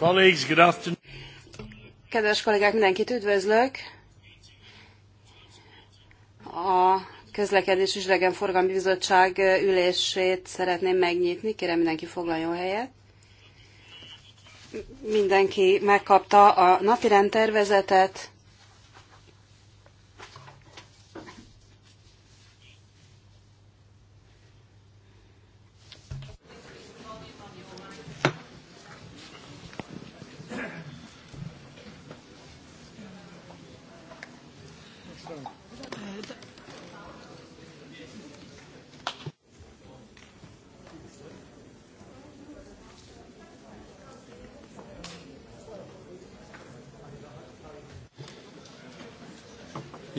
Colleagues, good afternoon. Kedves kollégák, mindenkit üdvözlök! A Közlekedés és Idegenforgalmi Bizottság ülését szeretném megnyitni. Kérem mindenki foglaljon helyet. Mindenki megkapta a napirend tervezetet.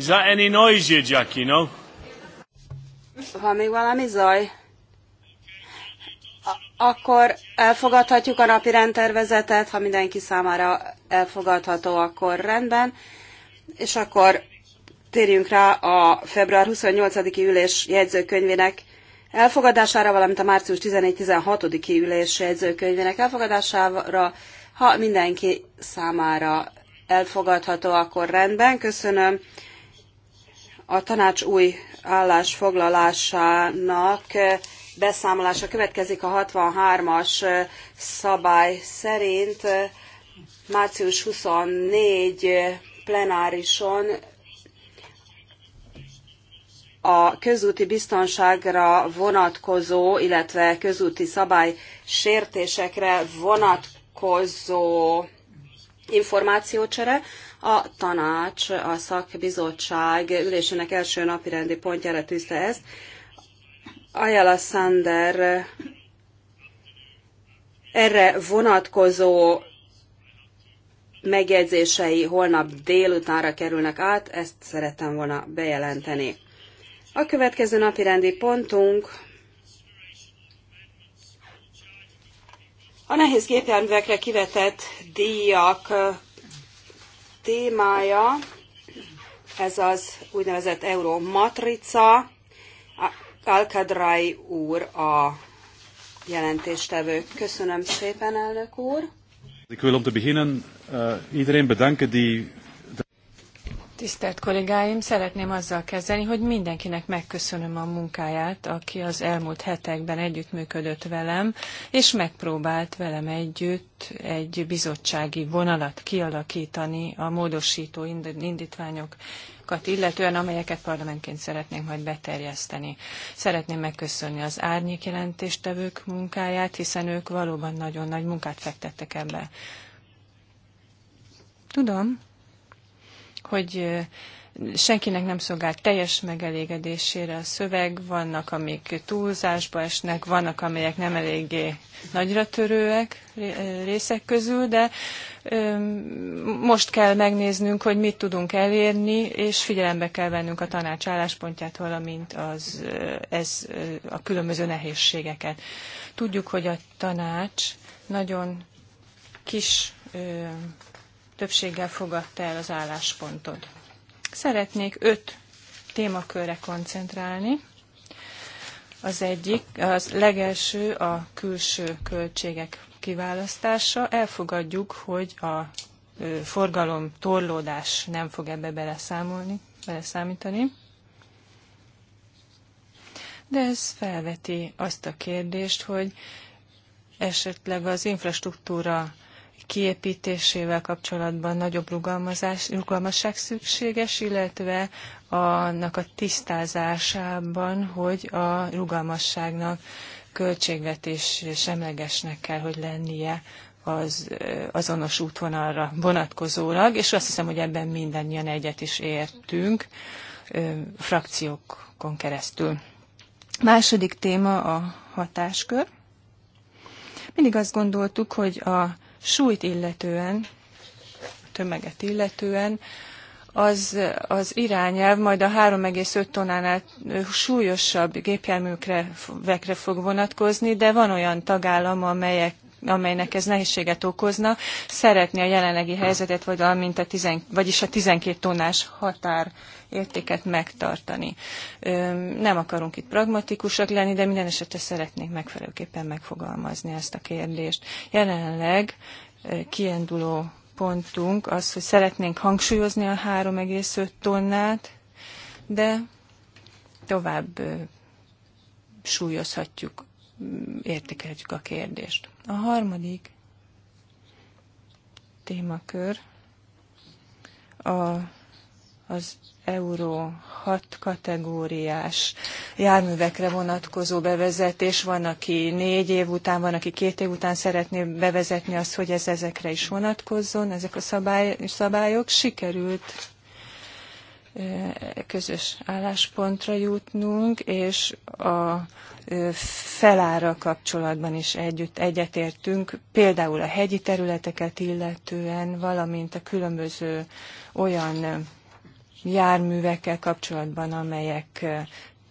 Is that any noise here, Jackie, no? valami zaj? Akkor elfogadhatjuk a napi rendtervezetet, ha mindenki számára elfogadható, akkor rendben. És akkor térjünk rá a február 28-i ülés jegyzőkönyvének elfogadására, valamint a március 11-16-i ülés jegyzőkönyvének elfogadására, ha mindenki számára elfogadható, akkor rendben. Köszönöm a tanács új állásfoglalásának beszámolása következik a 63-as szabály szerint. Március 24 plenárison a közúti biztonságra vonatkozó, illetve közúti szabály sértésekre vonatkozó információcsere. A tanács a szakbizottság ülésének első napi rendi pontjára tűzte ezt. Ayala Sander erre vonatkozó megjegyzései holnap délutánra kerülnek át, ezt szerettem volna bejelenteni. A következő napi rendi pontunk a nehéz gépjárművekre kivetett díjak témája, ez az úgynevezett Euromatrica. Alkadrai úr a jelentéstevő. Köszönöm szépen, elnök úr. Ik wil om te beginnen uh, iedereen bedanken die Tisztelt kollégáim, szeretném azzal kezdeni, hogy mindenkinek megköszönöm a munkáját, aki az elmúlt hetekben együttműködött velem, és megpróbált velem együtt egy bizottsági vonalat kialakítani a módosító indítványokat, illetően amelyeket parlamentként szeretnénk majd beterjeszteni. Szeretném megköszönni az árnyék jelentéstevők munkáját, hiszen ők valóban nagyon nagy munkát fektettek ebbe. Tudom, hogy senkinek nem szolgál teljes megelégedésére a szöveg, vannak, amik túlzásba esnek, vannak, amelyek nem eléggé nagyra törőek részek közül, de most kell megnéznünk, hogy mit tudunk elérni, és figyelembe kell vennünk a tanács álláspontját, valamint az, ez, a különböző nehézségeket. Tudjuk, hogy a tanács nagyon kis többséggel fogadta el az álláspontod. Szeretnék öt témakörre koncentrálni. Az egyik, az legelső a külső költségek kiválasztása. Elfogadjuk, hogy a forgalom torlódás nem fog ebbe beleszámolni, beleszámítani. De ez felveti azt a kérdést, hogy esetleg az infrastruktúra kiépítésével kapcsolatban nagyobb rugalmazás, rugalmasság szükséges, illetve annak a tisztázásában, hogy a rugalmasságnak költségvetés semlegesnek kell, hogy lennie az azonos útvonalra vonatkozólag, és azt hiszem, hogy ebben mindannyian egyet is értünk frakciókon keresztül. Második téma a hatáskör. Mindig azt gondoltuk, hogy a súlyt illetően, a tömeget illetően, az, az irányelv majd a 3,5 tonnánál súlyosabb gépjárműkre vekre fog vonatkozni, de van olyan tagállam, amelyek amelynek ez nehézséget okozna, szeretné a jelenlegi helyzetet, vagy amint a tizen, vagyis a 12 tonnás határ értéket megtartani. Nem akarunk itt pragmatikusak lenni, de minden esetre szeretnénk megfelelőképpen megfogalmazni ezt a kérdést. Jelenleg kiinduló pontunk az, hogy szeretnénk hangsúlyozni a 3,5 tonnát, de tovább súlyozhatjuk, értékelhetjük a kérdést. A harmadik témakör a, az Euró 6 kategóriás járművekre vonatkozó bevezetés. Van, aki négy év után, van, aki két év után szeretné bevezetni azt, hogy ez ezekre is vonatkozzon, ezek a szabály, szabályok. Sikerült közös álláspontra jutnunk, és a felára kapcsolatban is együtt egyetértünk, például a hegyi területeket illetően, valamint a különböző olyan járművekkel kapcsolatban, amelyek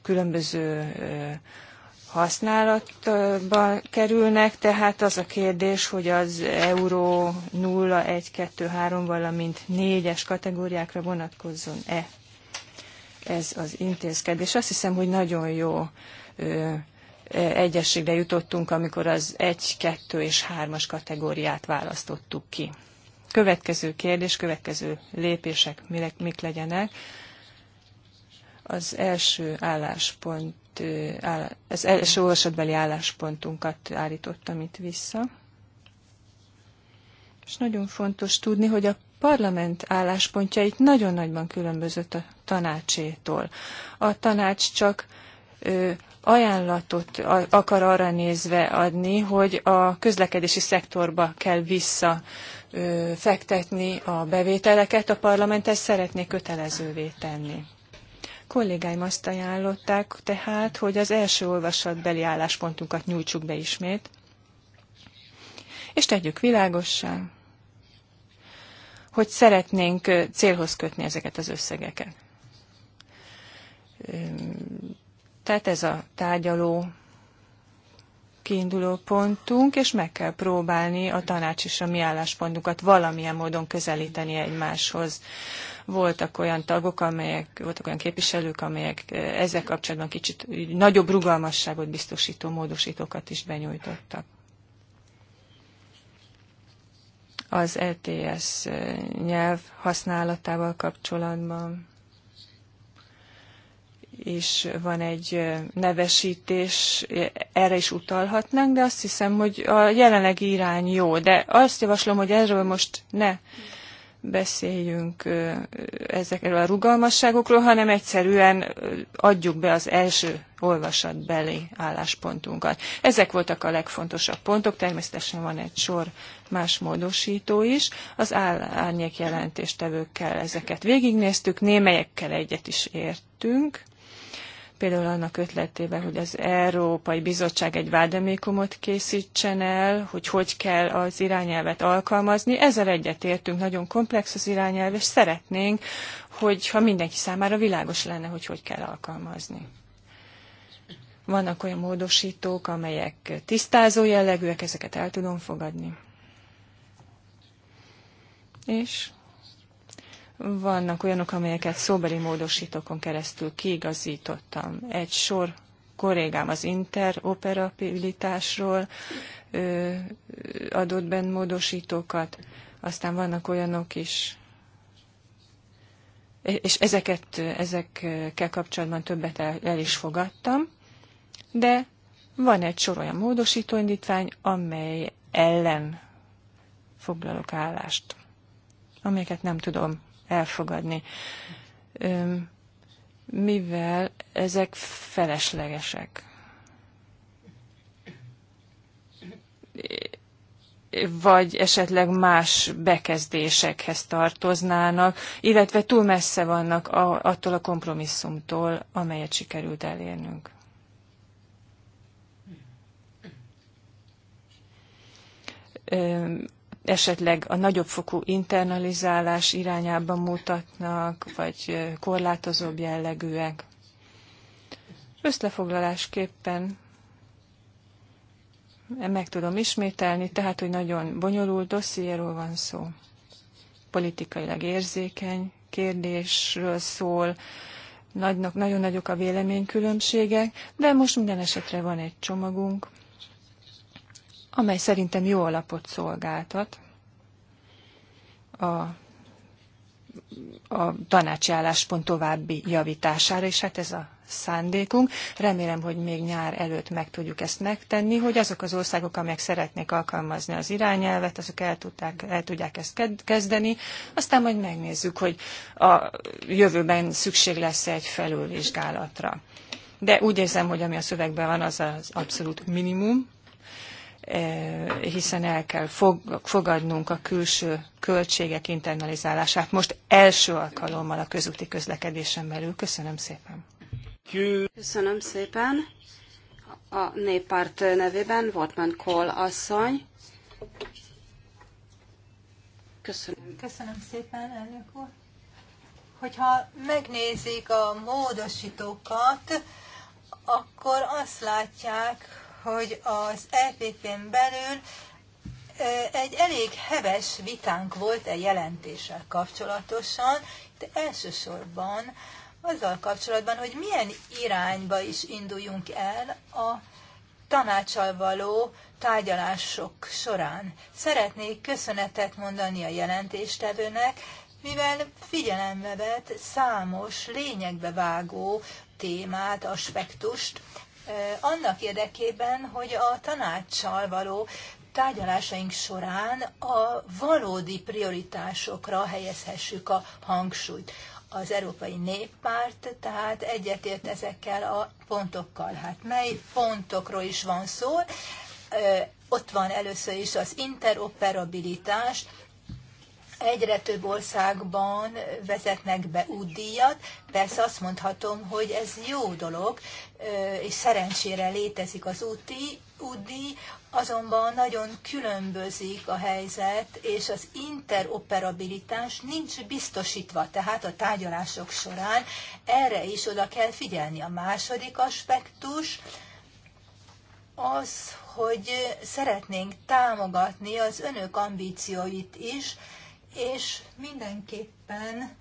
különböző használatba kerülnek, tehát az a kérdés, hogy az euró 0, 1, 2, 3, valamint 4-es kategóriákra vonatkozzon-e ez az intézkedés. Azt hiszem, hogy nagyon jó ö, egyességre jutottunk, amikor az 1, 2 és 3-as kategóriát választottuk ki. Következő kérdés, következő lépések mik legyenek. Az első álláspont az első olvasatbeli álláspontunkat állítottam itt vissza. És nagyon fontos tudni, hogy a parlament álláspontja itt nagyon nagyban különbözött a tanácsétól. A tanács csak ö, ajánlatot akar arra nézve adni, hogy a közlekedési szektorba kell vissza fektetni a bevételeket, a parlament ezt szeretné kötelezővé tenni. Kollégáim azt ajánlották tehát, hogy az első olvasatbeli álláspontunkat nyújtsuk be ismét, és tegyük világossá, hogy szeretnénk célhoz kötni ezeket az összegeket. Tehát ez a tárgyaló kiinduló pontunk, és meg kell próbálni a tanács és a mi álláspontunkat valamilyen módon közelíteni egymáshoz. Voltak olyan tagok, amelyek, voltak olyan képviselők, amelyek eh, ezzel kapcsolatban kicsit nagyobb rugalmasságot biztosító módosítókat is benyújtottak. Az LTS e eh, nyelv használatával kapcsolatban és van egy nevesítés, erre is utalhatnánk, de azt hiszem, hogy a jelenlegi irány jó, de azt javaslom, hogy erről most ne beszéljünk ezekről a rugalmasságokról, hanem egyszerűen adjuk be az első olvasatbeli álláspontunkat. Ezek voltak a legfontosabb pontok, természetesen van egy sor más módosító is. Az árnyék jelentéstevőkkel ezeket végignéztük, némelyekkel egyet is értünk, például annak ötletében, hogy az Európai Bizottság egy vádemékumot készítsen el, hogy hogy kell az irányelvet alkalmazni. Ezzel egyetértünk, nagyon komplex az irányelv, és szeretnénk, hogyha mindenki számára világos lenne, hogy hogy kell alkalmazni. Vannak olyan módosítók, amelyek tisztázó jellegűek, ezeket el tudom fogadni. És vannak olyanok, amelyeket szóbeli módosítókon keresztül kiigazítottam. Egy sor kollégám az interoperabilitásról adott benn módosítókat, aztán vannak olyanok is, és ezeket, ezekkel kapcsolatban többet el, el is fogadtam, de van egy sor olyan módosítóindítvány, amely ellen foglalok állást, amelyeket nem tudom elfogadni, mivel ezek feleslegesek. vagy esetleg más bekezdésekhez tartoznának, illetve túl messze vannak a, attól a kompromisszumtól, amelyet sikerült elérnünk esetleg a nagyobb fokú internalizálás irányába mutatnak, vagy korlátozóbb jellegűek. Összlefoglalásképpen meg tudom ismételni, tehát, hogy nagyon bonyolult dossziéról van szó. Politikailag érzékeny kérdésről szól, nagyon nagyok a véleménykülönbségek, de most minden esetre van egy csomagunk, amely szerintem jó alapot szolgáltat a a tanácsi álláspont további javítására, és hát ez a szándékunk. Remélem, hogy még nyár előtt meg tudjuk ezt megtenni, hogy azok az országok, amelyek szeretnék alkalmazni az irányelvet, azok el, tudták, el tudják ezt kezdeni. Aztán majd megnézzük, hogy a jövőben szükség lesz egy felülvizsgálatra. De úgy érzem, hogy ami a szövegben van, az az abszolút minimum, E, hiszen el kell fogadnunk a külső költségek internalizálását. Most első alkalommal a közúti közlekedésen belül. Köszönöm szépen. Köszönöm szépen. A néppárt nevében Wortmann Kohl asszony. Köszönöm. Köszönöm szépen, elnök úr. Hogyha megnézik a módosítókat, akkor azt látják, hogy az EPP-n belül egy elég heves vitánk volt a e jelentéssel kapcsolatosan, de elsősorban azzal kapcsolatban, hogy milyen irányba is induljunk el a tanácsal való tárgyalások során. Szeretnék köszönetet mondani a jelentéstevőnek, mivel figyelembe vett számos lényegbe vágó témát, aspektust, annak érdekében, hogy a tanácssal való tárgyalásaink során a valódi prioritásokra helyezhessük a hangsúlyt. Az Európai Néppárt tehát egyetért ezekkel a pontokkal. Hát mely pontokról is van szó? Ott van először is az interoperabilitás, egyre több országban vezetnek be útdíjat. Persze azt mondhatom, hogy ez jó dolog, és szerencsére létezik az úti, útdíj, azonban nagyon különbözik a helyzet, és az interoperabilitás nincs biztosítva, tehát a tárgyalások során erre is oda kell figyelni. A második aspektus az, hogy szeretnénk támogatni az önök ambícióit is, és mindenképpen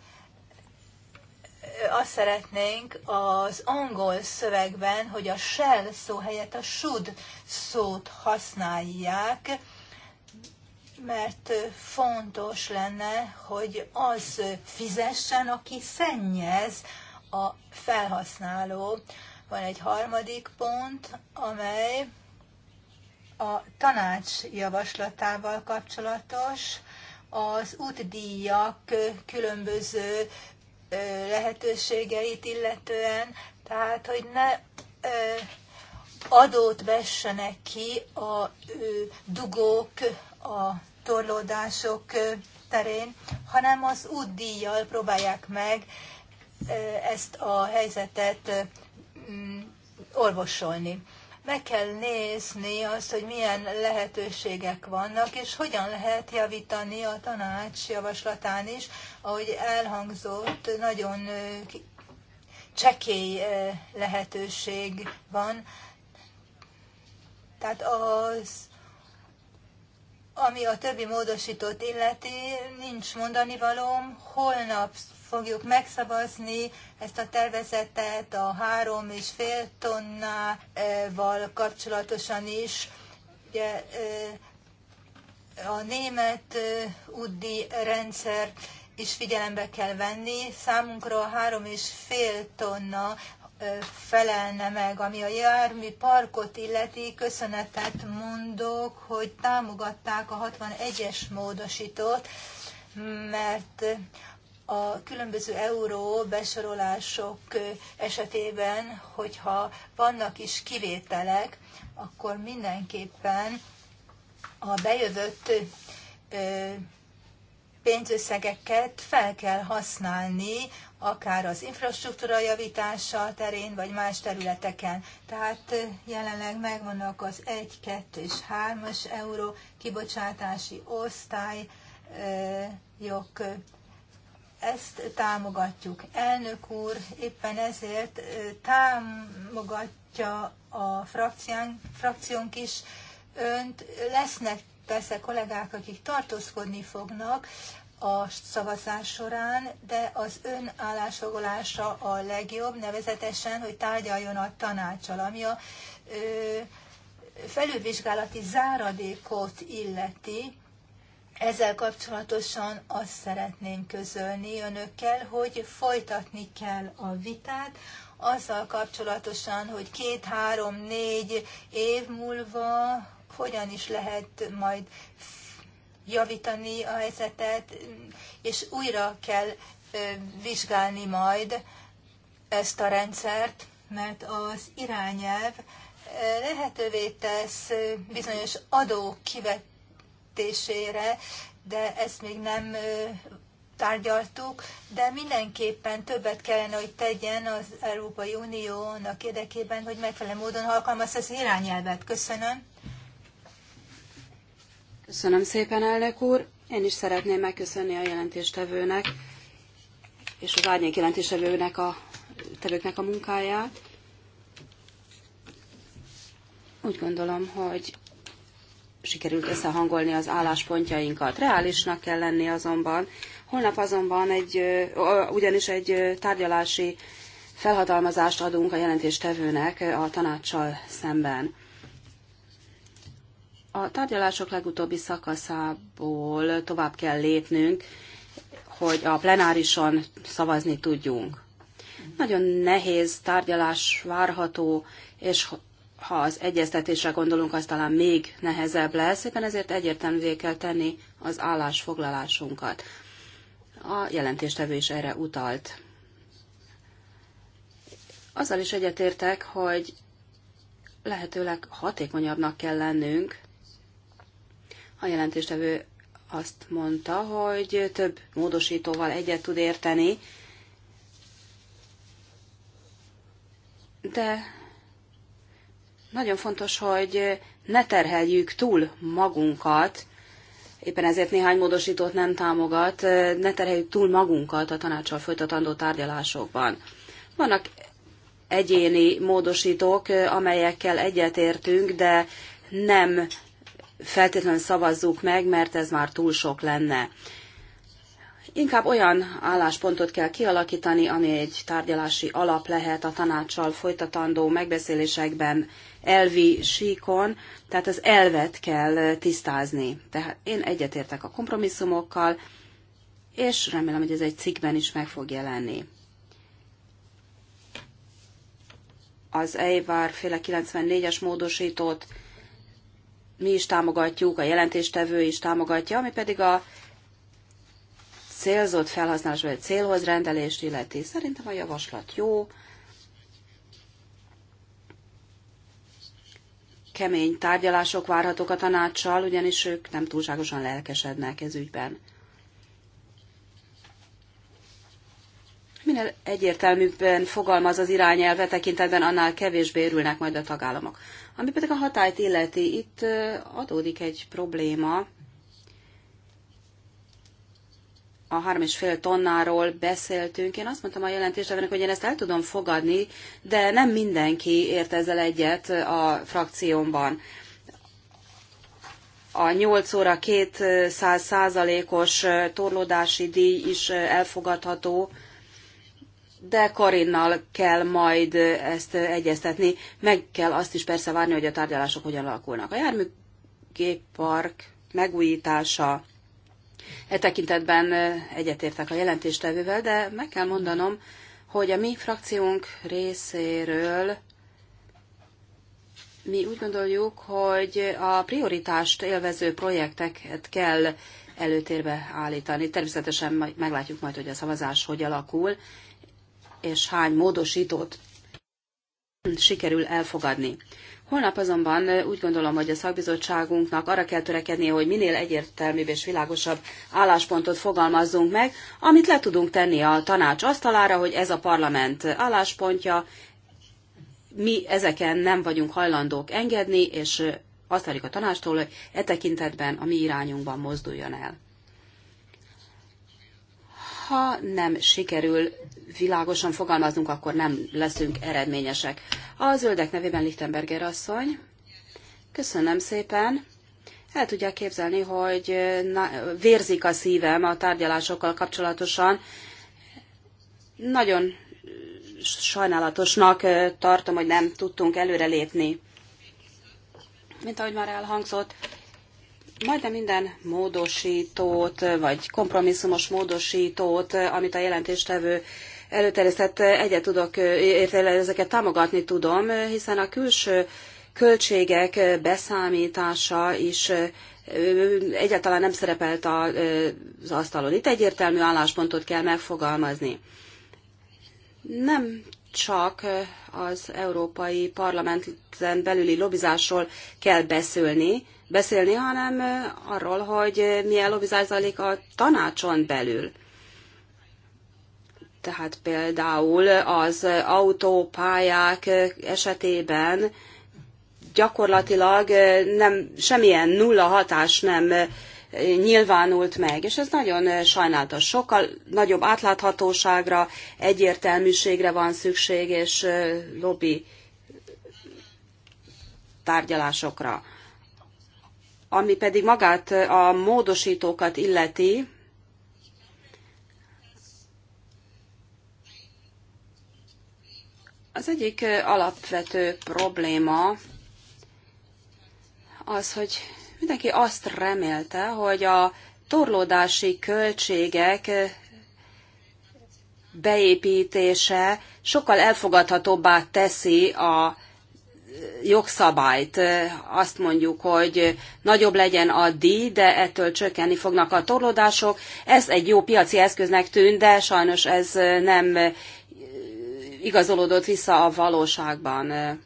azt szeretnénk az angol szövegben, hogy a shell szó helyett a should szót használják, mert fontos lenne, hogy az fizessen, aki szennyez a felhasználó. Van egy harmadik pont, amely a tanács javaslatával kapcsolatos az útdíjak különböző lehetőségeit illetően, tehát hogy ne adót vessenek ki a dugók, a torlódások terén, hanem az útdíjjal próbálják meg ezt a helyzetet orvosolni meg kell nézni azt, hogy milyen lehetőségek vannak, és hogyan lehet javítani a tanács javaslatán is, ahogy elhangzott, nagyon csekély lehetőség van. Tehát az, ami a többi módosított illeti, nincs mondani valóm, holnap fogjuk megszavazni ezt a tervezetet a három és fél tonnával kapcsolatosan is. Ugye, a német uddi rendszer is figyelembe kell venni. Számunkra a három és fél tonna felelne meg, ami a jármű parkot illeti. Köszönetet mondok, hogy támogatták a 61-es módosítót, mert a különböző euró besorolások esetében, hogyha vannak is kivételek, akkor mindenképpen a bejövött pénzösszegeket fel kell használni, akár az infrastruktúra javítása terén, vagy más területeken. Tehát jelenleg megvannak az 1, 2 és 3-as euró kibocsátási osztályok, ezt támogatjuk. Elnök úr éppen ezért támogatja a frakcián, frakciónk is önt. Lesznek persze kollégák, akik tartózkodni fognak a szavazás során, de az ön állásfoglalása a legjobb, nevezetesen, hogy tárgyaljon a tanácsal, ami a ö, felülvizsgálati záradékot illeti ezzel kapcsolatosan azt szeretném közölni önökkel, hogy folytatni kell a vitát, azzal kapcsolatosan, hogy két, három, négy év múlva hogyan is lehet majd javítani a helyzetet, és újra kell vizsgálni majd ezt a rendszert, mert az irányelv lehetővé tesz bizonyos adókivet kivet, megszüntetésére, de ezt még nem tárgyaltuk, de mindenképpen többet kellene, hogy tegyen az Európai Unió annak érdekében, hogy megfelelő módon alkalmazza az irányelvet. Köszönöm. Köszönöm szépen, elnök úr. Én is szeretném megköszönni a jelentéstevőnek és az árnyék jelentéstevőnek a tevőknek a munkáját. Úgy gondolom, hogy sikerült összehangolni az álláspontjainkat. Reálisnak kell lenni azonban. Holnap azonban egy, ugyanis egy tárgyalási felhatalmazást adunk a jelentéstevőnek a tanácssal szemben. A tárgyalások legutóbbi szakaszából tovább kell lépnünk, hogy a plenárison szavazni tudjunk. Nagyon nehéz tárgyalás várható, és ha az egyeztetésre gondolunk, az talán még nehezebb lesz, éppen ezért egyértelművé kell tenni az állásfoglalásunkat. A jelentéstevő is erre utalt. Azzal is egyetértek, hogy lehetőleg hatékonyabbnak kell lennünk. A jelentéstevő azt mondta, hogy több módosítóval egyet tud érteni, de nagyon fontos, hogy ne terheljük túl magunkat, éppen ezért néhány módosítót nem támogat, ne terheljük túl magunkat a tanácssal folytatandó tárgyalásokban. Vannak egyéni módosítók, amelyekkel egyetértünk, de nem feltétlenül szavazzuk meg, mert ez már túl sok lenne. Inkább olyan álláspontot kell kialakítani, ami egy tárgyalási alap lehet a tanácssal folytatandó megbeszélésekben, elvi síkon, tehát az elvet kell tisztázni. Tehát én egyetértek a kompromisszumokkal, és remélem, hogy ez egy cikkben is meg fog jelenni. Az Eivár féle 94-es módosítót mi is támogatjuk, a jelentéstevő is támogatja, ami pedig a célzott felhasználás vagy a célhoz rendelést illeti. Szerintem a javaslat jó, kemény tárgyalások várhatók a tanácssal, ugyanis ők nem túlságosan lelkesednek ez ügyben. Minél egyértelműbben fogalmaz az irányelve tekintetben, annál kevésbé érülnek majd a tagállamok. Ami pedig a hatályt illeti, itt adódik egy probléma, a három és fél tonnáról beszéltünk. Én azt mondtam a jelentéstevőnek, hogy én ezt el tudom fogadni, de nem mindenki ért ezzel egyet a frakciómban. A 8 óra 200 százalékos torlódási díj is elfogadható, de Karinnal kell majd ezt egyeztetni. Meg kell azt is persze várni, hogy a tárgyalások hogyan alakulnak. A járműgéppark megújítása E tekintetben egyetértek a jelentéstevővel, de meg kell mondanom, hogy a mi frakciónk részéről mi úgy gondoljuk, hogy a prioritást élvező projekteket kell előtérbe állítani. Természetesen meglátjuk majd, hogy a szavazás hogy alakul, és hány módosítót sikerül elfogadni. Holnap azonban úgy gondolom, hogy a szakbizottságunknak arra kell törekednie, hogy minél egyértelműbb és világosabb álláspontot fogalmazzunk meg, amit le tudunk tenni a tanács asztalára, hogy ez a parlament álláspontja, mi ezeken nem vagyunk hajlandók engedni, és azt várjuk a tanástól, hogy e tekintetben a mi irányunkban mozduljon el. Ha nem sikerül világosan fogalmazunk, akkor nem leszünk eredményesek. A zöldek nevében Lichtenberger asszony. Köszönöm szépen. El tudják képzelni, hogy vérzik a szívem a tárgyalásokkal kapcsolatosan. Nagyon sajnálatosnak tartom, hogy nem tudtunk előrelépni. Mint ahogy már elhangzott, majdnem minden módosítót, vagy kompromisszumos módosítót, amit a jelentéstevő előterjesztett egyet tudok értele, ezeket támogatni tudom, hiszen a külső költségek beszámítása is egyáltalán nem szerepelt az asztalon. Itt egyértelmű álláspontot kell megfogalmazni. Nem csak az Európai Parlamenten belüli lobbizásról kell beszélni, beszélni, hanem arról, hogy milyen lobbizás zajlik a tanácson belül. Tehát például az autópályák esetében gyakorlatilag nem, semmilyen nulla hatás nem nyilvánult meg, és ez nagyon sajnálatos. Sokkal nagyobb átláthatóságra, egyértelműségre van szükség, és lobby tárgyalásokra. Ami pedig magát a módosítókat illeti, Az egyik alapvető probléma az, hogy mindenki azt remélte, hogy a torlódási költségek beépítése sokkal elfogadhatóbbá teszi a jogszabályt. Azt mondjuk, hogy nagyobb legyen a díj, de ettől csökkenni fognak a torlódások. Ez egy jó piaci eszköznek tűnt, de sajnos ez nem igazolódott vissza a valóságban.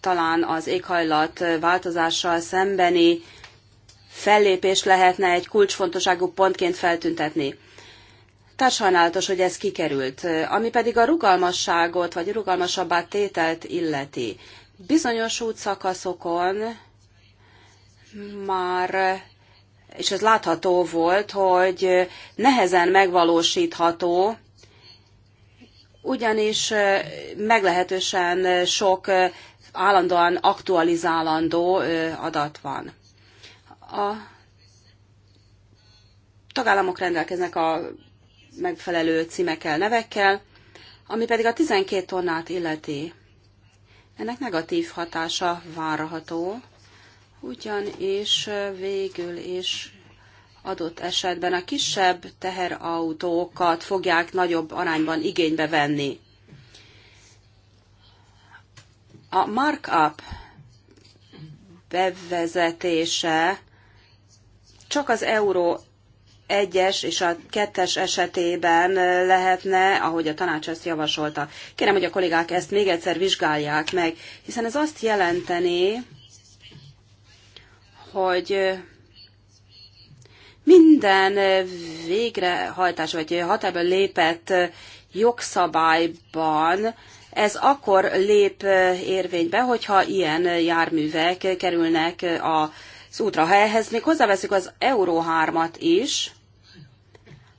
Talán az éghajlat változással szembeni fellépés lehetne egy kulcsfontosságú pontként feltüntetni. Tehát sajnálatos, hogy ez kikerült. Ami pedig a rugalmasságot, vagy rugalmasabbá tételt illeti. Bizonyos útszakaszokon már, és ez látható volt, hogy nehezen megvalósítható ugyanis meglehetősen sok állandóan aktualizálandó adat van. A tagállamok rendelkeznek a megfelelő címekkel, nevekkel, ami pedig a 12 tonnát illeti. Ennek negatív hatása várható, ugyanis végül is adott esetben a kisebb teherautókat fogják nagyobb arányban igénybe venni. A markup bevezetése csak az euró egyes és a kettes esetében lehetne, ahogy a tanács ezt javasolta. Kérem, hogy a kollégák ezt még egyszer vizsgálják meg, hiszen ez azt jelenteni, hogy minden végrehajtás vagy hatályban lépett jogszabályban ez akkor lép érvénybe, hogyha ilyen járművek kerülnek az útra. Ha ehhez még hozzáveszünk az Euró 3-at is,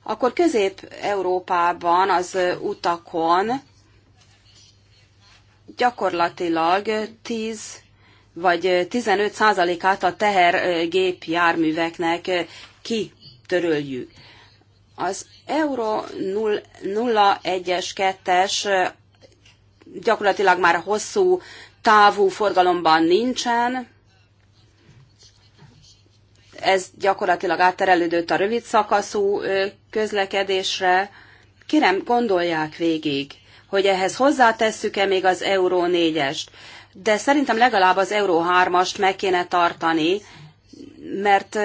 akkor Közép-Európában az utakon gyakorlatilag 10 vagy 15 százalékát a tehergép járműveknek kitöröljük. Az Euro 01-es, 2-es gyakorlatilag már hosszú távú forgalomban nincsen, ez gyakorlatilag átterelődött a rövid szakaszú közlekedésre. Kérem, gondolják végig, hogy ehhez hozzátesszük-e még az Euró 4-est, de szerintem legalább az Euró 3-ast meg kéne tartani, mert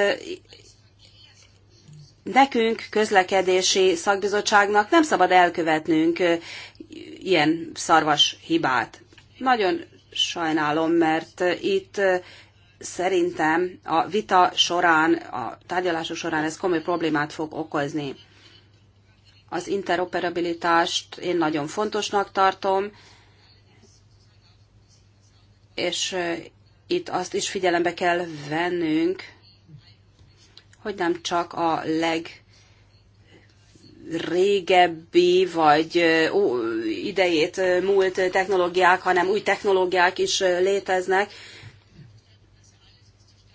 nekünk, közlekedési szakbizottságnak nem szabad elkövetnünk ilyen szarvas hibát. Nagyon sajnálom, mert itt szerintem a vita során, a tárgyalások során ez komoly problémát fog okozni. Az interoperabilitást én nagyon fontosnak tartom, és itt azt is figyelembe kell vennünk, hogy nem csak a leg régebbi vagy ó, idejét múlt technológiák, hanem új technológiák is léteznek.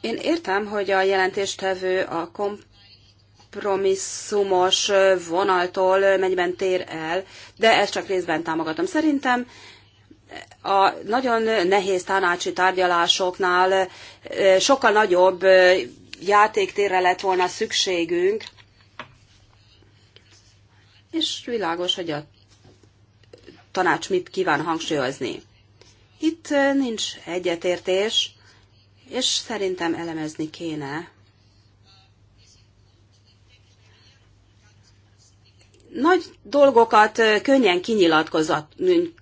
Én értem, hogy a jelentéstevő a kompromisszumos vonaltól mennyiben tér el, de ezt csak részben támogatom. Szerintem a nagyon nehéz tanácsi tárgyalásoknál sokkal nagyobb játéktérre lett volna szükségünk, és világos, hogy a tanács mit kíván hangsúlyozni. Itt eh, nincs egyetértés, és szerintem elemezni kéne nagy dolgokat könnyen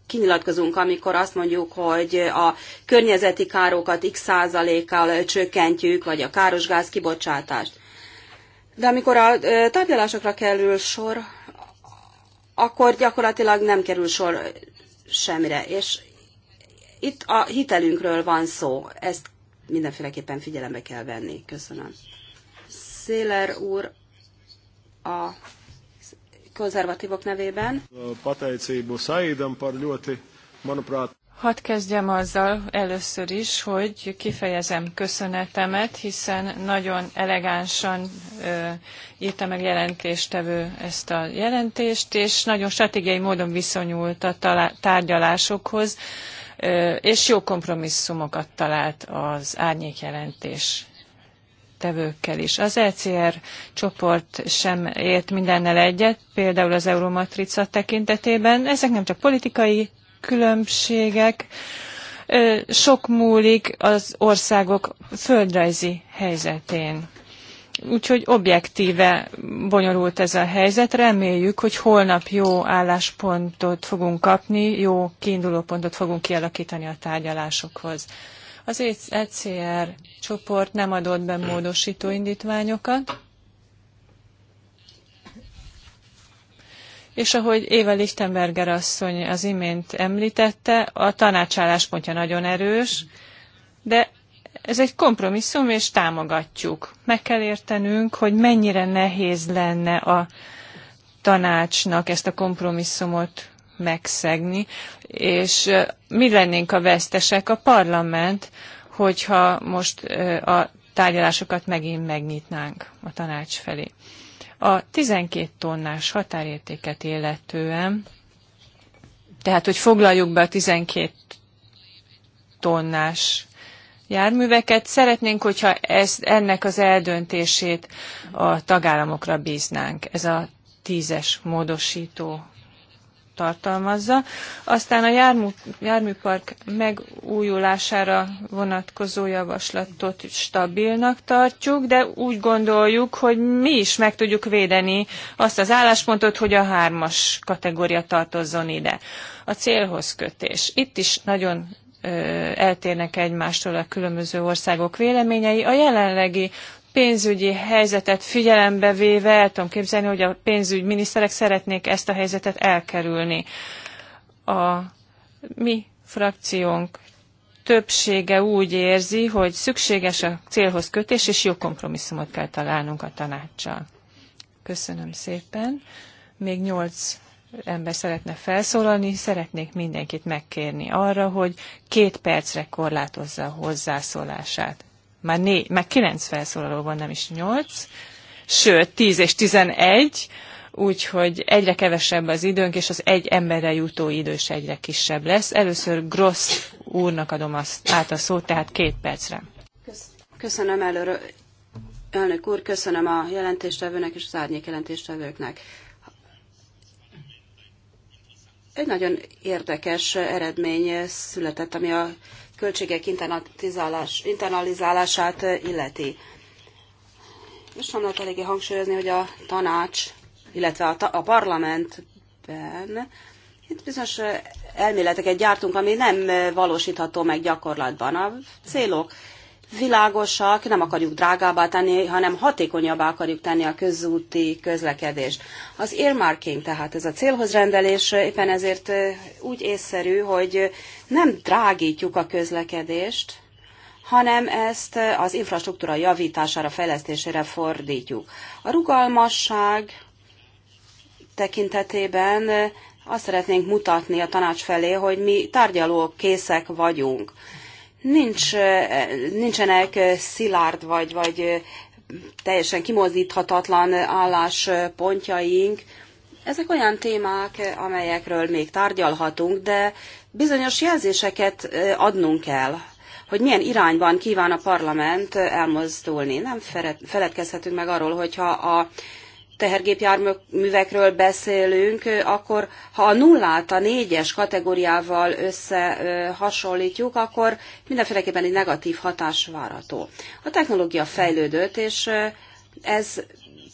kinyilatkozunk, amikor azt mondjuk, hogy a környezeti károkat x százalékkal csökkentjük, vagy a káros gáz kibocsátást. De amikor a tárgyalásokra kerül sor, akkor gyakorlatilag nem kerül sor semmire. És itt a hitelünkről van szó, ezt mindenféleképpen figyelembe kell venni. Köszönöm. Széler úr, a konzervatívok nevében. Hadd kezdjem azzal először is, hogy kifejezem köszönetemet, hiszen nagyon elegánsan ö, írta meg jelentéstevő ezt a jelentést, és nagyon stratégiai módon viszonyult a tárgyalásokhoz, és jó kompromisszumokat talált az árnyék jelentés tevőkkel is. Az ECR csoport sem ért mindennel egyet, például az Euromatrica tekintetében. Ezek nem csak politikai különbségek, sok múlik az országok földrajzi helyzetén. Úgyhogy objektíve bonyolult ez a helyzet. Reméljük, hogy holnap jó álláspontot fogunk kapni, jó kiindulópontot fogunk kialakítani a tárgyalásokhoz. Az ECR e csoport nem adott be módosító indítványokat, és ahogy Éva Lichtenberger asszony az imént említette, a tanácsálláspontja nagyon erős, de ez egy kompromisszum, és támogatjuk. Meg kell értenünk, hogy mennyire nehéz lenne a tanácsnak ezt a kompromisszumot megszegni, és mi lennénk a vesztesek? A parlament, hogyha most a tárgyalásokat megint megnyitnánk a tanács felé. A 12 tonnás határértéket illetően, tehát hogy foglaljuk be a 12 tonnás járműveket. Szeretnénk, hogyha ez, ennek az eldöntését a tagállamokra bíznánk. Ez a tízes módosító tartalmazza. Aztán a jármű, járműpark megújulására vonatkozó javaslatot stabilnak tartjuk, de úgy gondoljuk, hogy mi is meg tudjuk védeni azt az álláspontot, hogy a hármas kategória tartozzon ide. A célhoz kötés. Itt is nagyon eltérnek egymástól a különböző országok véleményei. A jelenlegi pénzügyi helyzetet figyelembe véve el tudom képzelni, hogy a pénzügyminiszterek szeretnék ezt a helyzetet elkerülni. A mi frakciónk többsége úgy érzi, hogy szükséges a célhoz kötés, és jó kompromisszumot kell találnunk a tanácssal. Köszönöm szépen. Még nyolc ember szeretne felszólalni, szeretnék mindenkit megkérni arra, hogy két percre korlátozza a hozzászólását már, né, már kilenc felszólaló van, nem is nyolc, sőt tíz és tizenegy, úgyhogy egyre kevesebb az időnk, és az egy emberre jutó idő is egyre kisebb lesz. Először Gross úrnak adom azt, át a szót, tehát két percre. Köszönöm előre, elnök úr, köszönöm a jelentéstevőnek és az árnyék jelentéstevőknek. Egy nagyon érdekes eredmény született, ami a költségek internalizálását illeti. És nem lehet eléggé hangsúlyozni, hogy a tanács, illetve a, ta- a parlamentben itt bizonyos elméleteket gyártunk, ami nem valósítható meg gyakorlatban. A célok világosak, nem akarjuk drágábbá tenni, hanem hatékonyabbá akarjuk tenni a közúti közlekedést. Az earmarking, tehát ez a célhoz rendelés éppen ezért úgy észszerű, hogy nem drágítjuk a közlekedést, hanem ezt az infrastruktúra javítására, fejlesztésére fordítjuk. A rugalmasság tekintetében azt szeretnénk mutatni a tanács felé, hogy mi tárgyalók készek vagyunk nincs, nincsenek szilárd vagy, vagy teljesen kimozdíthatatlan álláspontjaink. Ezek olyan témák, amelyekről még tárgyalhatunk, de bizonyos jelzéseket adnunk kell, hogy milyen irányban kíván a parlament elmozdulni. Nem feledkezhetünk meg arról, hogyha a tehergépjárművekről beszélünk, akkor ha a nullát a négyes kategóriával összehasonlítjuk, akkor mindenféleképpen egy negatív hatás várható. A technológia fejlődött, és ez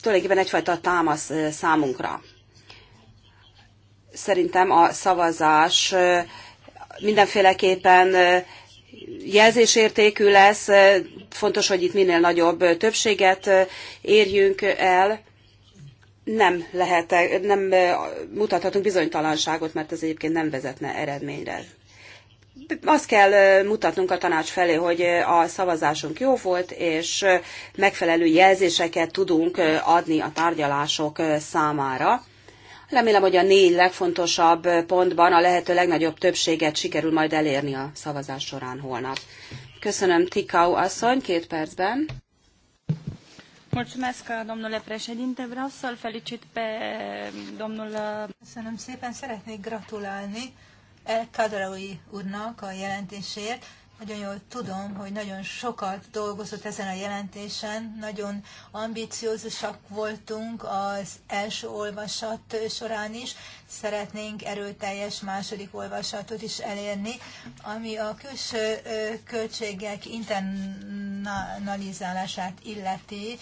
tulajdonképpen egyfajta támasz számunkra. Szerintem a szavazás mindenféleképpen jelzésértékű lesz, fontos, hogy itt minél nagyobb többséget érjünk el, nem, lehetek, nem mutathatunk bizonytalanságot, mert ez egyébként nem vezetne eredményre. Azt kell mutatnunk a tanács felé, hogy a szavazásunk jó volt, és megfelelő jelzéseket tudunk adni a tárgyalások számára. Remélem, hogy a négy legfontosabb pontban a lehető legnagyobb többséget sikerül majd elérni a szavazás során holnap. Köszönöm Tikau asszony, két percben. Mulțumesc, domnule președinte. Vreau să-l felicit pe eh, domnul... Eh, Köszönöm szépen, szeretnék gratulálni El Kadraui úrnak a jelentésért. Nagyon jól tudom, hogy nagyon sokat dolgozott ezen a jelentésen, nagyon ambiciózusak voltunk az első olvasat során is, szeretnénk erőteljes második olvasatot is elérni, ami a külső eh, költségek internalizálását illeti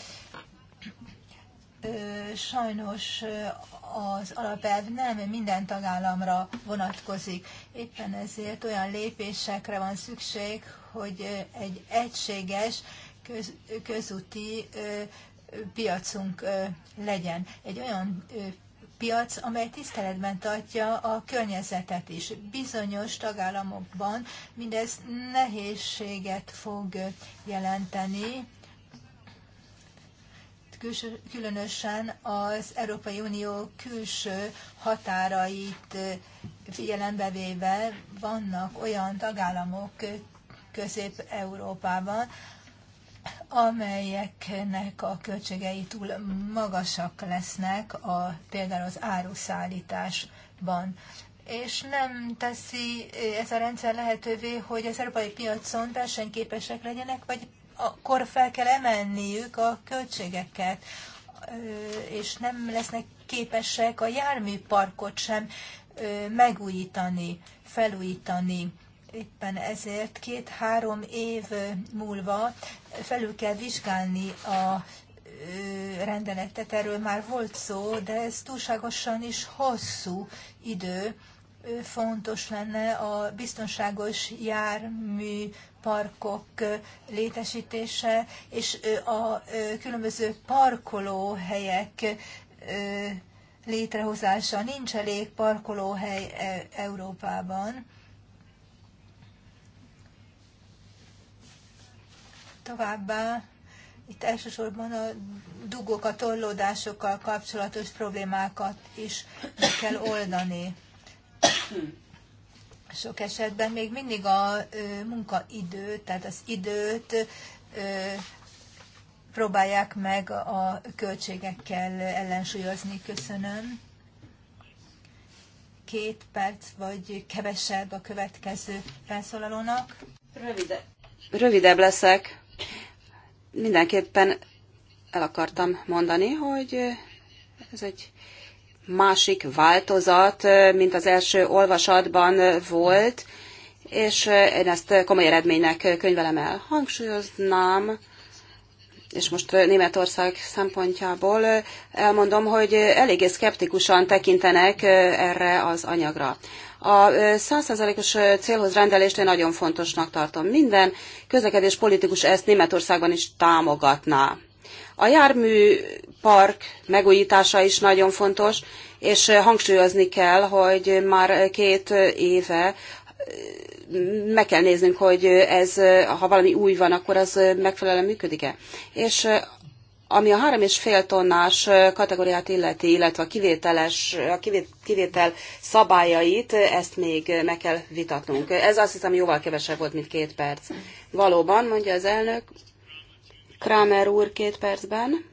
sajnos az alapelv nem minden tagállamra vonatkozik. Éppen ezért olyan lépésekre van szükség, hogy egy egységes köz, közúti piacunk legyen. Egy olyan piac, amely tiszteletben tartja a környezetet is. Bizonyos tagállamokban mindez nehézséget fog jelenteni, különösen az Európai Unió külső határait eh, figyelembe véve vannak olyan tagállamok eh, Közép-Európában, amelyeknek a költségei túl magasak lesznek, a, például az áruszállításban. És nem teszi eh, ez a rendszer lehetővé, hogy az európai piacon versenyképesek legyenek, vagy akkor fel kell emelniük a költségeket, és nem lesznek képesek a járműparkot sem megújítani, felújítani. Éppen ezért két-három év múlva felül kell vizsgálni a rendeletet, erről már volt szó, de ez túlságosan is hosszú idő. Fontos lenne a biztonságos jármű parkok létesítése és a különböző parkolóhelyek létrehozása. Nincs elég parkolóhely e, Európában. Továbbá itt elsősorban a dugók, a tollódásokkal kapcsolatos problémákat is meg kell oldani sok esetben még mindig a munkaidőt, tehát az időt próbálják meg a költségekkel ellensúlyozni. Köszönöm. Két perc vagy kevesebb a következő felszólalónak. Rövide. Rövidebb leszek. Mindenképpen el akartam mondani, hogy ez egy másik változat, mint az első olvasatban volt, és én ezt komoly eredménynek könyvelem el. Hangsúlyoznám, és most Németország szempontjából elmondom, hogy eléggé szkeptikusan tekintenek erre az anyagra. A 100%-os célhoz rendelést én nagyon fontosnak tartom. Minden közlekedés politikus ezt Németországban is támogatná. A járműpark megújítása is nagyon fontos, és hangsúlyozni kell, hogy már két éve meg kell néznünk, hogy ez, ha valami új van, akkor az megfelelően működik-e. És ami a három és fél tonnás kategóriát illeti, illetve a, kivételes, a kivétel szabályait, ezt még meg kell vitatnunk. Ez azt hiszem jóval kevesebb volt, mint két perc. Valóban, mondja az elnök, Kramer úr két percben.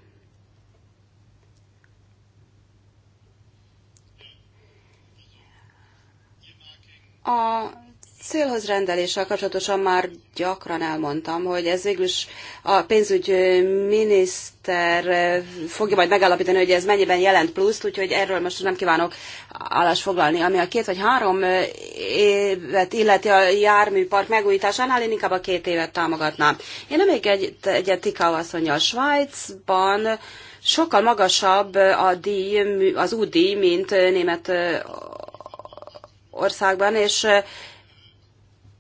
A célhoz rendeléssel kapcsolatosan már gyakran elmondtam, hogy ez végül is a pénzügyminiszter fogja majd megállapítani, hogy ez mennyiben jelent pluszt, úgyhogy erről most nem kívánok állást foglalni. Ami a két vagy három évet illeti a járműpark megújításánál, én inkább a két évet támogatnám. Én nem még egy, egyet Tikau a Svájcban, sokkal magasabb a díj, az údíj, mint német országban, és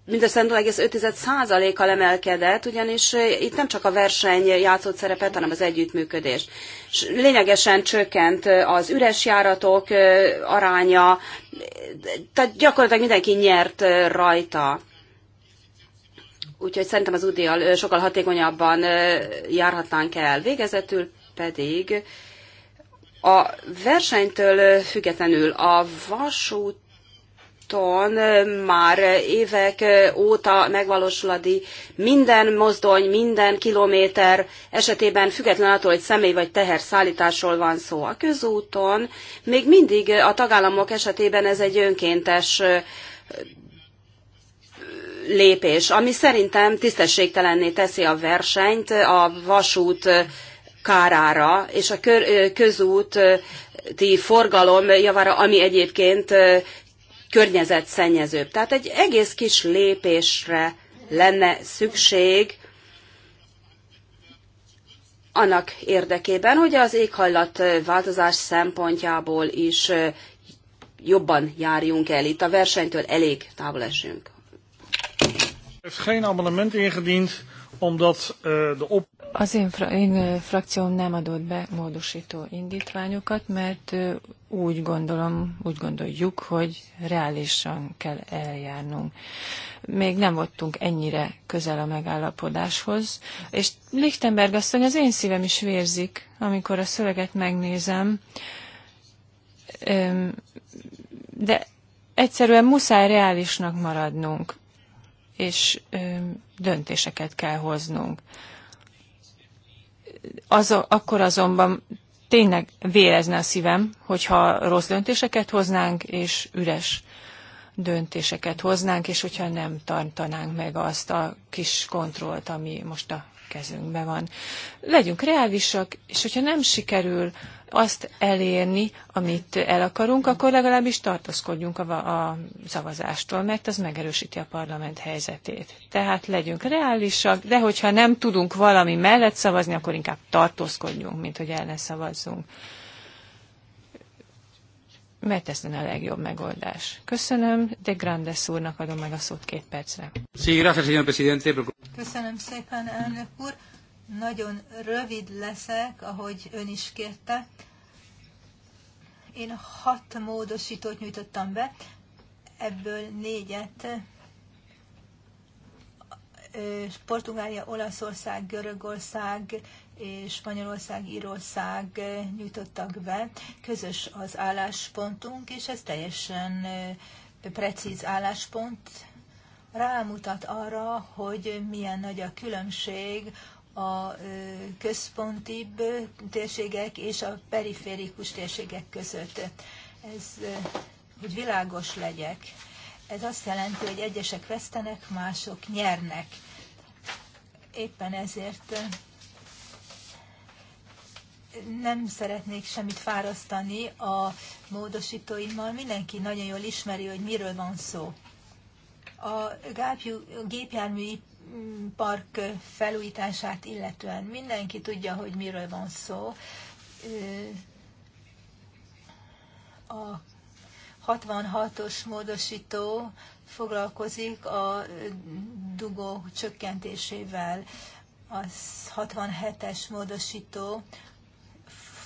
mindössze 0,5%-kal emelkedett, ugyanis itt nem csak a verseny játszott szerepet, hanem az együttműködés. Lényegesen csökkent az üres járatok aránya, tehát gyakorlatilag mindenki nyert rajta. Úgyhogy szerintem az udi sokkal hatékonyabban járhatnánk el. Végezetül pedig a versenytől függetlenül a vasút Washington már évek óta megvalósul a minden mozdony, minden kilométer esetében, független attól, hogy személy vagy teherszállításról van szó. A közúton még mindig a tagállamok esetében ez egy önkéntes lépés, ami szerintem tisztességtelenné teszi a versenyt a vasút kárára, és a közút forgalom javára, ami egyébként környezetszennyezőbb. Tehát egy egész kis lépésre lenne szükség annak érdekében, hogy az éghajlat változás szempontjából is jobban járjunk el. Itt a versenytől elég távol esünk. Er geen amendement ingediend. Omdat eh, de op... Az én, fra- én eh, frakcióm nem adott be módosító indítványokat, mert eh, úgy gondolom, úgy gondoljuk, hogy reálisan kell eljárnunk. Még nem voltunk ennyire közel a megállapodáshoz, és Lichtenberg asszony, az én szívem is vérzik, amikor a szöveget megnézem, de egyszerűen muszáj reálisnak maradnunk, és döntéseket kell hoznunk. Az, akkor azonban tényleg vérezne a szívem, hogyha rossz döntéseket hoznánk, és üres döntéseket hoznánk, és hogyha nem tartanánk meg azt a kis kontrollt, ami most a kezünkben van. Legyünk reálisak, és hogyha nem sikerül azt elérni, amit el akarunk, akkor legalábbis tartózkodjunk a, a szavazástól, mert az megerősíti a parlament helyzetét. Tehát legyünk reálisak, de hogyha nem tudunk valami mellett szavazni, akkor inkább tartózkodjunk, mint hogy ellen szavazzunk mert ez lenne a legjobb megoldás. Köszönöm, de Grandes úrnak adom meg a szót két percre. Köszönöm szépen, elnök úr. Nagyon rövid leszek, ahogy ön is kérte. Én hat módosítót nyújtottam be, ebből négyet Portugália, Olaszország, Görögország és Spanyolország, Írország eh, nyújtottak be. Közös az álláspontunk, és ez teljesen eh, precíz álláspont rámutat arra, hogy milyen nagy a különbség a eh, központi térségek és a periférikus térségek között. Ez, hogy világos legyek, ez azt jelenti, hogy egyesek vesztenek, mások nyernek. Éppen ezért nem szeretnék semmit fárasztani a módosítóimmal. Mindenki nagyon jól ismeri, hogy miről van szó. A gépjármű park felújítását illetően mindenki tudja, hogy miről van szó. A 66-os módosító foglalkozik a dugó csökkentésével, az 67-es módosító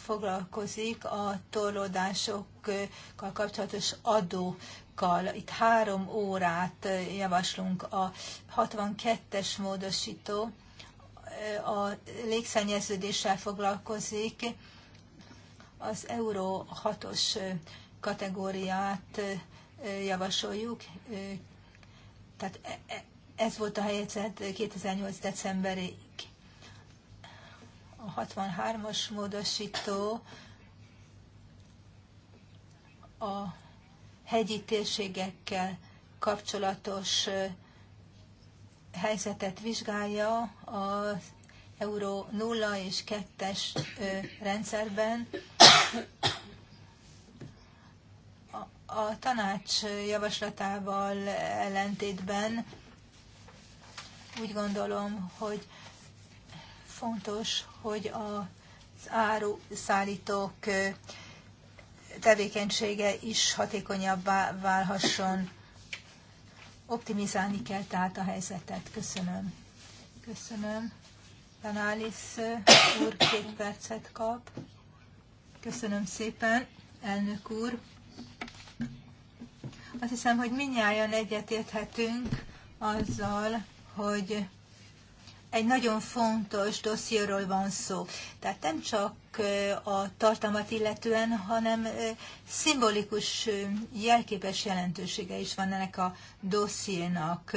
foglalkozik a torlódásokkal kapcsolatos adókkal. Itt három órát javaslunk a 62-es módosító, a légszennyeződéssel foglalkozik, az Euró 6-os kategóriát javasoljuk, tehát e- e- ez volt a helyzet 2008. decemberi a 63-as módosító a hegyi térségekkel kapcsolatos helyzetet vizsgálja az euró 0 és 2-es rendszerben. A tanács javaslatával ellentétben úgy gondolom, hogy fontos, hogy az áruszállítók tevékenysége is hatékonyabbá válhasson. Optimizálni kell tehát a helyzetet. Köszönöm. Köszönöm. Tanális úr két percet kap. Köszönöm szépen, elnök úr. Azt hiszem, hogy minnyáján egyetérthetünk azzal, hogy egy nagyon fontos dossziéről van szó. Tehát nem csak a tartalmat illetően, hanem szimbolikus, jelképes jelentősége is van ennek a dossziénak.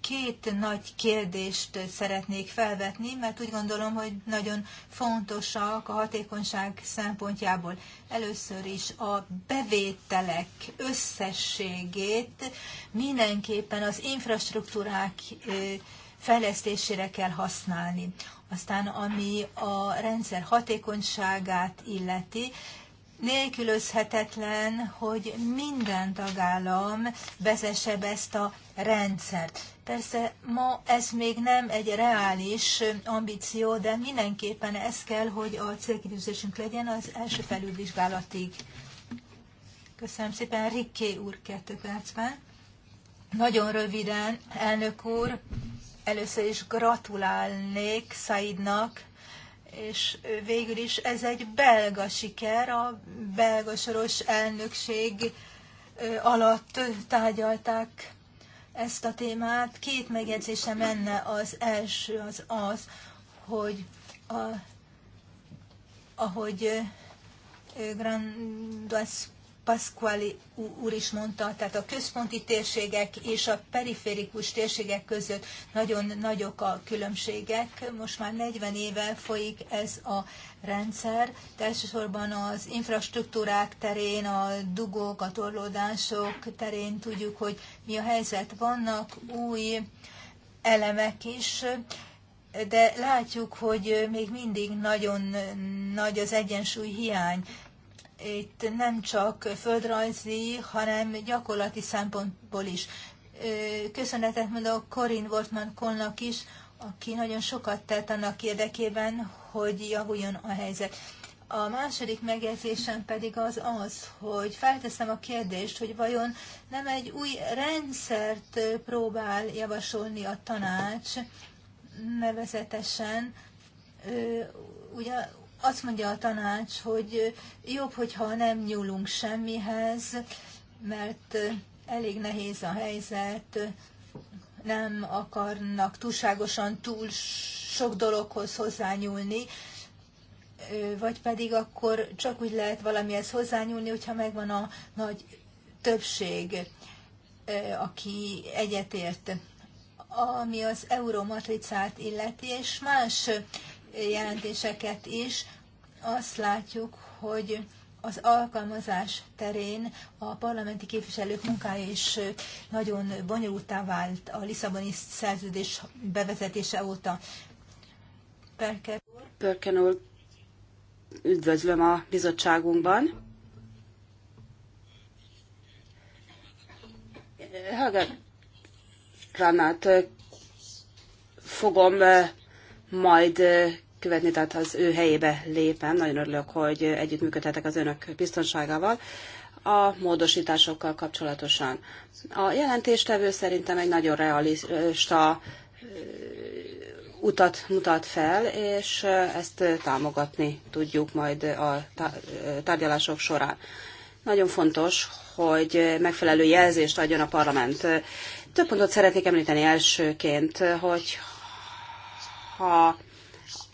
Két nagy kérdést szeretnék felvetni, mert úgy gondolom, hogy nagyon fontosak a hatékonyság szempontjából. Először is a bevételek összességét mindenképpen az infrastruktúrák fejlesztésére kell használni. Aztán ami a rendszer hatékonyságát illeti, nélkülözhetetlen, hogy minden tagállam vezesse be ezt a rendszert. Persze ma ez még nem egy reális ambíció, de mindenképpen ez kell, hogy a célkitűzésünk legyen az első felülvizsgálatig. Köszönöm szépen, Rikké úr, kettő percben. Nagyon röviden, elnök úr, Először is gratulálnék Saidnak, és végül is ez egy belga siker, a belga soros elnökség alatt tárgyalták ezt a témát. Két megjegyzésem lenne, az első az az, hogy a, ahogy Grandas Pasquali úr is mondta, tehát a központi térségek és a periférikus térségek között nagyon nagyok a különbségek. Most már 40 éve folyik ez a rendszer. Elsősorban az infrastruktúrák terén, a dugók, a torlódások terén tudjuk, hogy mi a helyzet. Vannak új elemek is, de látjuk, hogy még mindig nagyon nagy az egyensúly hiány itt nem csak földrajzi, hanem gyakorlati szempontból is. Köszönetet mondok Corin Wortman Kolnak is, aki nagyon sokat tett annak érdekében, hogy javuljon a helyzet. A második megjegyzésem pedig az az, hogy felteszem a kérdést, hogy vajon nem egy új rendszert próbál javasolni a tanács, nevezetesen ugye azt mondja a tanács, hogy jobb, hogyha nem nyúlunk semmihez, mert elég nehéz a helyzet, nem akarnak túlságosan túl sok dologhoz hozzányúlni, vagy pedig akkor csak úgy lehet valamihez hozzányúlni, hogyha megvan a nagy többség, aki egyetért, ami az euromatricát illeti, és más jelentéseket is, azt látjuk, hogy az alkalmazás terén a parlamenti képviselők munkája is nagyon bonyolultá vált a Lisszaboni szerződés bevezetése óta. Perken úr. Perken úr, üdvözlöm a bizottságunkban. Hagan Granát fogom majd követni, tehát az ő helyébe lépem, Nagyon örülök, hogy együttműködhetek az önök biztonságával a módosításokkal kapcsolatosan. A jelentéstevő szerintem egy nagyon realista utat mutat fel, és ezt támogatni tudjuk majd a tárgyalások során. Nagyon fontos, hogy megfelelő jelzést adjon a parlament. Több pontot szeretnék említeni elsőként, hogy ha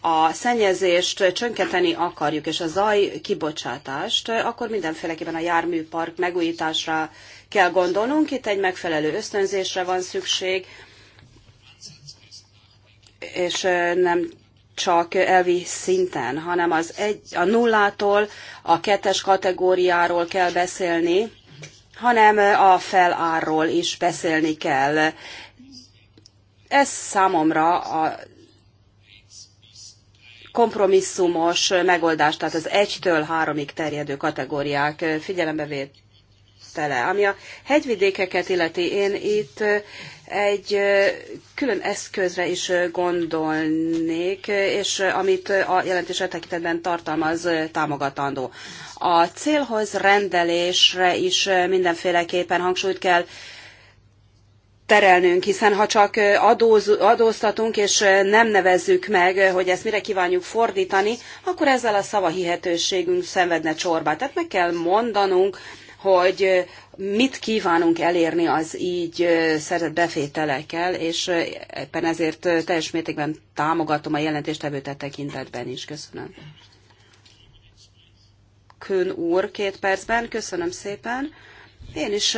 a szennyezést csönketeni akarjuk, és a zaj kibocsátást, akkor mindenféleképpen a járműpark megújításra kell gondolnunk. Itt egy megfelelő ösztönzésre van szükség, és nem csak elvi szinten, hanem az egy, a nullától a kettes kategóriáról kell beszélni, hanem a felárról is beszélni kell. Ez számomra a kompromisszumos megoldást, tehát az egytől háromig terjedő kategóriák terjedő kategóriák tele, Ami a hegyvidékeket illeti, én itt egy külön eszközre is gondolnék, és amit a jelentés e tekintetben tartalmaz, támogatandó. A célhoz rendelésre is mindenféleképpen hangsúlyt kell terelnünk, hiszen ha csak adóz, adóztatunk és nem nevezzük meg, hogy ezt mire kívánjuk fordítani, akkor ezzel a szavahihetőségünk szenvedne csorbát. Tehát meg kell mondanunk, hogy mit kívánunk elérni az így szerzett befételekkel, és éppen ezért teljes mértékben támogatom a jelentéstevőt e tekintetben is. Köszönöm. Kön úr, két percben, köszönöm szépen. Én is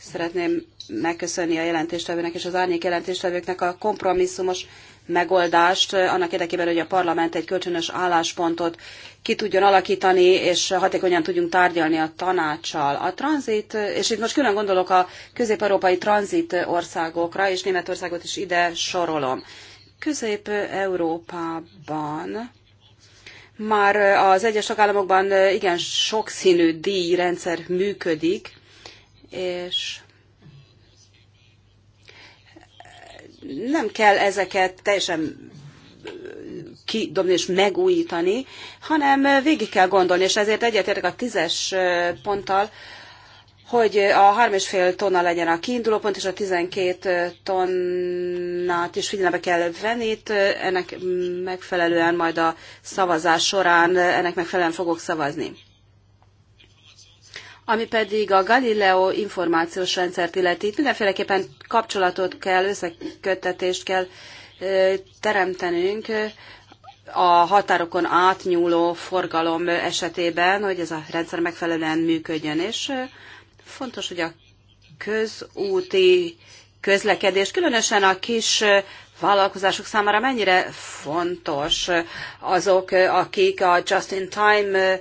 szeretném megköszönni a jelentéstevőnek és az árnyék jelentéstevőknek a kompromisszumos megoldást annak érdekében, hogy a parlament egy kölcsönös álláspontot ki tudjon alakítani, és hatékonyan tudjunk tárgyalni a tanácssal. A tranzit, és itt most külön gondolok a közép-európai tranzit országokra, és Németországot is ide sorolom. Közép-európában már az egyes tagállamokban igen sokszínű díjrendszer működik, és nem kell ezeket teljesen kidobni és megújítani, hanem végig kell gondolni, és ezért egyetértek a tízes ponttal, hogy a 3,5 tonna legyen a kiinduló pont, és a 12 tonnát is figyelembe kell venni. Itt ennek megfelelően majd a szavazás során ennek megfelelően fogok szavazni. Ami pedig a Galileo információs rendszert illeti, itt mindenféleképpen kapcsolatot kell, összeköttetést kell teremtenünk a határokon átnyúló forgalom esetében, hogy ez a rendszer megfelelően működjön, és fontos, hogy a közúti közlekedés, különösen a kis vállalkozások számára mennyire fontos azok, akik a just-in-time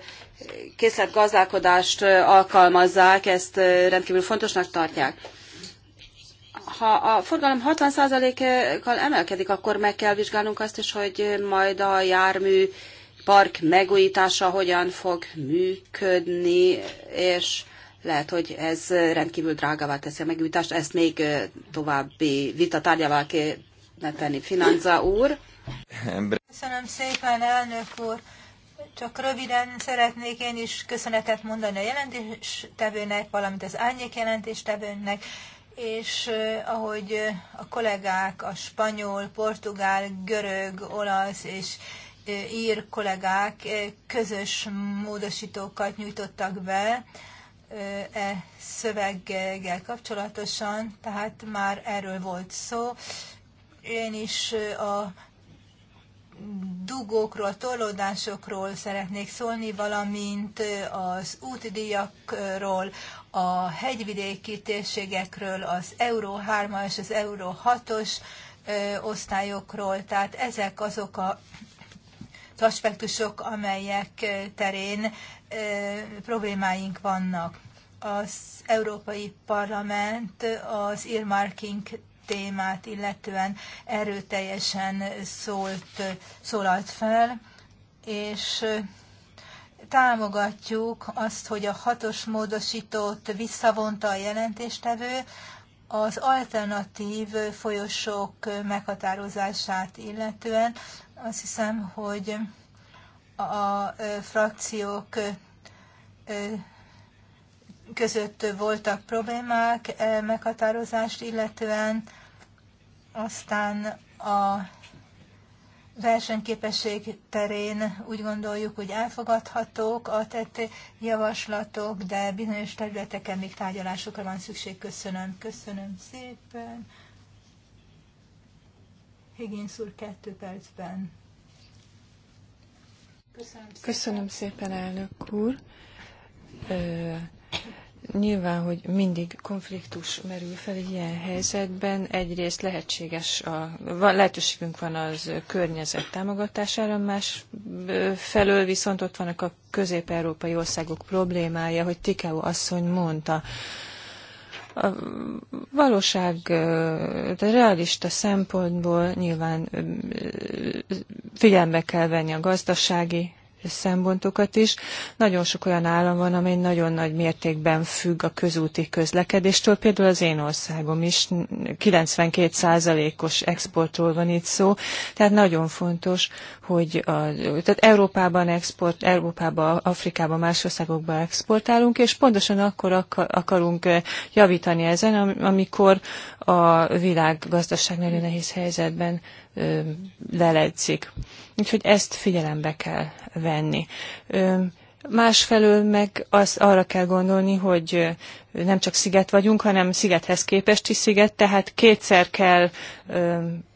gazdálkodást alkalmazzák, ezt rendkívül fontosnak tartják. Ha a forgalom 60%-kal emelkedik, akkor meg kell vizsgálnunk azt is, hogy majd a jármű park megújítása hogyan fog működni, és lehet, hogy ez rendkívül drágává teszi a megújítást, ezt még további vita tárgyává kéne tenni. Finanza úr. Köszönöm szépen, elnök úr. Csak röviden szeretnék én is köszönetet mondani a jelentéstevőnek, valamint az árnyék jelentéstevőnek, és ahogy a kollégák, a spanyol, portugál, görög, olasz és ír kollégák közös módosítókat nyújtottak be e szöveggel kapcsolatosan, tehát már erről volt szó. Én is a dugókról, torlódásokról szeretnék szólni, valamint az útdíjakról, a hegyvidéki térségekről, az Euró 3-as és az Euró 6-os osztályokról. Tehát ezek azok a aspektusok, amelyek terén problémáink vannak. Az Európai Parlament az earmarking témát illetően erőteljesen szólt, szólalt fel, és támogatjuk azt, hogy a hatos módosítót visszavonta a jelentéstevő, az alternatív folyosók meghatározását illetően azt hiszem, hogy a frakciók között voltak problémák meghatározást illetően, aztán a versenyképesség terén úgy gondoljuk, hogy elfogadhatók a tett javaslatok, de bizonyos területeken még tárgyalásokra van szükség. Köszönöm. Köszönöm szépen. Higgins úr, kettő percben. Köszönöm szépen, Köszönöm szépen elnök úr. Nyilván, hogy mindig konfliktus merül fel egy ilyen helyzetben. Egyrészt lehetséges a, van, lehetőségünk van az környezet támogatására, más felől viszont ott vannak a közép-európai országok problémája, hogy Tikeu asszony mondta. A valóság, de realista szempontból nyilván figyelme kell venni a gazdasági szempontokat is. Nagyon sok olyan állam van, amely nagyon nagy mértékben függ a közúti közlekedéstől. Például az én országom is 92%-os exportról van itt szó, tehát nagyon fontos, hogy a, tehát Európában export, Európában, Afrikában, más országokban exportálunk, és pontosan akkor akarunk eh, javítani ezen, amikor a világgazdaság nagyon nehéz helyzetben leledzik. Úgyhogy ezt figyelembe kell venni. Másfelől meg az arra kell gondolni, hogy nem csak sziget vagyunk, hanem szigethez képest is sziget, tehát kétszer kell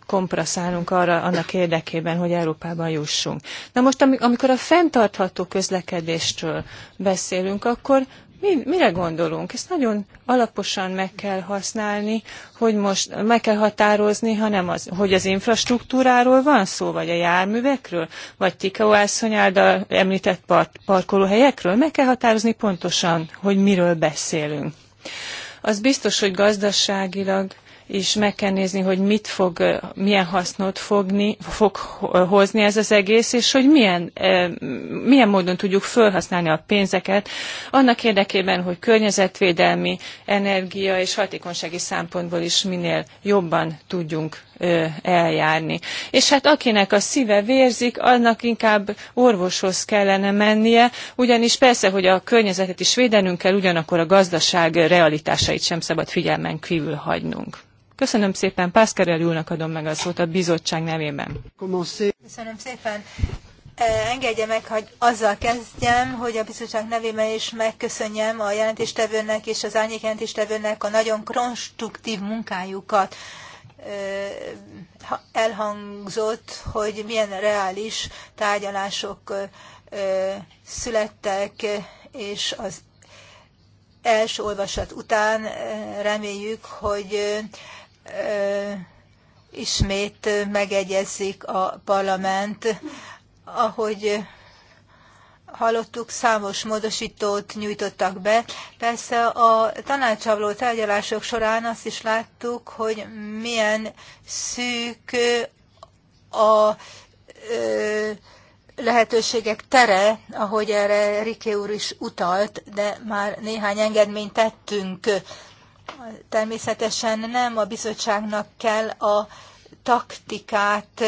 kompresszálnunk arra annak érdekében, hogy Európában jussunk. Na most, amikor a fenntartható közlekedésről beszélünk, akkor mi, mire gondolunk? Ezt nagyon alaposan meg kell használni, hogy most meg kell határozni, hanem az, hogy az infrastruktúráról van szó, vagy a járművekről, vagy Tikao asszony által említett part, parkolóhelyekről. Meg kell határozni pontosan, hogy miről beszélünk. Az biztos, hogy gazdaságilag is meg kell nézni, hogy mit fog, milyen hasznot fogni, fog hozni ez az egész, és hogy milyen, milyen módon tudjuk felhasználni a pénzeket, annak érdekében, hogy környezetvédelmi, energia és hatékonysági szempontból is minél jobban tudjunk eljárni. És hát akinek a szíve vérzik, annak inkább orvoshoz kellene mennie, ugyanis persze, hogy a környezetet is védenünk kell, ugyanakkor a gazdaság realitásait sem szabad figyelmen kívül hagynunk. Köszönöm szépen, Pászkerel ülnek adom meg a szót a bizottság nevében. Köszönöm szépen. E, engedje meg, hogy azzal kezdjem, hogy a bizottság nevében is megköszönjem a jelentéstevőnek és az árnyék jelentéstevőnek a nagyon konstruktív munkájukat. E, elhangzott, hogy milyen reális tárgyalások e, születtek, és az első olvasat után reméljük, hogy ismét megegyezik a parlament. Ahogy hallottuk, számos módosítót nyújtottak be. Persze a tanácsabló tárgyalások során azt is láttuk, hogy milyen szűk a lehetőségek tere, ahogy erre Riké úr is utalt, de már néhány engedményt tettünk Természetesen nem a bizottságnak kell a taktikát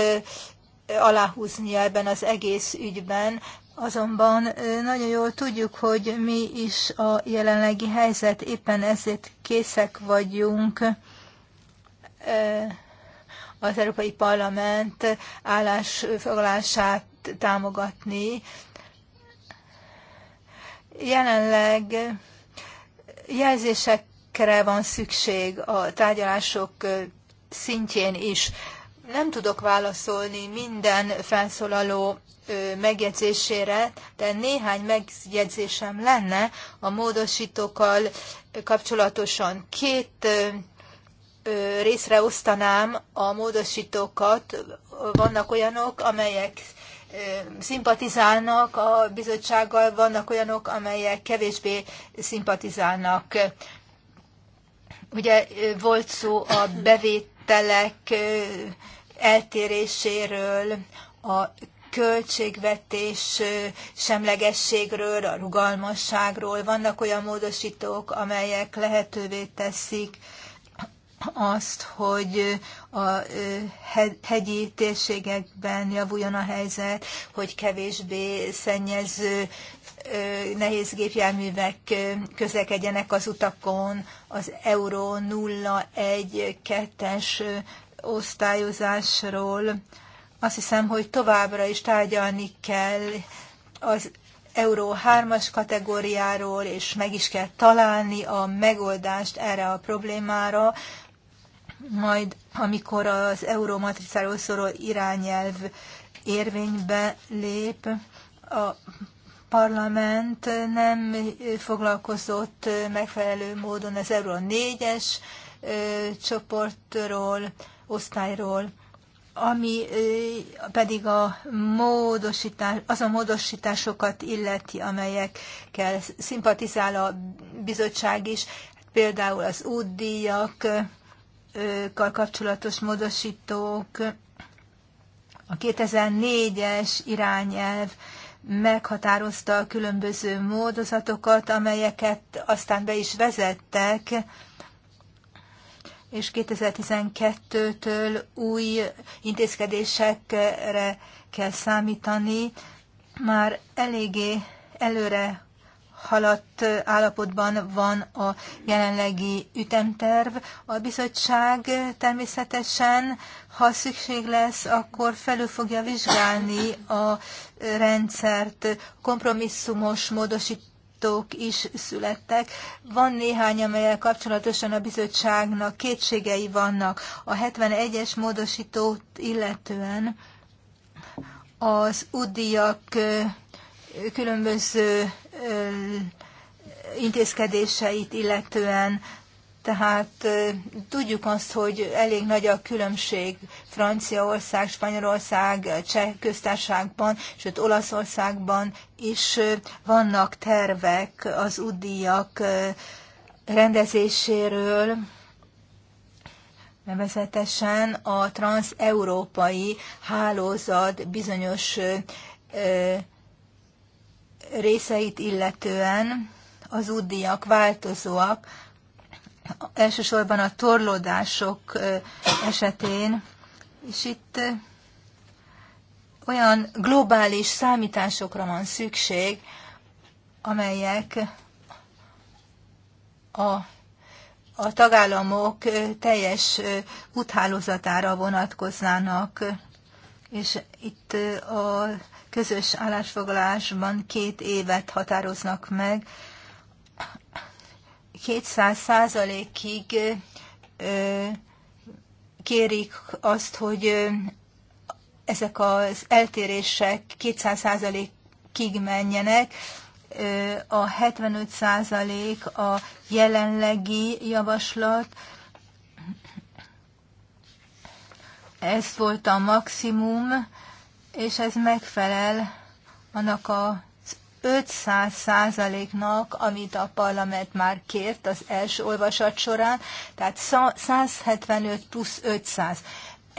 aláhúznia ebben az egész ügyben, azonban nagyon jól tudjuk, hogy mi is a jelenlegi helyzet, éppen ezért készek vagyunk az Európai Parlament állásfoglalását támogatni. Jelenleg jelzések elemekre van szükség a tárgyalások szintjén is. Nem tudok válaszolni minden felszólaló megjegyzésére, de néhány megjegyzésem lenne a módosítókkal kapcsolatosan. Két részre osztanám a módosítókat. Vannak olyanok, amelyek szimpatizálnak a bizottsággal, vannak olyanok, amelyek kevésbé szimpatizálnak Ugye volt szó a bevételek eltéréséről, a költségvetés semlegességről, a rugalmasságról. Vannak olyan módosítók, amelyek lehetővé teszik azt, hogy a hegyi térségekben javuljon a helyzet, hogy kevésbé szennyező nehéz gépjárművek közlekedjenek az utakon, az Euró 012-es osztályozásról. Azt hiszem, hogy továbbra is tárgyalni kell az Euró 3-as kategóriáról, és meg is kell találni a megoldást erre a problémára, majd amikor az euró matricáról szóló irányelv érvénybe lép, a parlament nem foglalkozott megfelelő módon az Euró 4-es csoportról, osztályról, ami pedig a módosítás, az a módosításokat illeti, amelyekkel szimpatizál a bizottság is, hát például az útdíjakkal kapcsolatos módosítók, a 2004-es irányelv meghatározta a különböző módozatokat, amelyeket aztán be is vezettek, és 2012-től új intézkedésekre kell számítani. Már eléggé előre meghaladt állapotban van a jelenlegi ütemterv. A bizottság természetesen, ha szükség lesz, akkor felül fogja vizsgálni a rendszert, kompromisszumos módosítás is születtek. Van néhány, amelyel kapcsolatosan a bizottságnak kétségei vannak. A 71-es módosítót illetően az útdíjak különböző intézkedéseit illetően, tehát tudjuk azt, hogy elég nagy a különbség Franciaország, Spanyolország, Cseh köztársaságban, sőt Olaszországban is vannak tervek az udíjak rendezéséről, nevezetesen a transeurópai hálózat bizonyos részeit illetően az útdíjak változóak, elsősorban a torlódások esetén, és itt olyan globális számításokra van szükség, amelyek a, a tagállamok teljes úthálózatára vonatkoznának, és itt a közös állásfoglalásban két évet határoznak meg. 200 százalékig kérik azt, hogy ezek az eltérések 200 százalékig menjenek, a 75 százalék a jelenlegi javaslat, ez volt a maximum, és ez megfelel annak a 500 százaléknak, amit a parlament már kért az első olvasat során, tehát 175 plusz 500.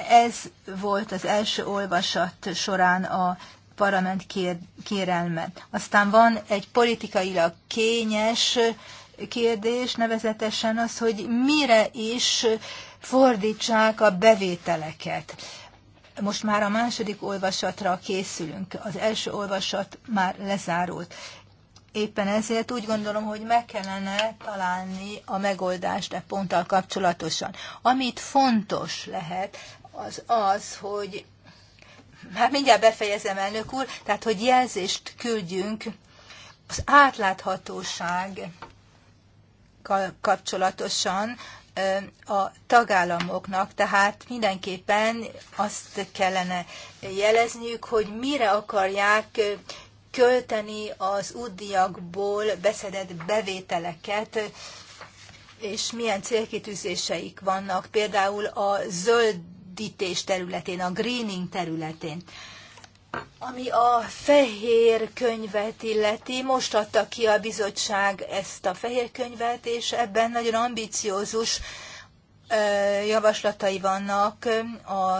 Ez volt az első olvasat során a parlament kér, kérelme. Aztán van egy politikailag kényes kérdés, nevezetesen az, hogy mire is fordítsák a bevételeket most már a második olvasatra készülünk. Az első olvasat már lezárult. Éppen ezért úgy gondolom, hogy meg kellene találni a megoldást e ponttal kapcsolatosan. Amit fontos lehet, az az, hogy már hát mindjárt befejezem, elnök úr, tehát hogy jelzést küldjünk az átláthatóság kapcsolatosan a tagállamoknak, tehát mindenképpen azt kellene jelezniük, hogy mire akarják költeni az útdiakból beszedett bevételeket, és milyen célkitűzéseik vannak, például a zöldítés területén, a greening területén. Ami a fehér könyvet illeti, most adta ki a bizottság ezt a fehér könyvet, és ebben nagyon ambiciózus javaslatai vannak a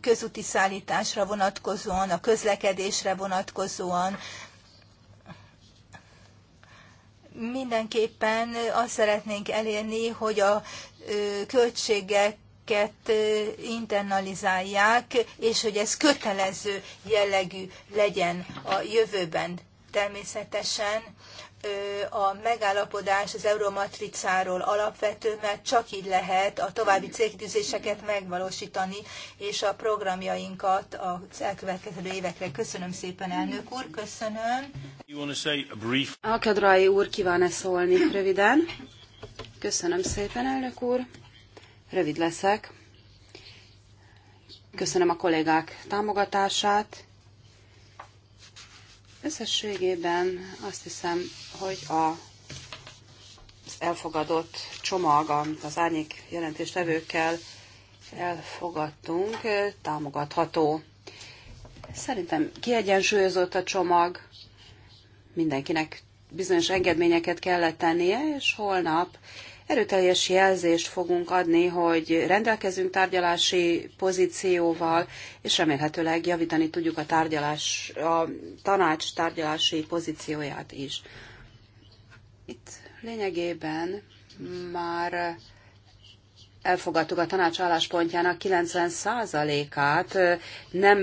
közúti szállításra vonatkozóan, a közlekedésre vonatkozóan. Mindenképpen azt szeretnénk elérni, hogy a költségek internalizálják, és hogy ez kötelező jellegű legyen a jövőben. Természetesen a megállapodás az euromatricáról alapvető, mert csak így lehet a további cégtűzéseket megvalósítani, és a programjainkat az elkövetkező évekre. Köszönöm szépen, elnök úr, köszönöm. Kadrai úr kíván-e szólni röviden? Köszönöm szépen, elnök úr. Rövid leszek. Köszönöm a kollégák támogatását. Összességében azt hiszem, hogy a az elfogadott csomag, amit az árnyék jelentéstevőkkel elfogadtunk, támogatható. Szerintem kiegyensúlyozott a csomag, mindenkinek bizonyos engedményeket kellett tennie, és holnap erőteljes jelzést fogunk adni, hogy rendelkezünk tárgyalási pozícióval, és remélhetőleg javítani tudjuk a, tárgyalás, a tanács tárgyalási pozícióját is. Itt lényegében már elfogadtuk a tanács álláspontjának 90%-át, nem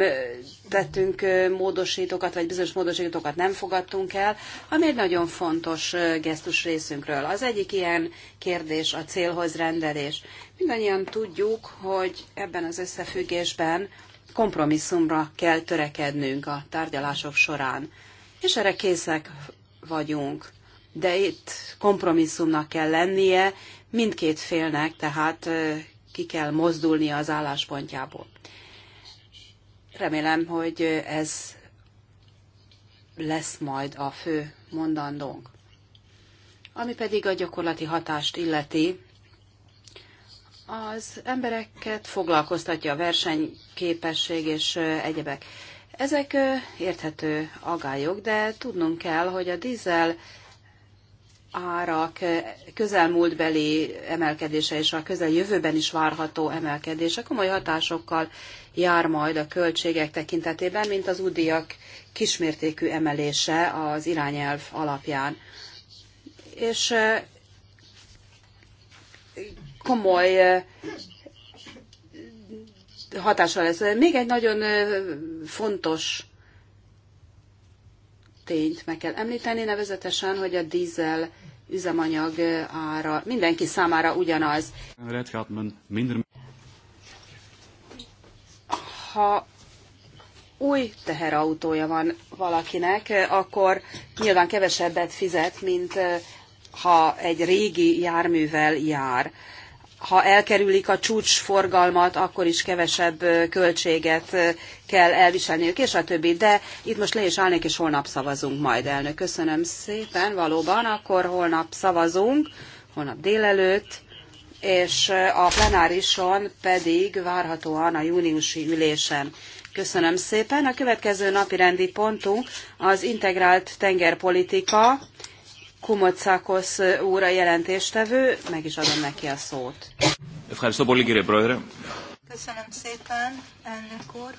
tettünk módosítókat, vagy bizonyos módosítókat nem fogadtunk el, ami egy nagyon fontos gesztus részünkről. Az egyik ilyen kérdés a célhoz rendelés. Mindannyian tudjuk, hogy ebben az összefüggésben kompromisszumra kell törekednünk a tárgyalások során, és erre készek vagyunk. De itt kompromisszumnak kell lennie, mindkét félnek tehát ki kell mozdulnia az álláspontjából. Remélem, hogy ez lesz majd a fő mondandónk. Ami pedig a gyakorlati hatást illeti, az embereket foglalkoztatja a versenyképesség és egyebek. Ezek érthető agályok, de tudnunk kell, hogy a dízel árak közelmúltbeli emelkedése és a közeljövőben is várható emelkedése komoly hatásokkal jár majd a költségek tekintetében, mint az údiak kismértékű emelése az irányelv alapján. És komoly hatással lesz. Még egy nagyon fontos tényt meg kell említeni, nevezetesen, hogy a dízel üzemanyag ára mindenki számára ugyanaz. Ha új teherautója van valakinek, akkor nyilván kevesebbet fizet, mint ha egy régi járművel jár ha elkerülik a csúcsforgalmat, akkor is kevesebb költséget kell elviselniük, és a többi. De itt most le is állnék, és holnap szavazunk majd, elnök. Köszönöm szépen, valóban, akkor holnap szavazunk, holnap délelőtt, és a plenárison pedig várhatóan a júniusi ülésen. Köszönöm szépen. A következő napi rendi pontunk az integrált tengerpolitika. Kumocákos úr jelentéstevő, meg is adom neki a szót. Köszönöm szépen, elnök úr.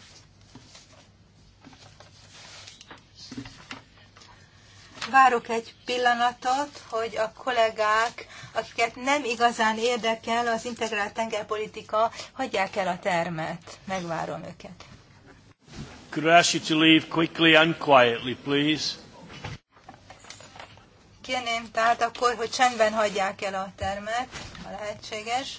Várok egy pillanatot, hogy a kollégák, akiket nem igazán érdekel az integrált tengerpolitika, hagyják el a termet. Megvárom őket. Could I ask you to leave quickly and quietly, please? Kérném tehát akkor, hogy csendben hagyják el a termet, ha lehetséges.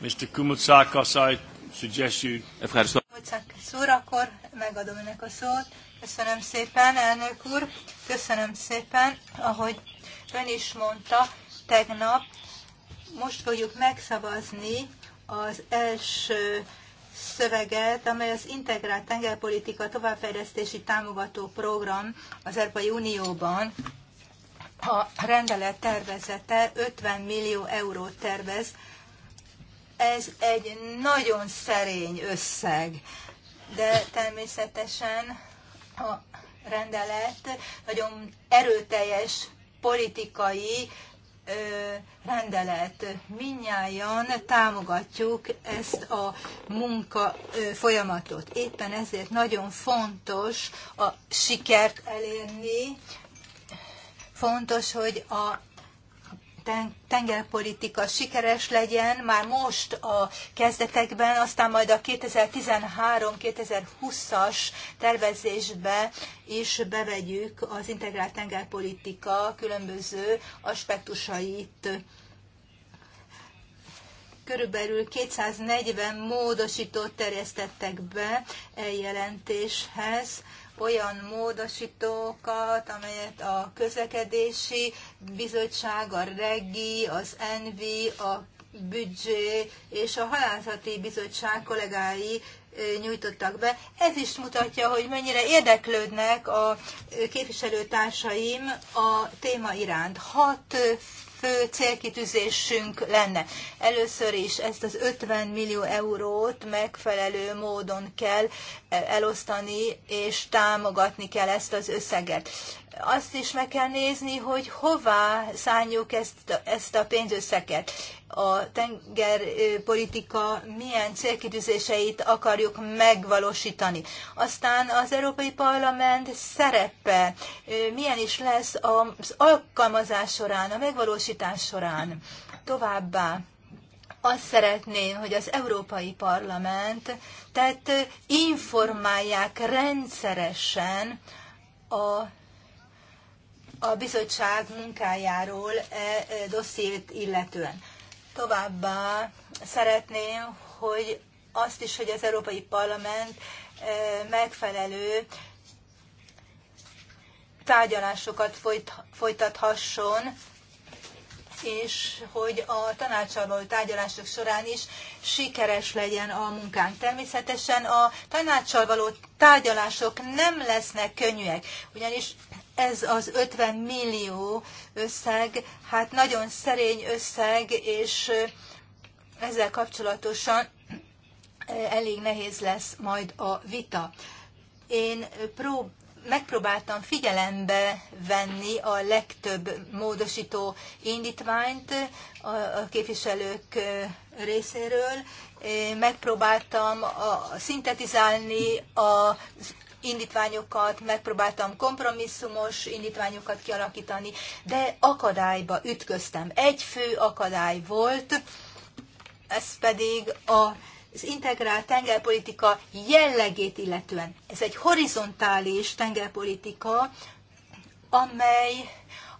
Mr. Kumutsakas, I suggest you... Kumutsakas úr, akkor megadom önnek a szót. Köszönöm szépen, elnök úr. Köszönöm szépen, ahogy ön is mondta, tegnap most fogjuk megszavazni az első szöveget, amely az integrált tengerpolitika továbbfejlesztési támogató program az Európai Unióban. A rendelet tervezete 50 millió eurót tervez. Ez egy nagyon szerény összeg, de természetesen a rendelet nagyon erőteljes politikai rendelet. Minnyáján támogatjuk ezt a munka folyamatot. Éppen ezért nagyon fontos a sikert elérni, fontos, hogy a tengerpolitika sikeres legyen, már most a kezdetekben, aztán majd a 2013-2020-as tervezésbe is bevegyük az integrált tengerpolitika különböző aspektusait. Körülbelül 240 módosítót terjesztettek be eljelentéshez, olyan módosítókat, amelyet a közlekedési bizottság, a REGI, az ENVI, a büdzsé és a halászati bizottság kollégái nyújtottak be. Ez is mutatja, hogy mennyire érdeklődnek a képviselőtársaim a téma iránt. Hat fő célkitűzésünk lenne. Először is ezt az 50 millió eurót megfelelő módon kell elosztani, és támogatni kell ezt az összeget. Azt is meg kell nézni, hogy hová szálljuk ezt, ezt a pénzösszeget. A tengerpolitika milyen célkitűzéseit akarjuk megvalósítani. Aztán az Európai Parlament szerepe milyen is lesz az alkalmazás során, a megvalósítás módosítás során. Továbbá azt szeretné, hogy az Európai Parlament, tehát informálják rendszeresen a, a bizottság munkájáról e, e dossziét illetően. Továbbá szeretném, hogy azt is, hogy az Európai Parlament e, megfelelő tárgyalásokat folytathasson és hogy a tanácsadó tárgyalások során is sikeres legyen a munkánk. Természetesen a tanácsal való tárgyalások nem lesznek könnyűek, ugyanis ez az 50 millió összeg, hát nagyon szerény összeg, és ezzel kapcsolatosan elég nehéz lesz majd a vita. Én prób- megpróbáltam figyelembe venni a legtöbb módosító indítványt a képviselők részéről. Megpróbáltam a, szintetizálni az indítványokat, megpróbáltam kompromisszumos indítványokat kialakítani, de akadályba ütköztem. Egy fő akadály volt, ez pedig a az integrált tengerpolitika jellegét illetően. Ez egy horizontális tengerpolitika, amely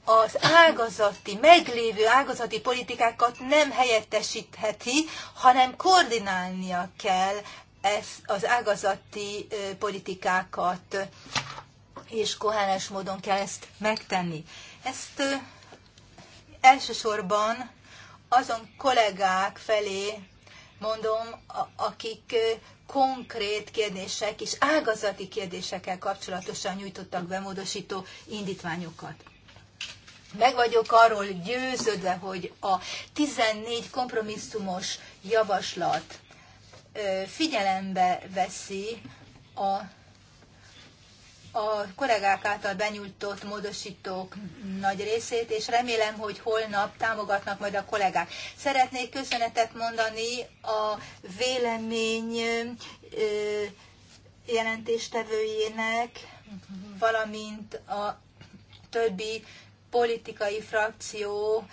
az ágazati, meglévő ágazati politikákat nem helyettesítheti, hanem koordinálnia kell ez, az ágazati politikákat, és koherens módon kell ezt megtenni. Ezt elsősorban azon kollégák felé mondom, akik konkrét kérdések és ágazati kérdésekkel kapcsolatosan nyújtottak be módosító indítványokat. Meg vagyok arról győződve, hogy a 14 kompromisszumos javaslat figyelembe veszi a a kollégák által benyújtott módosítók nagy részét, és remélem, hogy holnap támogatnak majd a kollégák. Szeretnék köszönetet mondani a vélemény jelentéstevőjének, valamint a többi politikai frakció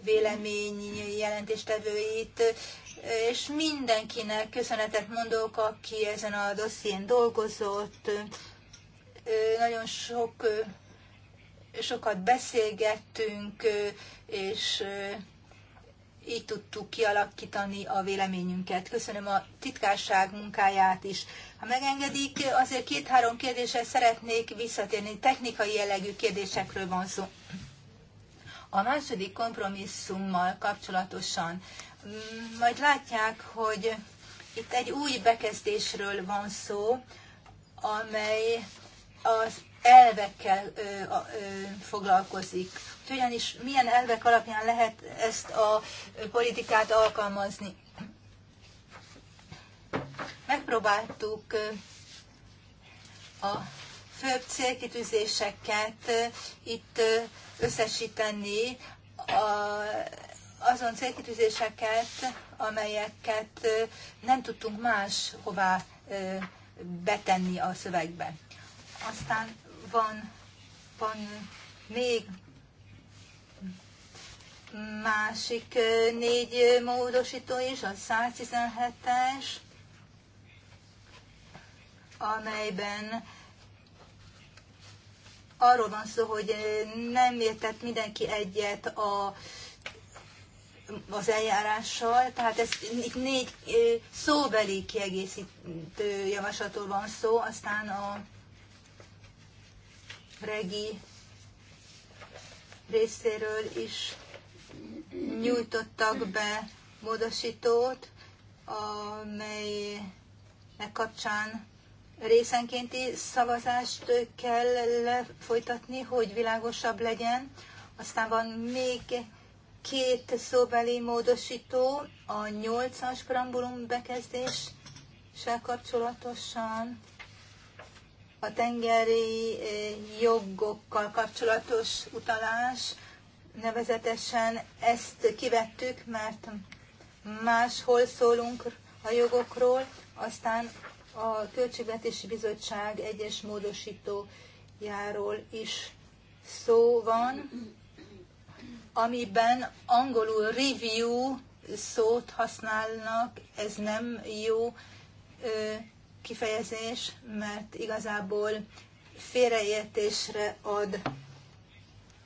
vélemény jelentéstevőit, és mindenkinek köszönetet mondok, aki ezen a dosszién dolgozott, nagyon sok, sokat beszélgettünk, és így tudtuk kialakítani a véleményünket. Köszönöm a titkárság munkáját is. Ha megengedik, azért két-három kérdésre szeretnék visszatérni. Technikai jellegű kérdésekről van szó. A második kompromisszummal kapcsolatosan mm, majd látják, hogy itt egy új bekezdésről van szó, amely az elvekkel ö, ö, foglalkozik. Hogy ugyanis milyen elvek alapján lehet ezt a politikát alkalmazni. Megpróbáltuk a főbb célkitűzéseket itt összesíteni, a, azon célkitűzéseket, amelyeket nem tudtunk máshová betenni a szövegbe. Aztán van, van még másik négy módosító is, a 117-es, amelyben arról van szó, hogy nem értett mindenki egyet a, az eljárással, tehát ez négy szóbeli kiegészítő javaslatról van szó, aztán a regi részéről is nyújtottak be módosítót, amely kapcsán részenkénti szavazást kell lefolytatni, hogy világosabb legyen. Aztán van még két szóbeli módosító, a nyolcas as preambulum bekezdéssel kapcsolatosan a tengeri eh, jogokkal kapcsolatos utalás, nevezetesen ezt kivettük, mert máshol szólunk a jogokról, aztán a Költségvetési Bizottság egyes módosítójáról is szó van, amiben angolul review szót használnak, ez nem jó kifejezés, mert igazából félreértésre ad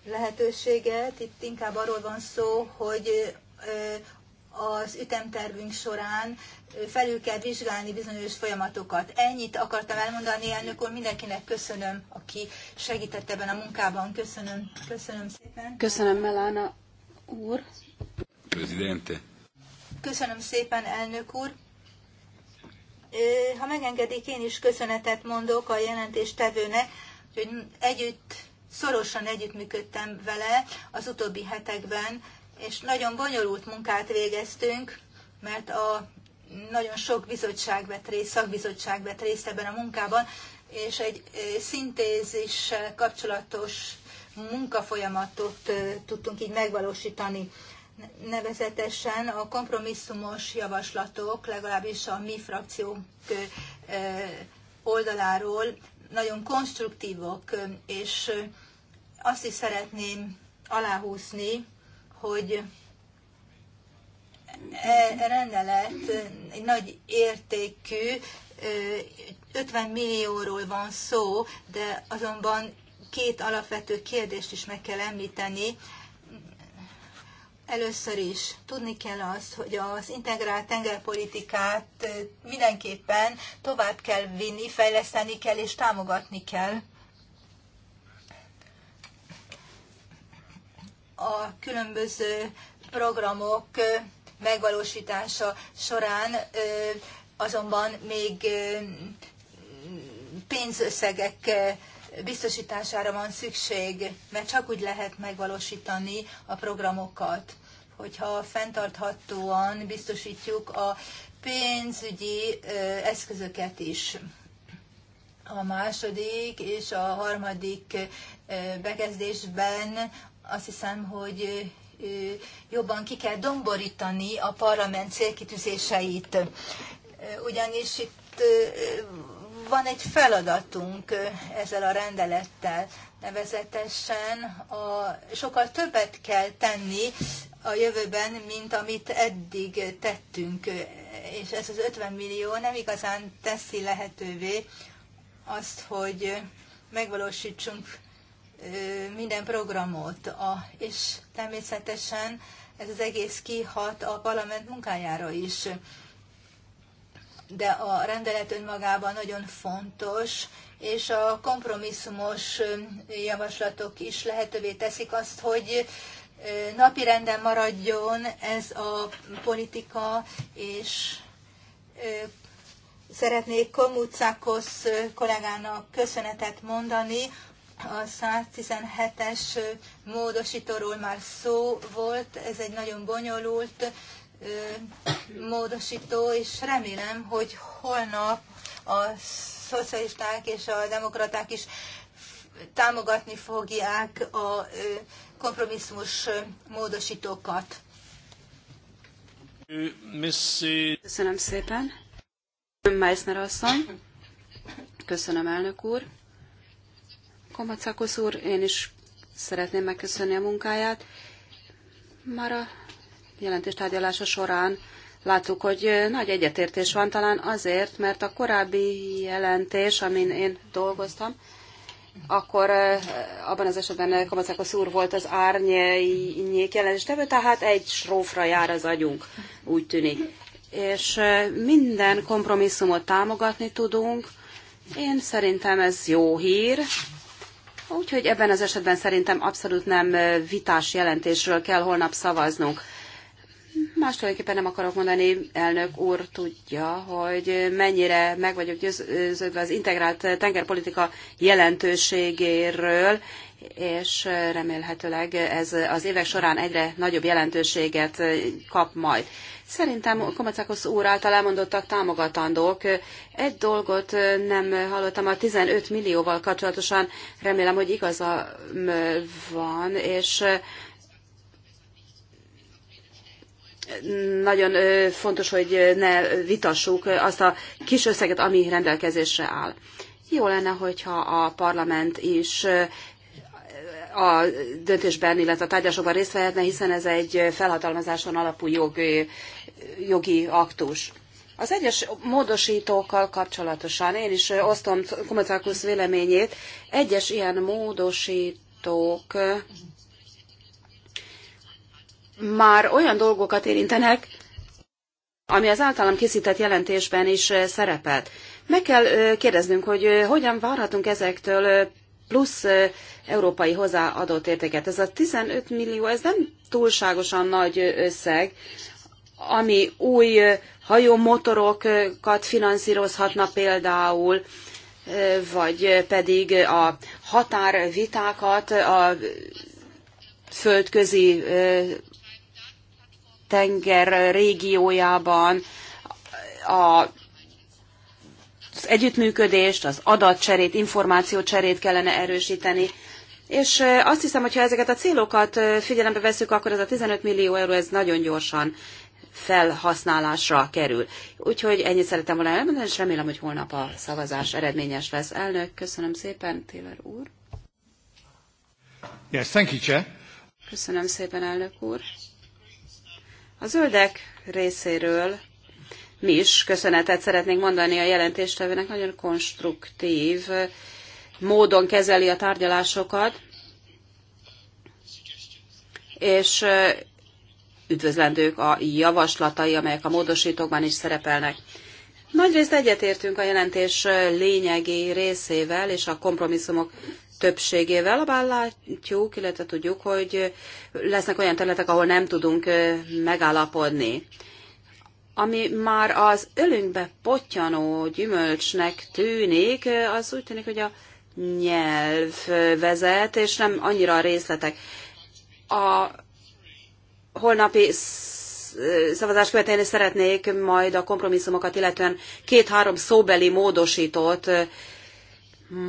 lehetőséget. Itt inkább arról van szó, hogy az ütemtervünk során felül kell vizsgálni bizonyos folyamatokat. Ennyit akartam elmondani, elnök úr, mindenkinek köszönöm, aki segített ebben a munkában. Köszönöm, köszönöm szépen. Köszönöm, Melána úr. Presidente. Köszönöm szépen, elnök úr ha megengedik, én is köszönetet mondok a jelentéstevőnek, hogy együtt, szorosan együttműködtem vele az utóbbi hetekben, és nagyon bonyolult munkát végeztünk, mert a nagyon sok bizottság vett részt, szakbizottság vett részt ebben a munkában, és egy szintézis kapcsolatos munkafolyamatot tudtunk így megvalósítani nevezetesen a kompromisszumos javaslatok, legalábbis a mi frakciónk oldaláról nagyon konstruktívok, és azt is szeretném aláhúzni, hogy e, e rendelet egy nagy értékű, 50 millióról van szó, de azonban két alapvető kérdést is meg kell említeni. Először is tudni kell azt, hogy az integrált tengerpolitikát mindenképpen tovább kell vinni, fejleszteni kell és támogatni kell. A különböző programok megvalósítása során azonban még pénzösszegek biztosítására van szükség, mert csak úgy lehet megvalósítani a programokat hogyha fenntarthatóan biztosítjuk a pénzügyi eszközöket is. A második és a harmadik bekezdésben azt hiszem, hogy jobban ki kell domborítani a parlament célkitűzéseit. Ugyanis itt van egy feladatunk ezzel a rendelettel, nevezetesen a, sokkal többet kell tenni a jövőben, mint amit eddig tettünk, és ez az 50 millió nem igazán teszi lehetővé azt, hogy megvalósítsunk minden programot, a, és természetesen ez az egész kihat a parlament munkájára is de a rendelet önmagában nagyon fontos, és a kompromisszumos javaslatok is lehetővé teszik azt, hogy napi renden maradjon ez a politika, és szeretnék Komucákos kollégának köszönetet mondani. A 117-es módosítóról már szó volt, ez egy nagyon bonyolult módosító, és remélem, hogy holnap a szocialisták és a demokraták is támogatni fogják a kompromisszumos módosítókat. Köszönöm szépen. Meissner asszony. Köszönöm, elnök úr. Komacakos úr, én is szeretném megköszönni a munkáját. Mara jelentéstárgyalása során láttuk, hogy nagy egyetértés van talán azért, mert a korábbi jelentés, amin én dolgoztam, akkor eh, abban az esetben eh, Kamacákos úr volt az árnyék jelentéstevő, tehát egy srófra jár az agyunk, úgy tűnik. És eh, minden kompromisszumot támogatni tudunk. Én szerintem ez jó hír, úgyhogy ebben az esetben szerintem abszolút nem vitás jelentésről kell holnap szavaznunk. Más tulajdonképpen nem akarok mondani, elnök úr tudja, hogy mennyire meg vagyok győződve az integrált tengerpolitika jelentőségéről, és remélhetőleg ez az évek során egyre nagyobb jelentőséget kap majd. Szerintem Komacakos úr által elmondottak támogatandók. Egy dolgot nem hallottam a 15 millióval kapcsolatosan, remélem, hogy igaza van, és nagyon fontos, hogy ne vitassuk azt a kis összeget, ami rendelkezésre áll. Jó lenne, hogyha a parlament is a döntésben, illetve a tárgyásokban részt vehetne, hiszen ez egy felhatalmazáson alapú jog, jogi aktus. Az egyes módosítókkal kapcsolatosan én is osztom Komocákusz véleményét. Egyes ilyen módosítók már olyan dolgokat érintenek, ami az általam készített jelentésben is eh, szerepelt. Meg kell eh, kérdeznünk, hogy eh, hogyan várhatunk ezektől plusz európai hozzáadott értéket. Ez a 15 millió, ez nem túlságosan nagy összeg, ami új hajómotorokat finanszírozhatna például, vagy pedig a határvitákat a földközi tenger régiójában a az együttműködést, az adatcserét, információcserét kellene erősíteni. És azt hiszem, hogy ha ezeket a célokat figyelembe veszük, akkor ez a 15 millió euró ez nagyon gyorsan felhasználásra kerül. Úgyhogy ennyit szerettem volna elmondani, és remélem, hogy holnap a szavazás eredményes lesz. Elnök, köszönöm szépen, Taylor úr. Yes, thank you, Chair. Köszönöm szépen, elnök úr. A zöldek részéről mi is köszönetet szeretnénk mondani a jelentéstevőnek, nagyon konstruktív módon kezeli a tárgyalásokat, és üdvözlendők a javaslatai, amelyek a módosítókban is szerepelnek. Nagyrészt egyetértünk a jelentés lényegi részével és a kompromisszumok többségével, abban látjuk, illetve tudjuk, hogy lesznek olyan területek, ahol nem tudunk megállapodni. Ami már az ölünkbe potyanó gyümölcsnek tűnik, az úgy tűnik, hogy a nyelv vezet, és nem annyira a részletek. A holnapi szavazás követően szeretnék majd a kompromisszumokat, illetően két-három szóbeli módosított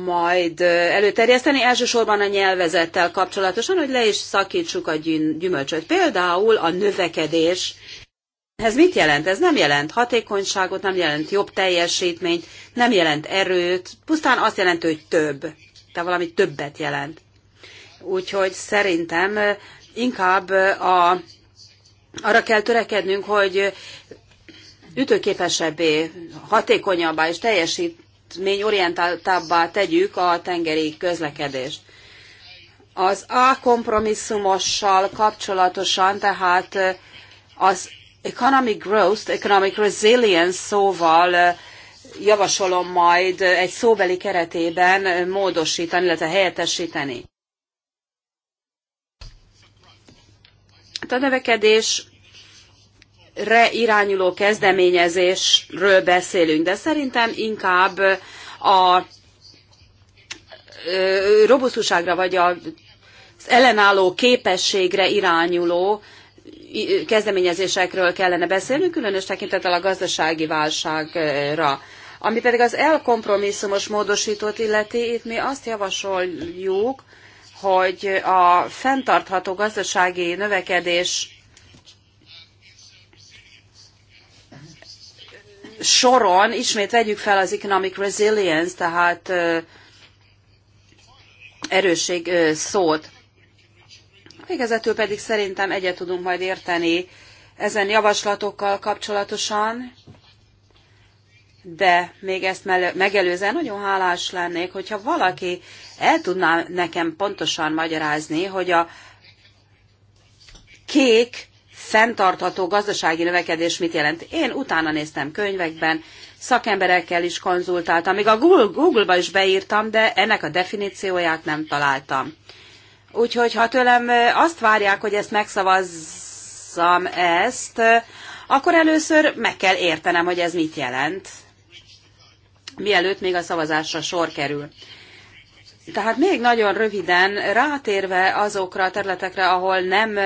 majd előterjeszteni, elsősorban a nyelvezettel kapcsolatosan, hogy le is szakítsuk a gyümölcsöt. Például a növekedés. Ez mit jelent? Ez nem jelent hatékonyságot, nem jelent jobb teljesítményt, nem jelent erőt, pusztán azt jelenti, hogy több. Tehát valami többet jelent. Úgyhogy szerintem inkább a, arra kell törekednünk, hogy ütőképesebbé, hatékonyabbá és teljesít, eredményorientáltabbá tegyük a tengeri közlekedést. Az A kompromisszumossal kapcsolatosan tehát az economic growth, economic resilience szóval javasolom majd egy szóbeli keretében módosítani, illetve helyettesíteni. A növekedés re irányuló kezdeményezésről beszélünk, de szerintem inkább a robusztuságra vagy az ellenálló képességre irányuló kezdeményezésekről kellene beszélnünk, különös tekintettel a gazdasági válságra. Ami pedig az elkompromisszumos módosítót illeti, itt mi azt javasoljuk, hogy a fenntartható gazdasági növekedés soron ismét vegyük fel az economic resilience, tehát erősség szót. Végezetül pedig szerintem egyet tudunk majd érteni ezen javaslatokkal kapcsolatosan, de még ezt megelőzően nagyon hálás lennék, hogyha valaki el tudná nekem pontosan magyarázni, hogy a kék fenntartható gazdasági növekedés mit jelent. Én utána néztem könyvekben, szakemberekkel is konzultáltam, még a Google-ba is beírtam, de ennek a definícióját nem találtam. Úgyhogy ha tőlem azt várják, hogy ezt megszavazzam ezt, akkor először meg kell értenem, hogy ez mit jelent, mielőtt még a szavazásra sor kerül. Tehát még nagyon röviden rátérve azokra a területekre, ahol nem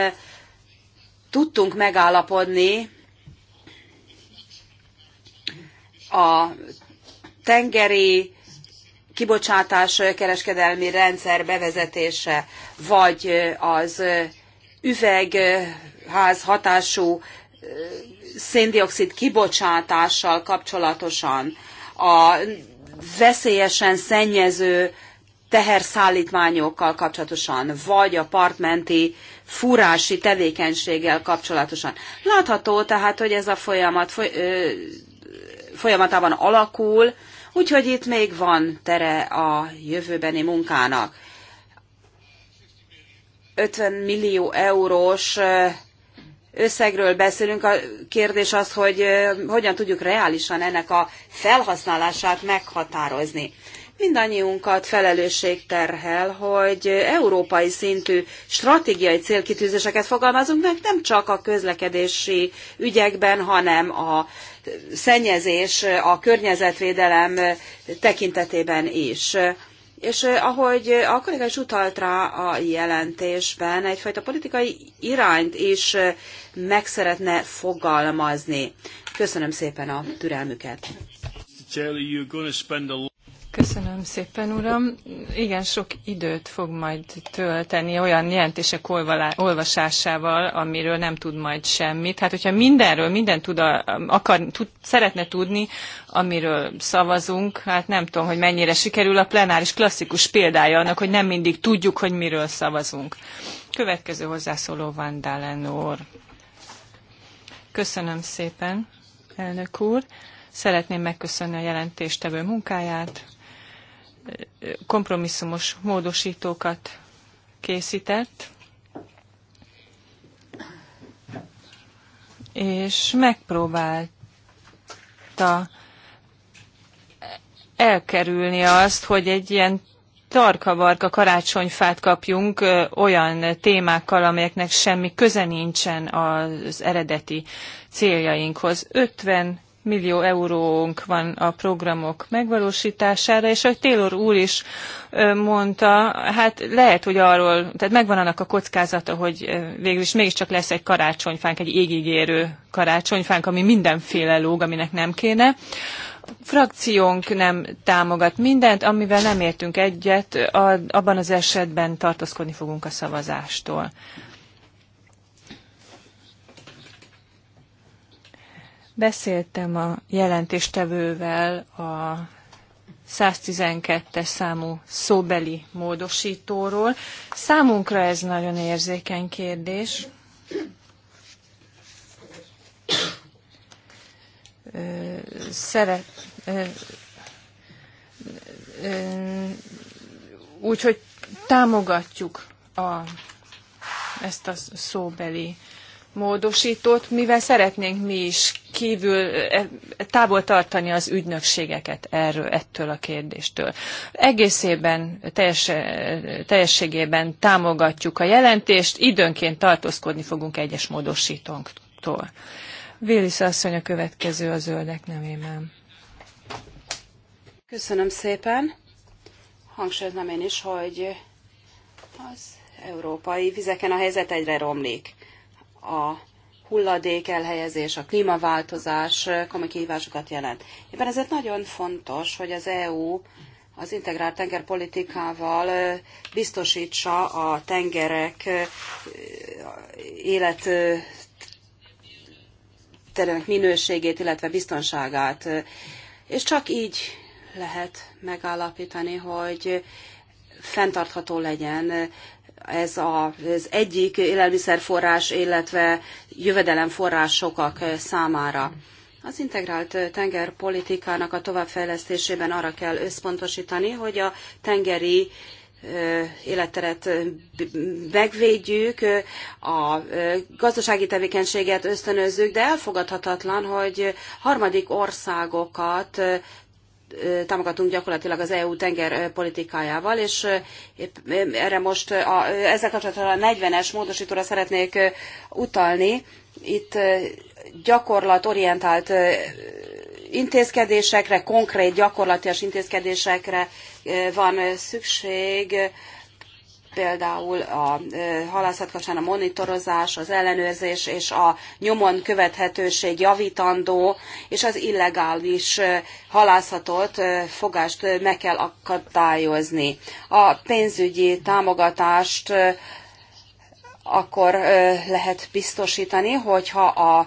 tudtunk megállapodni a tengeri kibocsátás kereskedelmi rendszer bevezetése, vagy az üvegház hatású széndiokszid kibocsátással kapcsolatosan, a veszélyesen szennyező teherszállítmányokkal kapcsolatosan, vagy a partmenti fúrási tevékenységgel kapcsolatosan. Látható tehát, hogy ez a folyamat folyamatában alakul, úgyhogy itt még van tere a jövőbeni munkának. 50 millió eurós összegről beszélünk, a kérdés az, hogy hogyan tudjuk reálisan ennek a felhasználását meghatározni mindannyiunkat felelősség terhel, hogy európai szintű stratégiai célkitűzéseket fogalmazunk meg, nem csak a közlekedési ügyekben, hanem a szennyezés, a környezetvédelem tekintetében is. És eh, ahogy a kolléga is utalt rá a jelentésben, egyfajta politikai irányt is eh, meg szeretne fogalmazni. Köszönöm szépen a türelmüket. Köszönöm szépen, uram. Igen, sok időt fog majd tölteni olyan jelentések olvasásával, amiről nem tud majd semmit. Hát, hogyha mindenről, minden tud, akar, tud, szeretne tudni, amiről szavazunk, hát nem tudom, hogy mennyire sikerül a plenáris klasszikus példája annak, hogy nem mindig tudjuk, hogy miről szavazunk. Következő hozzászóló Van Dalen úr. Köszönöm szépen, elnök úr. Szeretném megköszönni a jelentéstevő munkáját, kompromisszumos módosítókat készített, és megpróbálta elkerülni azt, hogy egy ilyen tarkabarka karácsonyfát kapjunk olyan témákkal, amelyeknek semmi köze nincsen az eredeti céljainkhoz. 50 millió eurónk van a programok megvalósítására, és ahogy Taylor úr is mondta, hát lehet, hogy arról, tehát megvan annak a kockázata, hogy végül is mégiscsak lesz egy karácsonyfánk, egy égigérő karácsonyfánk, ami mindenféle lóg, aminek nem kéne frakciónk nem támogat mindent, amivel nem értünk egyet, abban az esetben tartózkodni fogunk a szavazástól. Beszéltem a jelentéstevővel a 112-es számú szóbeli módosítóról. Számunkra ez nagyon érzékeny kérdés. Szeret, úgyhogy támogatjuk a, ezt a szóbeli módosítót, mivel szeretnénk mi is kívül e, távol tartani az ügynökségeket erről, ettől a kérdéstől. Egészében, teljes, e, teljességében támogatjuk a jelentést, időnként tartózkodni fogunk egyes módosítónktól. Vélisz asszony a következő a zöldek nevében. Köszönöm szépen. Hangsúlyoznám én is, hogy az európai vizeken a helyzet egyre romlik a hulladék elhelyezés, a klímaváltozás komoly kihívásokat jelent. Éppen ezért nagyon fontos, hogy az EU az integrált tengerpolitikával biztosítsa a tengerek élet minőségét, illetve biztonságát. És csak így lehet megállapítani, hogy fenntartható legyen ez az egyik élelmiszerforrás, illetve jövedelemforrásokak számára. Az integrált tengerpolitikának a továbbfejlesztésében arra kell összpontosítani, hogy a tengeri életteret megvédjük, a gazdasági tevékenységet ösztönözzük, de elfogadhatatlan, hogy harmadik országokat támogatunk gyakorlatilag az EU tengerpolitikájával, és erre most a, ezzel kapcsolatban a 40-es módosítóra szeretnék utalni. Itt gyakorlatorientált intézkedésekre, konkrét gyakorlatias intézkedésekre van szükség például a halászat a monitorozás, az ellenőrzés és a nyomon követhetőség javítandó, és az illegális halászatot, fogást meg kell akadályozni. A pénzügyi támogatást akkor lehet biztosítani, hogyha a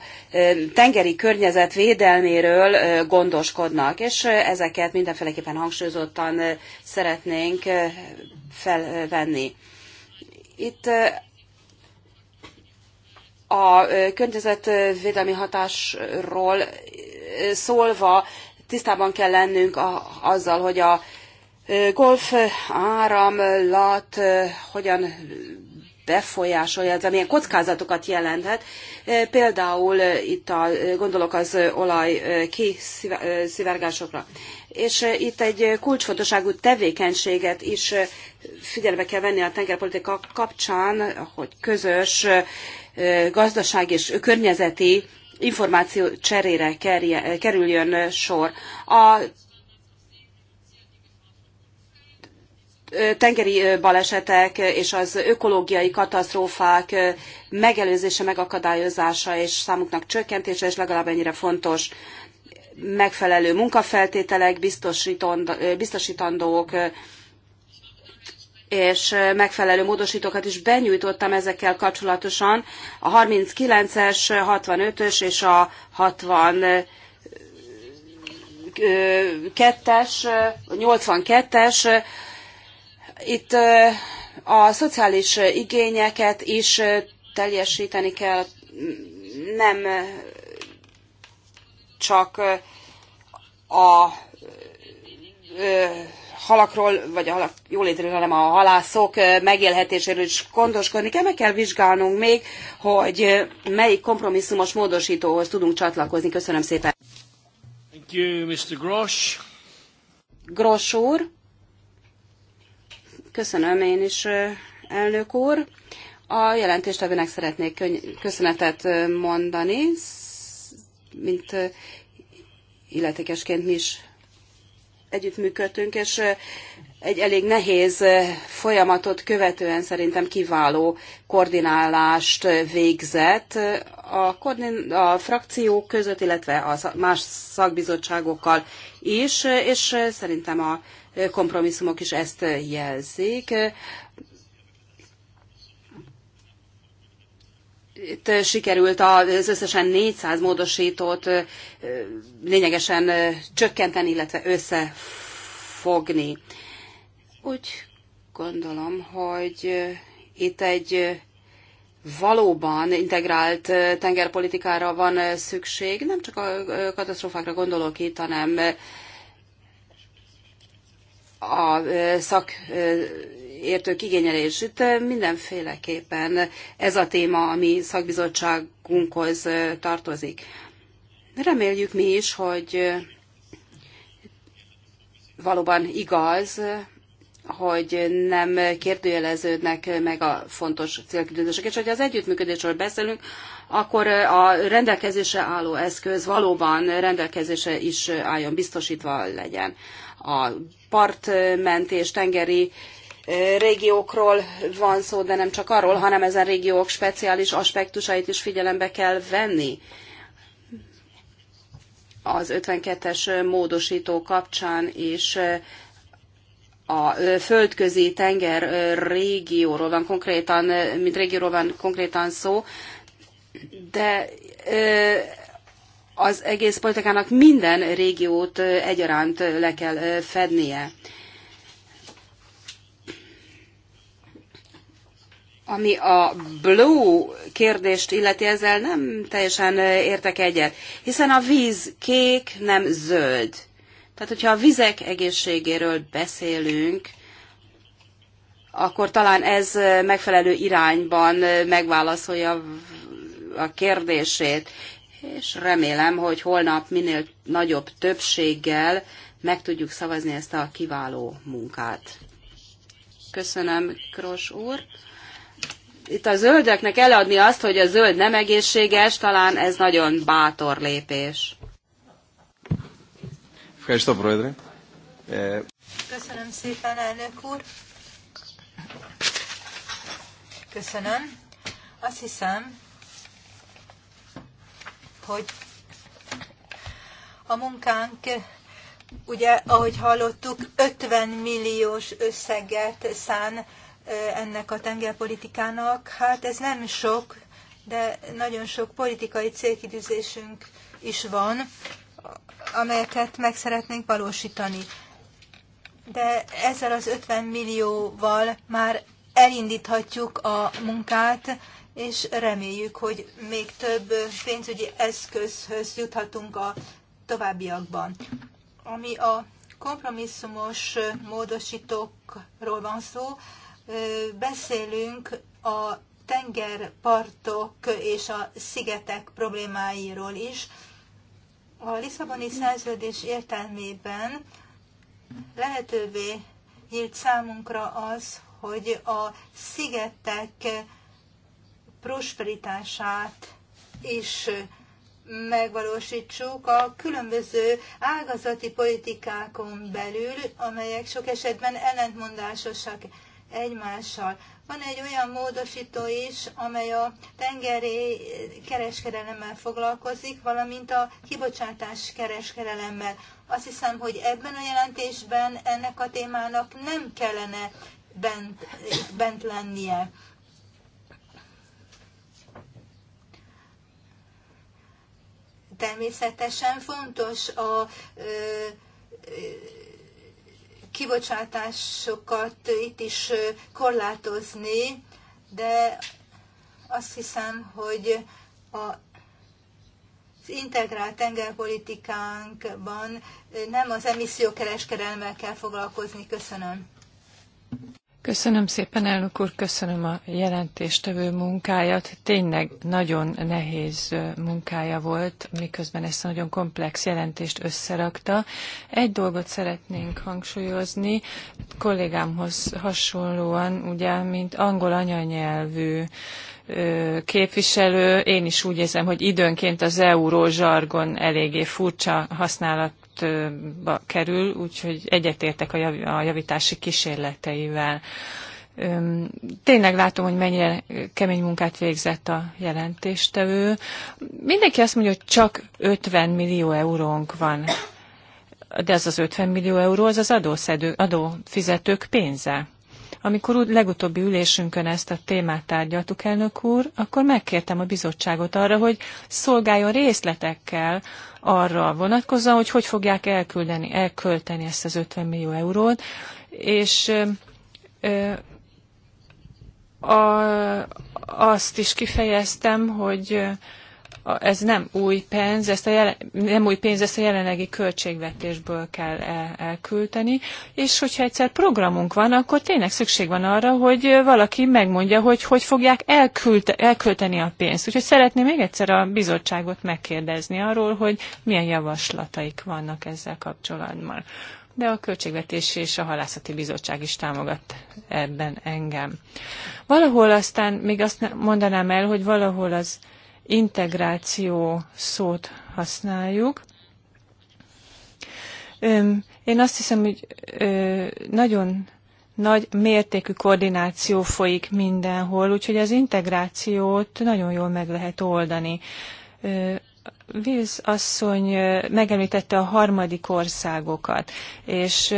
tengeri környezet védelméről gondoskodnak, és ezeket mindenféleképpen hangsúlyozottan szeretnénk felvenni. Itt a környezetvédelmi hatásról szólva tisztában kell lennünk a, azzal, hogy a golf áramlat hogyan befolyásolja, ez milyen kockázatokat jelenthet. E, például e, itt a, e, gondolok az olaj kiszivárgásokra. És itt egy kulcsfontosságú tevékenységet is figyelembe kell venni a tengerpolitika kapcsán, hogy közös gazdaság és környezeti információ cserére kerüljön sor. A tengeri balesetek és az ökológiai katasztrófák megelőzése, megakadályozása és számuknak csökkentése, és legalább ennyire fontos megfelelő munkafeltételek, biztosítandók, és megfelelő módosítókat is benyújtottam ezekkel kapcsolatosan. A 39-es, 65-ös és a 60 2-es, 82-es itt a szociális igényeket is teljesíteni kell, nem csak a halakról, vagy a halak jólétről, hanem a halászok megélhetéséről is gondoskodni kell. Meg kell vizsgálnunk még, hogy melyik kompromisszumos módosítóhoz tudunk csatlakozni. Köszönöm szépen. Thank you, Mr. Grosch. Grosch úr. Köszönöm én is, elnök úr. A jelentéstevőnek szeretnék köszönetet mondani, mint illetékesként mi is együttműködtünk, és egy elég nehéz folyamatot követően szerintem kiváló koordinálást végzett a, koordin- a frakciók között, illetve a más szakbizottságokkal is, és szerintem a kompromisszumok is ezt jelzik. Itt sikerült az összesen 400 módosítót lényegesen csökkenteni, illetve összefogni. Úgy gondolom, hogy itt egy valóban integrált tengerpolitikára van szükség, nem csak a katasztrófákra gondolok itt, hanem a szakértők igényelését mindenféleképpen ez a téma, ami szakbizottságunkhoz tartozik. Reméljük mi is, hogy valóban igaz, hogy nem kérdőjeleződnek meg a fontos célkitűzések. És hogyha az együttműködésről beszélünk, akkor a rendelkezésre álló eszköz valóban rendelkezésre is álljon, biztosítva legyen. A partmenti és tengeri régiókról van szó, de nem csak arról, hanem ezen régiók speciális aspektusait is figyelembe kell venni az 52-es módosító kapcsán is a földközi tenger régióról van konkrétan, mint régióról van konkrétan szó, de az egész politikának minden régiót egyaránt le kell fednie. Ami a blue kérdést illeti, ezzel nem teljesen értek egyet, hiszen a víz kék, nem zöld. Tehát, hogyha a vizek egészségéről beszélünk, akkor talán ez megfelelő irányban megválaszolja a kérdését és remélem, hogy holnap minél nagyobb többséggel meg tudjuk szavazni ezt a kiváló munkát. Köszönöm, Kros úr. Itt a zöldeknek eladni azt, hogy a zöld nem egészséges, talán ez nagyon bátor lépés. Köszönöm szépen, elnök úr. Köszönöm. Azt hiszem, hogy a munkánk, ugye, ahogy hallottuk, 50 milliós összeget szán ennek a tengerpolitikának. Hát ez nem sok, de nagyon sok politikai célkidűzésünk is van, amelyeket meg szeretnénk valósítani. De ezzel az 50 millióval már elindíthatjuk a munkát, és reméljük, hogy még több pénzügyi eszközhöz juthatunk a továbbiakban. Ami a kompromisszumos módosítókról van szó, beszélünk a tengerpartok és a szigetek problémáiról is. A Lisszaboni szerződés értelmében lehetővé nyílt számunkra az, hogy a szigetek prosperitását is megvalósítsuk a különböző ágazati politikákon belül, amelyek sok esetben ellentmondásosak egymással. Van egy olyan módosító is, amely a tengeri kereskedelemmel foglalkozik, valamint a kibocsátás kereskedelemmel. Azt hiszem, hogy ebben a jelentésben ennek a témának nem kellene bent, bent lennie. Természetesen fontos a kibocsátásokat itt is korlátozni, de azt hiszem, hogy a az integrált tengerpolitikánkban nem az emissziókereskedelmel kell foglalkozni. Köszönöm. Köszönöm szépen, elnök úr, köszönöm a jelentéstevő munkáját. Tényleg nagyon nehéz munkája volt, miközben ezt a nagyon komplex jelentést összerakta. Egy dolgot szeretnénk hangsúlyozni, kollégámhoz hasonlóan, ugye, mint angol anyanyelvű képviselő. Én is úgy érzem, hogy időnként az euró zsargon eléggé furcsa használatba kerül, úgyhogy egyetértek a javítási kísérleteivel. Tényleg látom, hogy mennyire kemény munkát végzett a jelentéstevő. Mindenki azt mondja, hogy csak 50 millió eurónk van. De ez az 50 millió euró, az az adószedő, adófizetők pénze. Amikor úgy legutóbbi ülésünkön ezt a témát tárgyaltuk, elnök úr, akkor megkértem a bizottságot arra, hogy szolgáljon részletekkel arra vonatkozóan, hogy hogy fogják elküldeni, elkölteni ezt az 50 millió eurót, és ö, a, azt is kifejeztem, hogy ez nem új pénz, ezt a jelen, nem új pénz, ezt a jelenlegi költségvetésből kell el, elküldeni, és hogyha egyszer programunk van, akkor tényleg szükség van arra, hogy valaki megmondja, hogy hogy fogják elküldte, elkölteni a pénzt. Úgyhogy szeretném még egyszer a bizottságot megkérdezni arról, hogy milyen javaslataik vannak ezzel kapcsolatban. De a költségvetés és a Halászati Bizottság is támogat ebben engem. Valahol aztán még azt mondanám el, hogy valahol az integráció szót használjuk. Én azt hiszem, hogy nagyon nagy mértékű koordináció folyik mindenhol, úgyhogy az integrációt nagyon jól meg lehet oldani. Víz asszony megemlítette a harmadik országokat, és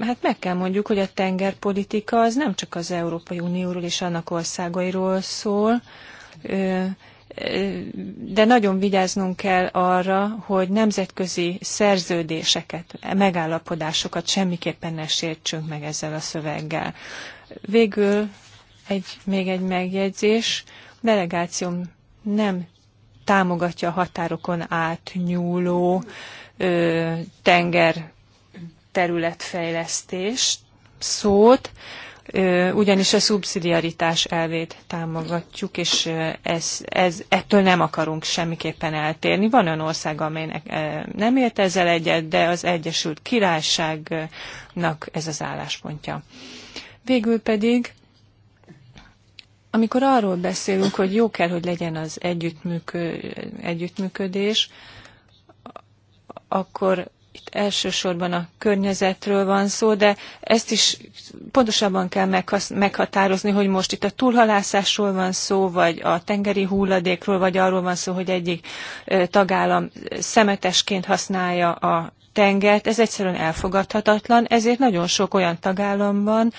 hát meg kell mondjuk, hogy a tengerpolitika az nem csak az Európai Unióról és annak országairól szól, de nagyon vigyáznunk kell arra, hogy nemzetközi szerződéseket, megállapodásokat semmiképpen ne sértsünk meg ezzel a szöveggel. Végül egy, még egy megjegyzés. Delegációm nem támogatja a határokon átnyúló ö, tenger területfejlesztést szót, ugyanis a szubszidiaritás elvét támogatjuk, és ez, ez, ettől nem akarunk semmiképpen eltérni. Van olyan ország, amelynek nem ért ezzel egyet, de az Egyesült Királyságnak ez az álláspontja. Végül pedig, amikor arról beszélünk, hogy jó kell, hogy legyen az együttműkö, együttműködés, akkor itt elsősorban a környezetről van szó, de ezt is pontosabban kell meghatározni, hogy most itt a túlhalászásról van szó, vagy a tengeri hulladékról, vagy arról van szó, hogy egyik tagállam szemetesként használja a tengert. Ez egyszerűen elfogadhatatlan, ezért nagyon sok olyan tagállam van,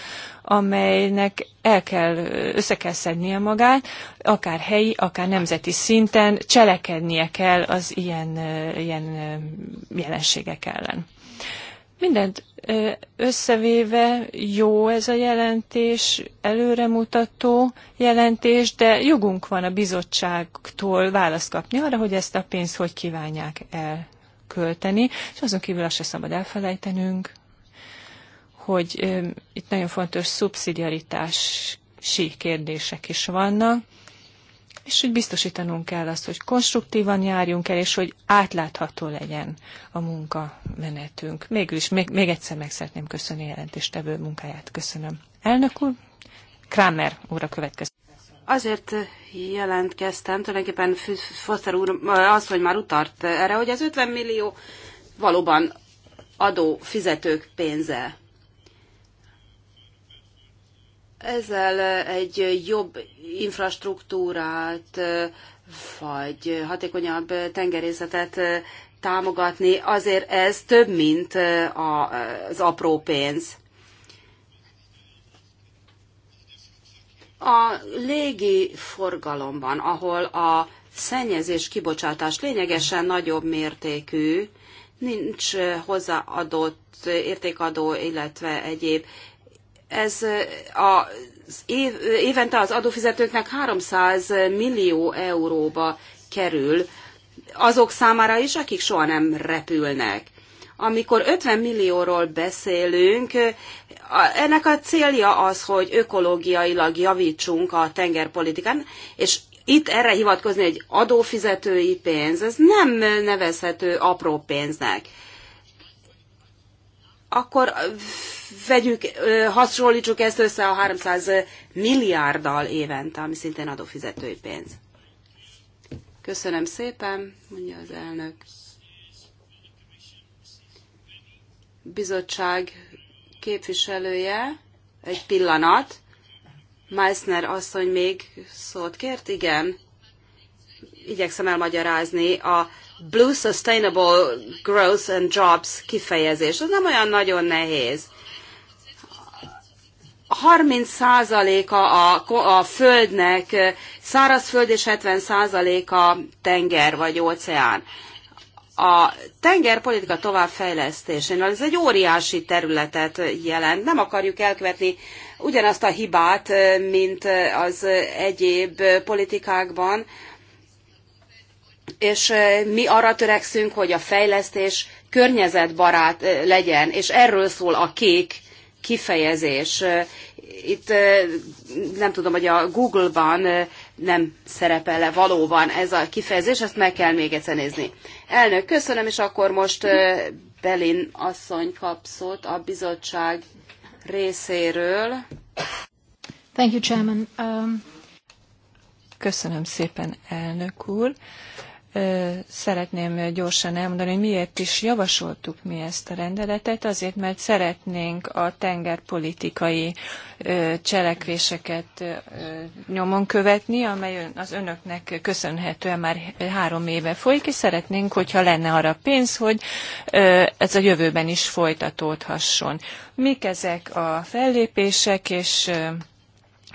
amelynek el kell, össze kell szednie magát, akár helyi, akár nemzeti szinten cselekednie kell az ilyen, ilyen jelenségek ellen. Mindent összevéve jó ez a jelentés, előremutató jelentés, de jogunk van a bizottságtól választ kapni arra, hogy ezt a pénzt hogy kívánják elkölteni, és azon kívül azt se szabad elfelejtenünk, hogy itt nagyon fontos szubszidiaritási kérdések is vannak, és hogy biztosítanunk kell azt, hogy konstruktívan járjunk el, és hogy átlátható legyen a munkamenetünk. Mégis még, még egyszer meg szeretném köszönni a jelentéstevő munkáját. Köszönöm. Elnök úr, Kramer úr a következő. Azért jelentkeztem, tulajdonképpen Foster úr az, hogy már utart erre, hogy az 50 millió valóban adó fizetők pénze. Ezzel eh, egy jobb infrastruktúrát, eh, vagy hatékonyabb eh, tengerészetet támogatni, azért ez több, mint az apró pénz. A légi forgalomban, ahol a szennyezés kibocsátás lényegesen nagyobb mértékű, nincs hozzáadott értékadó, illetve egyéb ez a év, évente az adófizetőknek 300 millió euróba kerül, azok számára is, akik soha nem repülnek. Amikor 50 millióról beszélünk, ennek a célja az, hogy ökológiailag javítsunk a tengerpolitikán, és itt erre hivatkozni egy adófizetői pénz, ez nem nevezhető apró pénznek akkor vegyük, hasonlítsuk ezt össze a 300 milliárddal évente, ami szintén adófizetői pénz. Köszönöm szépen, mondja az elnök. Bizottság képviselője, egy pillanat. Meissner asszony még szót kért? Igen. Igyekszem elmagyarázni a Blue Sustainable Growth and Jobs kifejezés. Ez nem olyan nagyon nehéz. 30%-a a, a földnek szárazföld és 70%-a tenger vagy óceán. A tengerpolitika továbbfejlesztésénél ez egy óriási területet jelent. Nem akarjuk elkövetni ugyanazt a hibát, mint az egyéb politikákban, és mi arra törekszünk, hogy a fejlesztés környezetbarát legyen, és erről szól a kék kifejezés. Itt nem tudom, hogy a Google-ban nem szerepel-e valóban ez a kifejezés, ezt meg kell még egyszer nézni. Elnök, köszönöm, és akkor most Belin asszony kap szót a bizottság részéről. Thank you, Chairman. Um... Köszönöm szépen, elnök úr szeretném gyorsan elmondani, hogy miért is javasoltuk mi ezt a rendeletet. Azért, mert szeretnénk a tengerpolitikai cselekvéseket nyomon követni, amely az önöknek köszönhetően már három éve folyik, és szeretnénk, hogyha lenne arra pénz, hogy ez a jövőben is folytatódhasson. Mik ezek a fellépések, és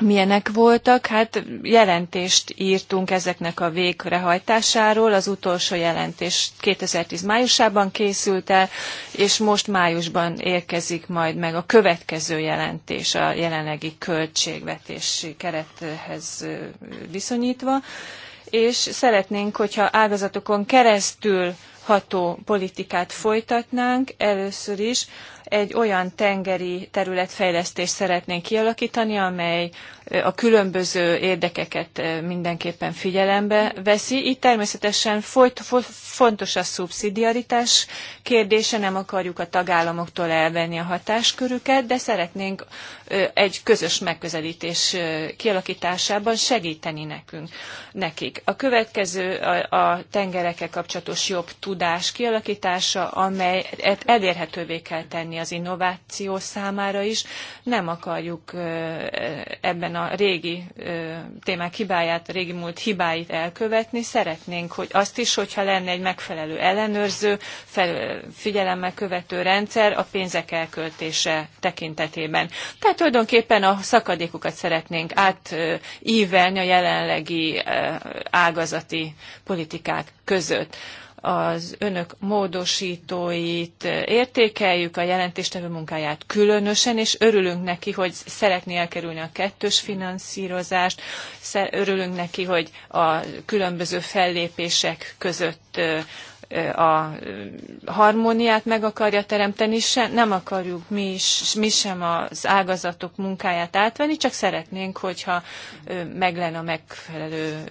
milyenek voltak? Hát jelentést írtunk ezeknek a végrehajtásáról, az utolsó jelentés 2010 májusában készült el, és most májusban érkezik majd meg a következő jelentés a jelenlegi költségvetési kerethez viszonyítva, és szeretnénk, hogyha ágazatokon keresztül ható politikát folytatnánk először is, egy olyan tengeri területfejlesztést szeretnénk kialakítani, amely a különböző érdekeket mindenképpen figyelembe veszi. Itt természetesen folyt, fontos a szubszidiaritás kérdése, nem akarjuk a tagállamoktól elvenni a hatáskörüket, de szeretnénk egy közös megközelítés kialakításában segíteni nekünk, nekik. A következő a, a tengerekkel kapcsolatos jobb tudás kialakítása, amelyet elérhetővé kell tenni tenni az innováció számára is. Nem akarjuk ebben a régi témák hibáját, a régi múlt hibáit elkövetni. Szeretnénk, hogy azt is, hogyha lenne egy megfelelő ellenőrző, figyelemmel követő rendszer a pénzek elköltése tekintetében. Tehát tulajdonképpen a szakadékokat szeretnénk átívelni a jelenlegi ágazati politikák között az önök módosítóit értékeljük, a jelentéstevő munkáját különösen, és örülünk neki, hogy szeretné elkerülni a kettős finanszírozást, örülünk neki, hogy a különböző fellépések között a harmóniát meg akarja teremteni, se, nem akarjuk mi, is, mi sem az ágazatok munkáját átvenni, csak szeretnénk, hogyha meg lenne a megfelelő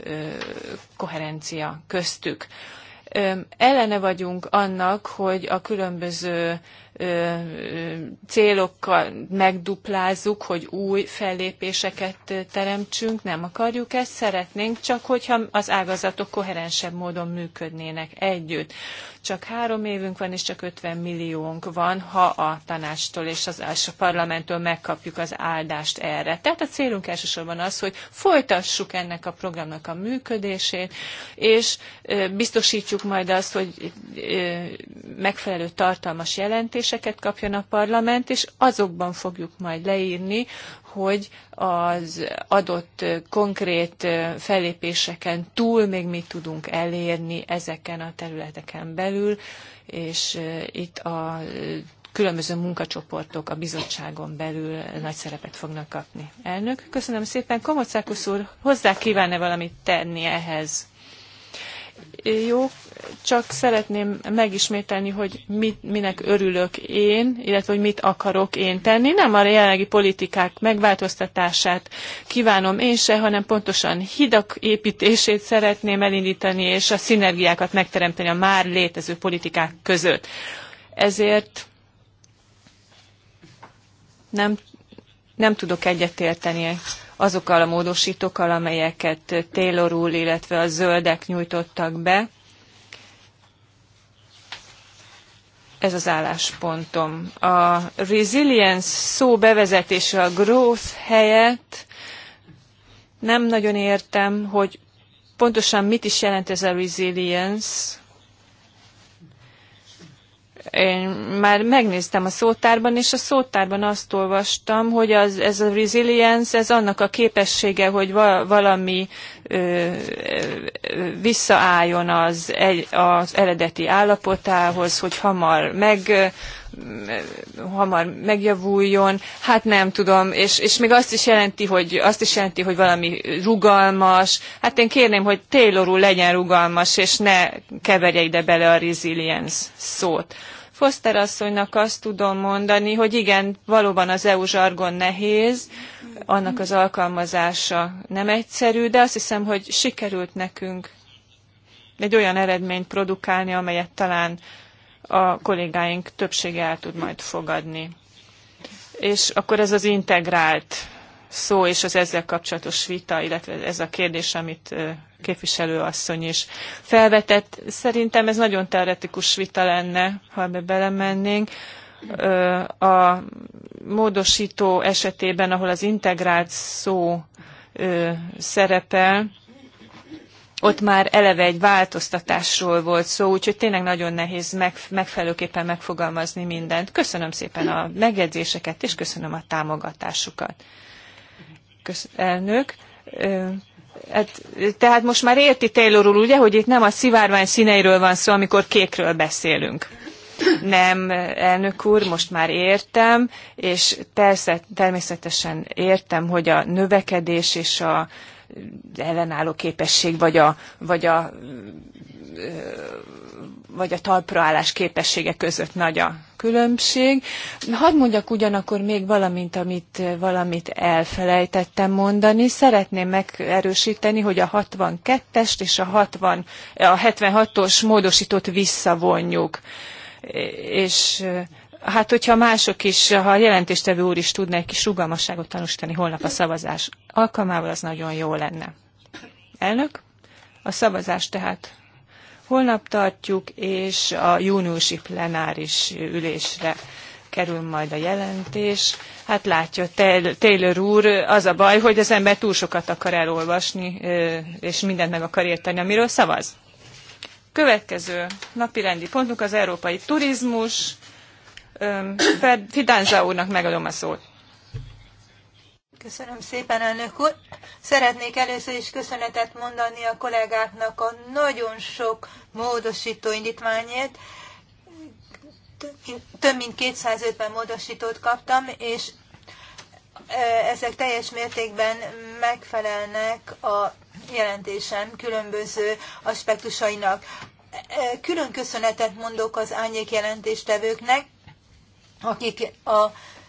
koherencia köztük ellene vagyunk annak, hogy a különböző célokkal megduplázzuk, hogy új fellépéseket teremtsünk, nem akarjuk ezt, szeretnénk, csak hogyha az ágazatok koherensebb módon működnének együtt. Csak három évünk van, és csak 50 milliónk van, ha a tanástól és az és a parlamenttől megkapjuk az áldást erre. Tehát a célunk elsősorban az, hogy folytassuk ennek a programnak a működését, és biztosítjuk majd azt, hogy megfelelő tartalmas jelentés, jelentéseket kapjon a parlament, és azokban fogjuk majd leírni, hogy az adott konkrét fellépéseken túl még mit tudunk elérni ezeken a területeken belül, és itt a különböző munkacsoportok a bizottságon belül nagy szerepet fognak kapni. Elnök, köszönöm szépen. Komocákusz úr, hozzá kívánne valamit tenni ehhez? jó, csak szeretném megismételni, hogy mit, minek örülök én, illetve hogy mit akarok én tenni. Nem a jelenlegi politikák megváltoztatását kívánom én se, hanem pontosan hidak építését szeretném elindítani, és a szinergiákat megteremteni a már létező politikák között. Ezért nem, nem tudok egyetérteni azokkal a módosítókkal, amelyeket Taylor úr, illetve a zöldek nyújtottak be. Ez az álláspontom. A resilience szó bevezetése a growth helyett nem nagyon értem, hogy pontosan mit is jelent ez a resilience, én már megnéztem a szótárban, és a szótárban azt olvastam, hogy az, ez a resilience, ez annak a képessége, hogy valami ö, ö, visszaálljon az, az eredeti állapotához, hogy hamar meg hamar megjavuljon, hát nem tudom, és, és még azt is jelenti, hogy azt is jelenti, hogy valami rugalmas. Hát én kérném, hogy Taylor úr legyen rugalmas, és ne keverje ide bele a resilience szót. Foster asszonynak azt tudom mondani, hogy igen, valóban az EU zsargon nehéz, annak az alkalmazása nem egyszerű, de azt hiszem, hogy sikerült nekünk egy olyan eredményt produkálni, amelyet talán a kollégáink többsége el tud majd fogadni. És akkor ez az integrált szó és az ezzel kapcsolatos vita, illetve ez a kérdés, amit képviselő asszony is felvetett. Szerintem ez nagyon teoretikus vita lenne, ha ebbe belemennénk. A módosító esetében, ahol az integrált szó szerepel, ott már eleve egy változtatásról volt szó, úgyhogy tényleg nagyon nehéz megfelelőképpen megfogalmazni mindent. Köszönöm szépen a megjegyzéseket, és köszönöm a támogatásukat. Kösz, elnök. Hát, tehát most már érti Taylor úr, ugye, hogy itt nem a szivárvány színeiről van szó, amikor kékről beszélünk. Nem, elnök úr, most már értem, és persze, természetesen értem, hogy a növekedés és a ellenálló képesség, vagy a, vagy a, vagy a talpraállás képessége között nagy a különbség. Hadd mondjak ugyanakkor még valamint, amit valamit elfelejtettem mondani. Szeretném megerősíteni, hogy a 62-est és a, 60, a 76-os módosított visszavonjuk. És Hát, hogyha mások is, ha a jelentéstevő úr is tudna egy kis rugalmasságot tanúsítani holnap a szavazás alkalmával, az nagyon jó lenne. Elnök, a szavazást tehát holnap tartjuk, és a júniusi plenáris ülésre kerül majd a jelentés. Hát látja, Taylor úr, az a baj, hogy az ember túl sokat akar elolvasni, és mindent meg akar érteni, amiről szavaz. Következő rendi pontunk az európai turizmus. Fed, úrnak megadom a szót. Köszönöm szépen, elnök úr. Szeretnék először is köszönetet mondani a kollégáknak a nagyon sok módosító indítványért. Több mint 250 módosítót kaptam, és ezek teljes mértékben megfelelnek a jelentésem különböző aspektusainak. Külön köszönetet mondok az árnyék jelentéstevőknek, akik a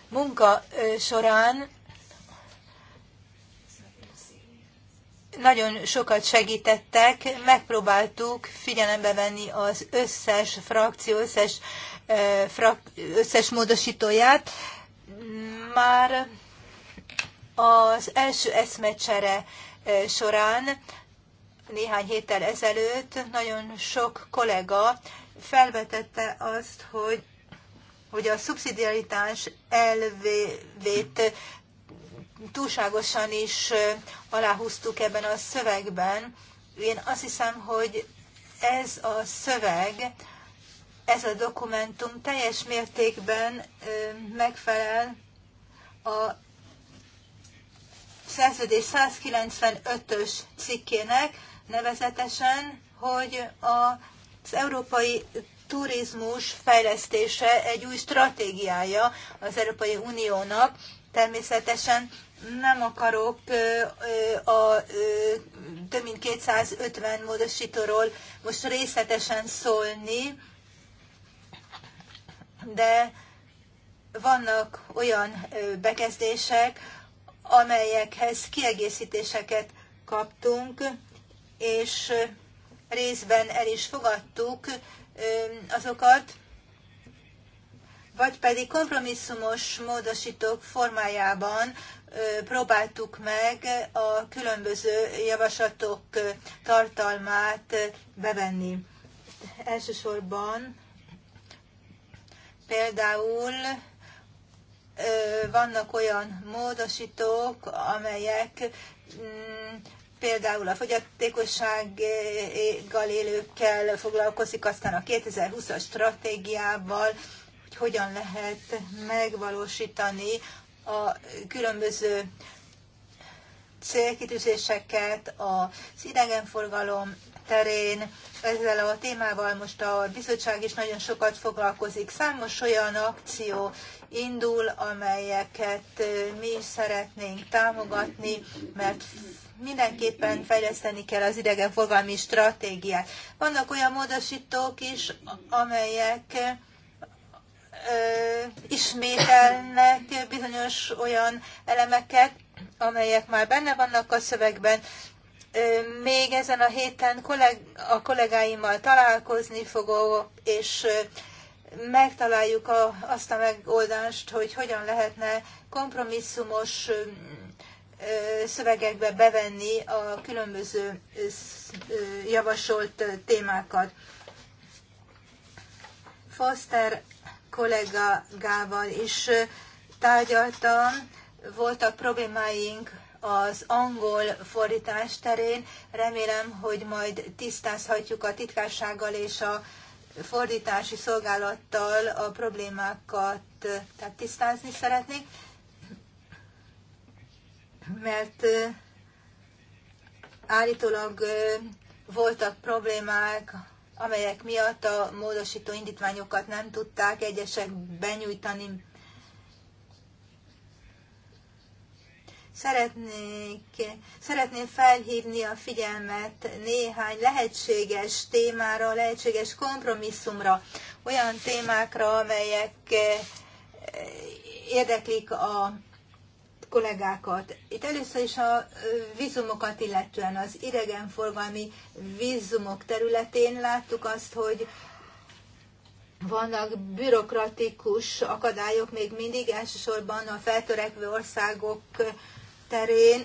munka során nagyon sokat segítettek, megpróbáltuk figyelembe venni az összes frakció, összes, frak, összes módosítóját. Már az első eszmecsere során néhány héttel ezelőtt nagyon sok kollega felvetette azt, hogy hogy a szubszidiaritás elvét túlságosan is aláhúztuk ebben a szövegben. Én azt hiszem, hogy ez a szöveg, ez a dokumentum teljes mértékben megfelel a szerződés 195-ös cikkének, nevezetesen, hogy az Európai turizmus fejlesztése egy új stratégiája az Európai Uniónak. Természetesen nem akarok a több mint 250 módosítóról most részletesen szólni, de vannak olyan bekezdések, amelyekhez kiegészítéseket kaptunk, és részben el is fogadtuk azokat, vagy pedig kompromisszumos módosítók formájában próbáltuk meg a különböző javaslatok tartalmát bevenni. Elsősorban például vannak olyan módosítók, amelyek mm, például a fogyatékossággal élőkkel foglalkozik, aztán a 2020-as stratégiával, hogy hogyan lehet megvalósítani a különböző célkitűzéseket az idegenforgalom terén. Ezzel a témával most a bizottság is nagyon sokat foglalkozik. Számos olyan akció indul, amelyeket mi is szeretnénk támogatni, mert mindenképpen fejleszteni kell az idegenforgalmi stratégiát. Vannak olyan módosítók is, amelyek ismételnek bizonyos olyan elemeket, amelyek már benne vannak a szövegben. Még ezen a héten kolleg, a kollégáimmal találkozni fogok, és megtaláljuk a, azt a megoldást, hogy hogyan lehetne kompromisszumos szövegekbe bevenni a különböző javasolt témákat. Foster kollégával is tárgyaltam, voltak problémáink az angol fordítás terén. Remélem, hogy majd tisztázhatjuk a titkársággal és a fordítási szolgálattal a problémákat, tehát tisztázni szeretnék mert állítólag voltak problémák, amelyek miatt a módosító indítványokat nem tudták egyesek benyújtani. Szeretnék, szeretném felhívni a figyelmet néhány lehetséges témára, lehetséges kompromisszumra, olyan témákra, amelyek érdeklik a kollégákat. Itt először is a vízumokat illetően, az idegenforgalmi vízumok területén láttuk azt, hogy vannak bürokratikus akadályok még mindig, elsősorban a feltörekvő országok terén.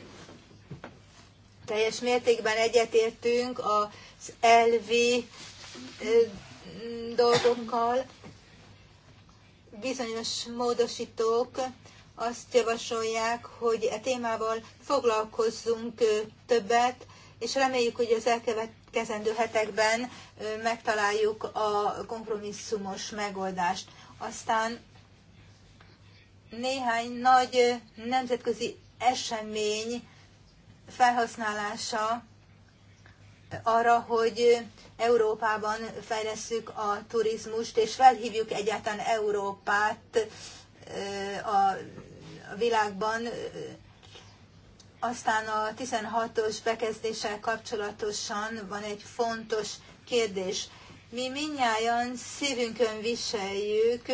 Teljes mértékben egyetértünk az elvi dolgokkal. Bizonyos módosítók azt javasolják, hogy e témával foglalkozzunk többet, és reméljük, hogy az elkövetkezendő hetekben megtaláljuk a kompromisszumos megoldást. Aztán néhány nagy nemzetközi esemény felhasználása arra, hogy Európában fejleszünk a turizmust, és felhívjuk egyáltalán Európát a a világban. Aztán a 16-os bekezdéssel kapcsolatosan van egy fontos kérdés. Mi minnyáján szívünkön viseljük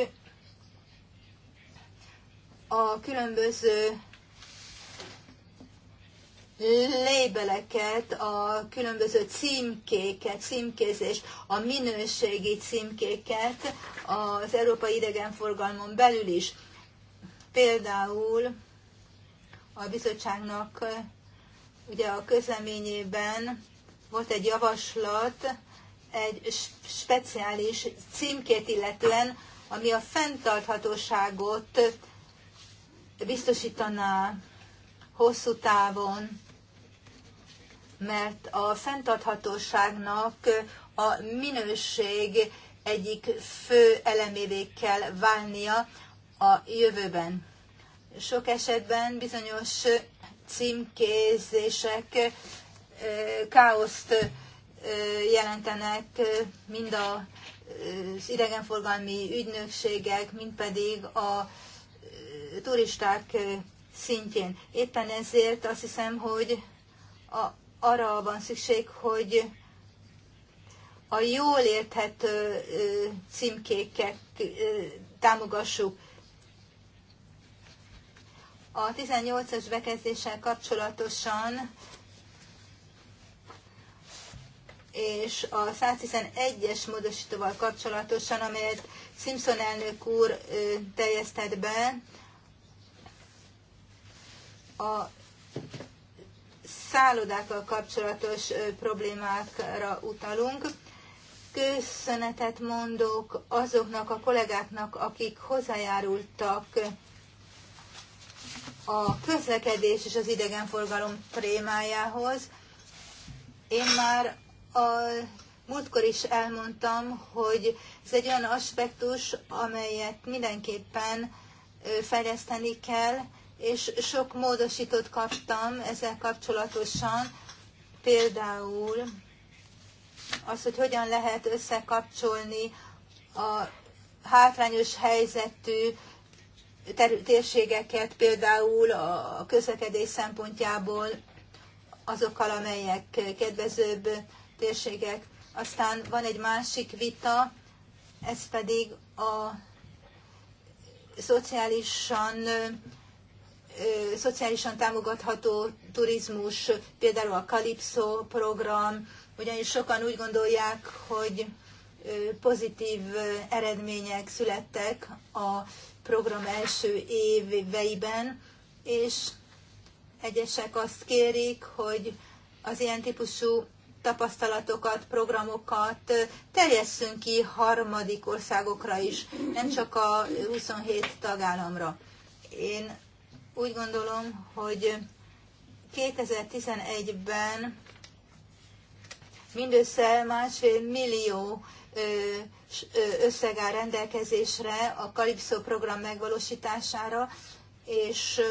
a különböző lébeleket, a különböző címkéket, címkézést, a minőségi címkéket az európai idegenforgalmon belül is. Például a bizottságnak ugye a közleményében volt egy javaslat egy speciális címkét illetően, ami a fenntarthatóságot biztosítaná hosszú távon, mert a fenntarthatóságnak a minőség egyik fő elemévé kell válnia, a jövőben. Sok esetben bizonyos címkézések káoszt jelentenek mind az idegenforgalmi ügynökségek, mind pedig a turisták szintjén. Éppen ezért azt hiszem, hogy a, arra van szükség, hogy a jól érthető címkéket támogassuk. A 18-as bekezdéssel kapcsolatosan és a 111-es módosítóval kapcsolatosan, amelyet Simpson elnök úr teljesztett be, a szállodákkal kapcsolatos problémákra utalunk. Köszönetet mondok azoknak a kollégáknak, akik hozzájárultak a közlekedés és az idegenforgalom témájához. Én már a múltkor is elmondtam, hogy ez egy olyan aspektus, amelyet mindenképpen fejleszteni kell, és sok módosítót kaptam ezzel kapcsolatosan, például az, hogy hogyan lehet összekapcsolni a hátrányos helyzetű térségeket, például a közlekedés szempontjából azokkal, amelyek kedvezőbb térségek. Aztán van egy másik vita, ez pedig a szociálisan szociálisan támogatható turizmus, például a Calypso program, ugyanis sokan úgy gondolják, hogy pozitív eredmények születtek a program első éveiben, és egyesek azt kérik, hogy az ilyen típusú tapasztalatokat, programokat terjesszünk ki harmadik országokra is, nem csak a 27 tagállamra. Én úgy gondolom, hogy 2011-ben mindössze másfél millió összeg áll rendelkezésre a Kalipszó program megvalósítására, és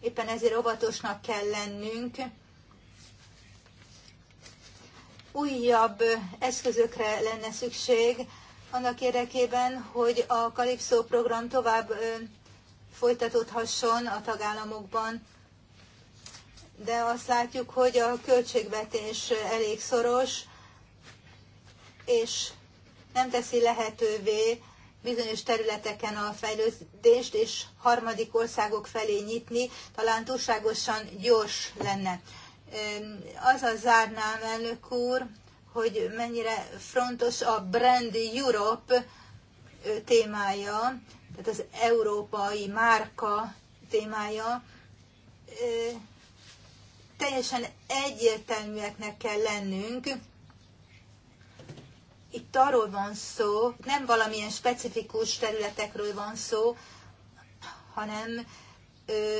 éppen ezért óvatosnak kell lennünk. Újabb eszközökre lenne szükség annak érdekében, hogy a Kalipszó program tovább folytatódhasson a tagállamokban, de azt látjuk, hogy a költségvetés elég szoros, és nem teszi lehetővé bizonyos területeken a fejlődést, és harmadik országok felé nyitni, talán túlságosan gyors lenne. a zárnám, elnök úr, hogy mennyire frontos a Brand Europe témája, tehát az európai márka témája. Teljesen egyértelműeknek kell lennünk, itt arról van szó, nem valamilyen specifikus területekről van szó, hanem ö,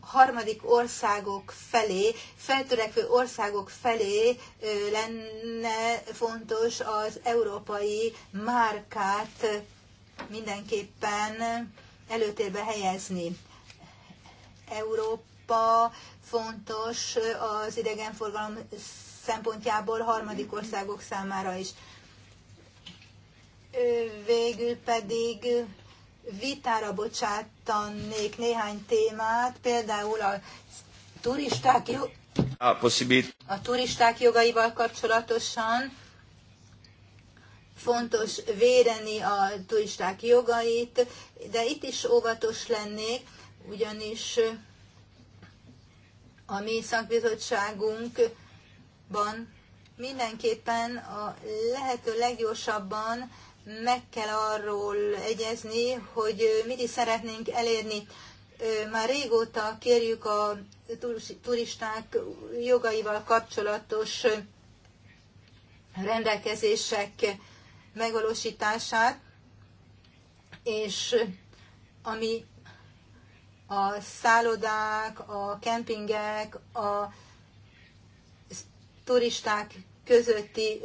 harmadik országok felé, feltörekvő országok felé ö, lenne fontos az európai márkát mindenképpen előtérbe helyezni. Európa fontos az idegenforgalom szempontjából harmadik országok számára is. Végül pedig vitára bocsátanék néhány témát, például a turisták, jo- a turisták jogaival kapcsolatosan fontos védeni a turisták jogait, de itt is óvatos lennék, ugyanis a mi szakbizottságunk ban mindenképpen a lehető leggyorsabban meg kell arról egyezni, hogy mit is szeretnénk elérni. Már régóta kérjük a turisták jogaival kapcsolatos rendelkezések megvalósítását, és ami a szállodák, a kempingek, a turisták közötti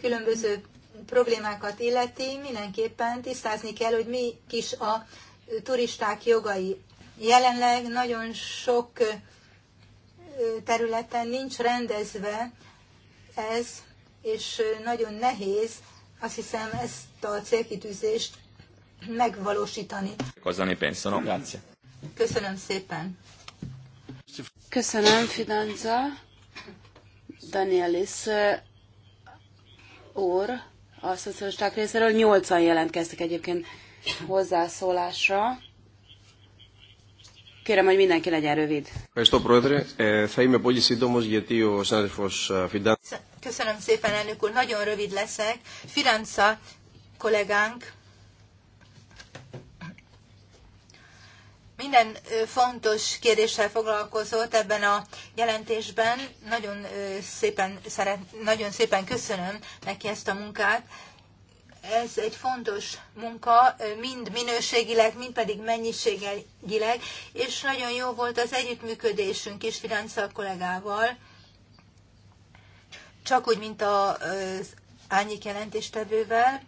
különböző problémákat illeti, mindenképpen tisztázni kell, hogy mi is a turisták jogai. Jelenleg nagyon sok területen nincs rendezve ez, és nagyon nehéz, azt hiszem, ezt a célkitűzést megvalósítani. Köszönöm szépen. Köszönöm, Fidanza. Danielis eh, úr, a szocialisták részéről nyolcan jelentkeztek egyébként hozzászólásra. Kérem, hogy mindenki legyen rövid. Köszönöm eh, szépen, elnök úr. Nagyon rövid leszek. Firanca kollégánk Minden fontos kérdéssel foglalkozott ebben a jelentésben. Nagyon szépen, szeret, nagyon szépen köszönöm neki ezt a munkát. Ez egy fontos munka, mind minőségileg, mind pedig mennyiségileg, és nagyon jó volt az együttműködésünk is Fidanca kollégával, csak úgy, mint az árnyék jelentéstevővel.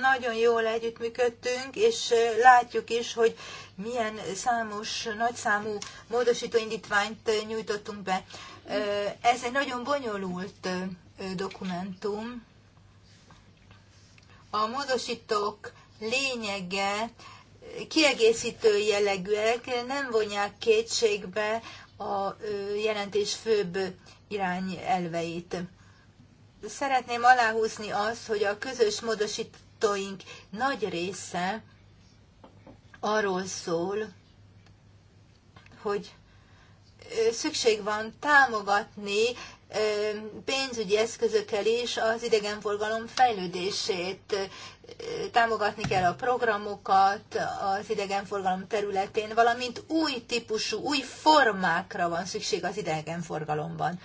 nagyon jól együttműködtünk, és látjuk is, hogy milyen számos, nagyszámú módosítóindítványt indítványt nyújtottunk be. Ez egy nagyon bonyolult dokumentum. A módosítók lényege kiegészítő jellegűek, nem vonják kétségbe a jelentés főbb irányelveit. Szeretném aláhúzni azt, hogy a közös módosít fotóink nagy része arról szól, hogy szükség van támogatni pénzügyi eszközökkel is az idegenforgalom fejlődését. Támogatni kell a programokat az idegenforgalom területén, valamint új típusú, új formákra van szükség az idegenforgalomban.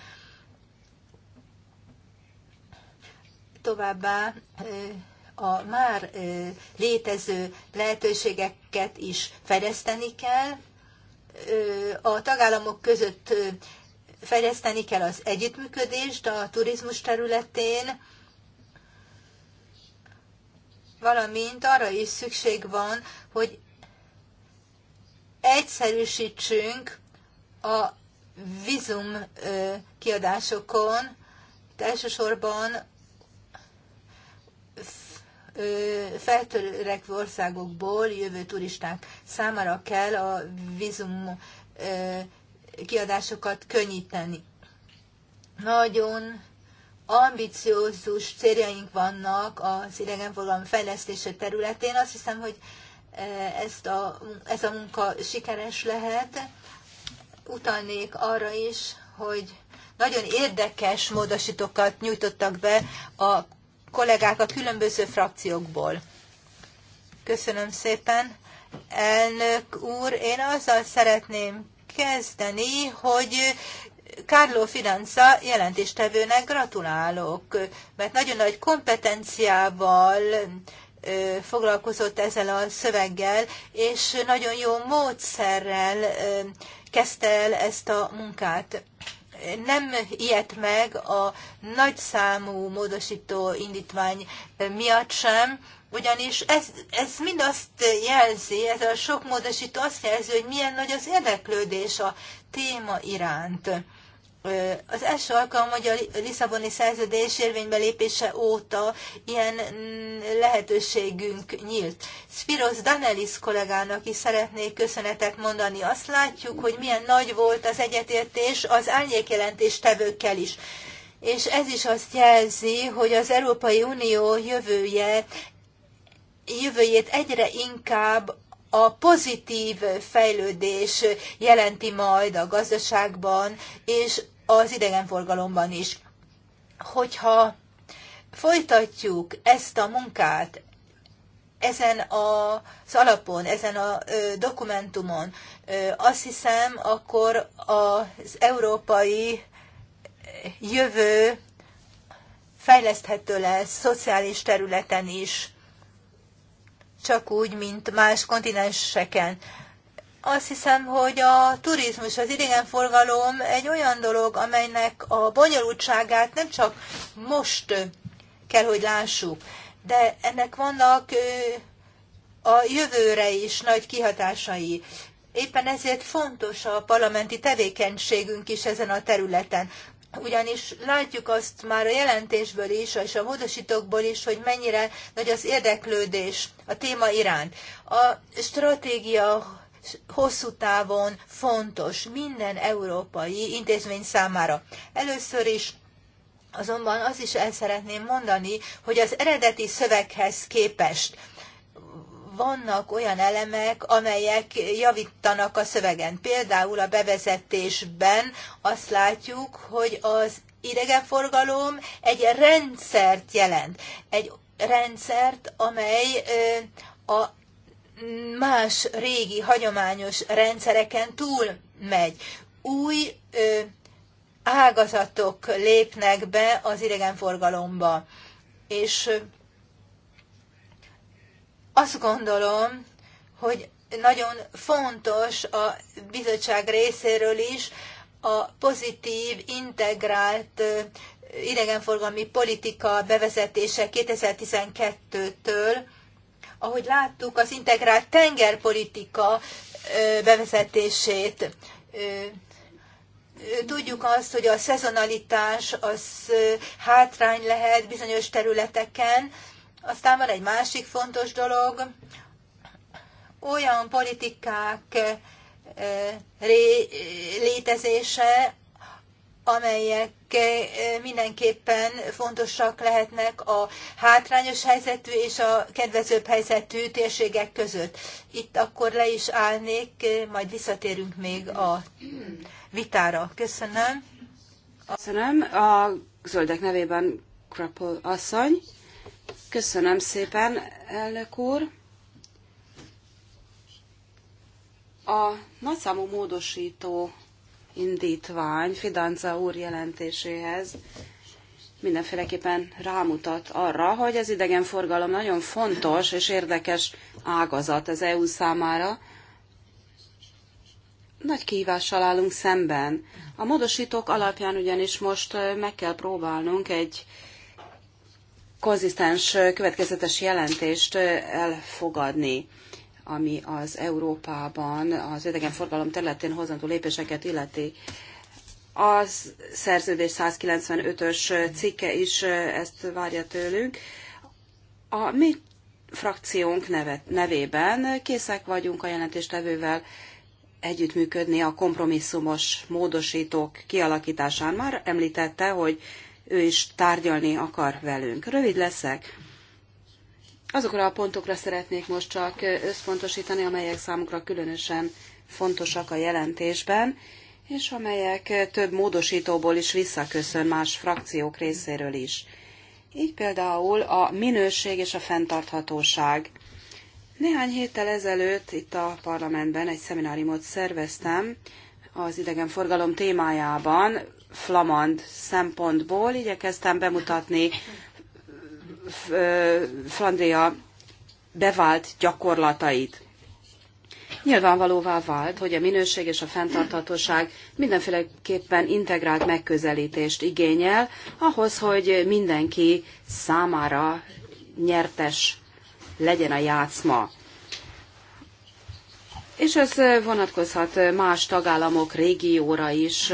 Továbbá a már létező lehetőségeket is fedezteni kell, a tagállamok között fejleszteni kell az együttműködést a turizmus területén, valamint arra is szükség van, hogy egyszerűsítsünk a vízum kiadásokon, elsősorban feltörekvő országokból jövő turisták számára kell a vízum kiadásokat könnyíteni. Nagyon ambiciózus céljaink vannak az idegenforgalom fejlesztése területén. Azt hiszem, hogy ezt a, ez a munka sikeres lehet. Utalnék arra is, hogy nagyon érdekes módosítókat nyújtottak be a kollégák a különböző frakciókból. Köszönöm szépen. Elnök úr, én azzal szeretném kezdeni, hogy Carlo Finanza jelentéstevőnek gratulálok, mert nagyon nagy kompetenciával foglalkozott ezzel a szöveggel, és nagyon jó módszerrel kezdte el ezt a munkát nem ijedt meg a nagyszámú módosító indítvány miatt sem, ugyanis ez, ez mind azt jelzi, ez a sok módosító azt jelzi, hogy milyen nagy az érdeklődés a téma iránt. Az első alkalom, hogy a Lisszaboni szerződés érvénybe lépése óta ilyen mm, lehetőségünk nyílt. Spiros Danelis kollégának is szeretnék köszönetet mondani. Azt látjuk, hogy milyen nagy volt az egyetértés az árnyékjelentés tevőkkel is. És ez is azt jelzi, hogy az Európai Unió jövője, jövőjét egyre inkább a pozitív fejlődés jelenti majd a gazdaságban és az idegenforgalomban is. Hogyha folytatjuk ezt a munkát, ezen az alapon, ezen a dokumentumon, azt hiszem, akkor az európai jövő fejleszthető lesz szociális területen is, csak úgy, mint más kontinenseken azt hiszem, hogy a turizmus, az idegenforgalom egy olyan dolog, amelynek a bonyolultságát nem csak most kell, hogy lássuk, de ennek vannak a jövőre is nagy kihatásai. Éppen ezért fontos a parlamenti tevékenységünk is ezen a területen. Ugyanis látjuk azt már a jelentésből is, és a módosítókból is, hogy mennyire nagy az érdeklődés a téma iránt. A stratégia hosszú távon fontos minden európai intézmény számára. Először is azonban az is el szeretném mondani, hogy az eredeti szöveghez képest vannak olyan elemek, amelyek javítanak a szövegen. Például a bevezetésben azt látjuk, hogy az idegenforgalom egy rendszert jelent. Egy rendszert, amely a más régi, hagyományos rendszereken túl megy. Új ö, ágazatok lépnek be az idegenforgalomba. És azt gondolom, hogy nagyon fontos a bizottság részéről is a pozitív, integrált idegenforgalmi politika bevezetése 2012-től, ahogy láttuk, az integrált tengerpolitika bevezetését. Tudjuk azt, hogy a szezonalitás az hátrány lehet bizonyos területeken. Aztán van egy másik fontos dolog, olyan politikák létezése, amelyek eh, mindenképpen fontosak lehetnek a hátrányos helyzetű és a kedvezőbb helyzetű térségek között. Itt akkor le is állnék, eh, majd visszatérünk még a vitára. Köszönöm. Köszönöm. A zöldek nevében Krapol asszony. Köszönöm szépen, elnök úr. A nagyszámú módosító indítvány Fidanza úr jelentéséhez mindenféleképpen rámutat arra, hogy az idegenforgalom nagyon fontos és érdekes ágazat az EU számára. Nagy kihívással állunk szemben. A módosítók alapján ugyanis most meg kell próbálnunk egy konzisztens, következetes jelentést elfogadni ami az Európában az idegenforgalom területén hozandó lépéseket illeti. A szerződés 195-ös cikke is ezt várja tőlünk. A mi frakciónk neve, nevében készek vagyunk a jelentéstevővel együttműködni a kompromisszumos módosítók kialakításán. Már említette, hogy ő is tárgyalni akar velünk. Rövid leszek. Azokra a pontokra szeretnék most csak összpontosítani, amelyek számukra különösen fontosak a jelentésben, és amelyek több módosítóból is visszaköszön más frakciók részéről is. Így például a minőség és a fenntarthatóság. Néhány héttel ezelőtt itt a parlamentben egy szemináriumot szerveztem az idegenforgalom témájában, flamand szempontból igyekeztem bemutatni Flandria bevált gyakorlatait. Nyilvánvalóvá vált, hogy a minőség és a fenntarthatóság mindenféleképpen integrált megközelítést igényel, ahhoz, hogy mindenki számára nyertes legyen a játszma és ez vonatkozhat más tagállamok régióra is,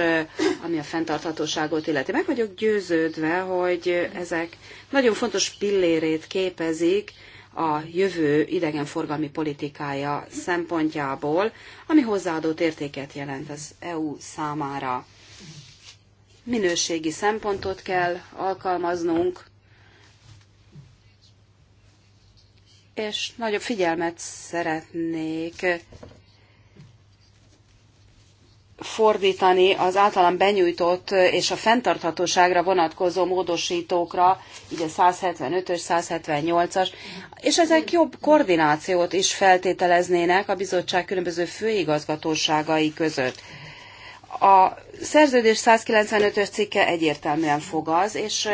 ami a fenntarthatóságot illeti. Meg vagyok győződve, hogy ezek nagyon fontos pillérét képezik a jövő idegenforgalmi politikája szempontjából, ami hozzáadott értéket jelent az EU számára. Minőségi szempontot kell alkalmaznunk, és nagyobb figyelmet szeretnék fordítani az általam benyújtott és a fenntarthatóságra vonatkozó módosítókra, így a 175-ös, 178-as, és ezek jobb koordinációt is feltételeznének a bizottság különböző főigazgatóságai között. A szerződés 195-ös cikke egyértelműen fogaz, és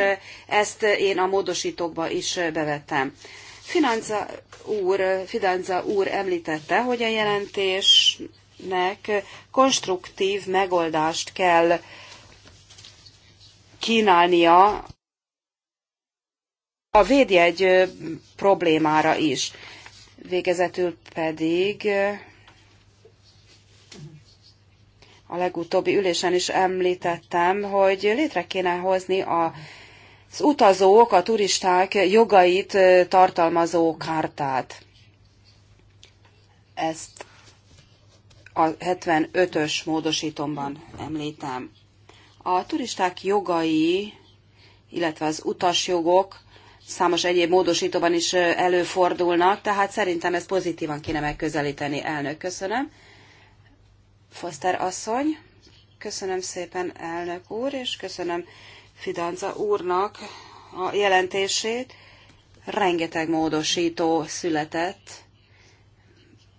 ezt én a módosítókba is bevettem. Finanza úr, Fidanza úr említette, hogy a jelentésnek konstruktív megoldást kell kínálnia a védjegy problémára is. Végezetül pedig a legutóbbi ülésen is említettem, hogy létre kéne hozni a az utazók, a turisták jogait tartalmazó kártát. Ezt a 75-ös módosítomban említem. A turisták jogai, illetve az utasjogok számos egyéb módosítóban is előfordulnak, tehát szerintem ezt pozitívan kéne megközelíteni, elnök. Köszönöm. Foster asszony, köszönöm szépen, elnök úr, és köszönöm Fidanza úrnak a jelentését. Rengeteg módosító született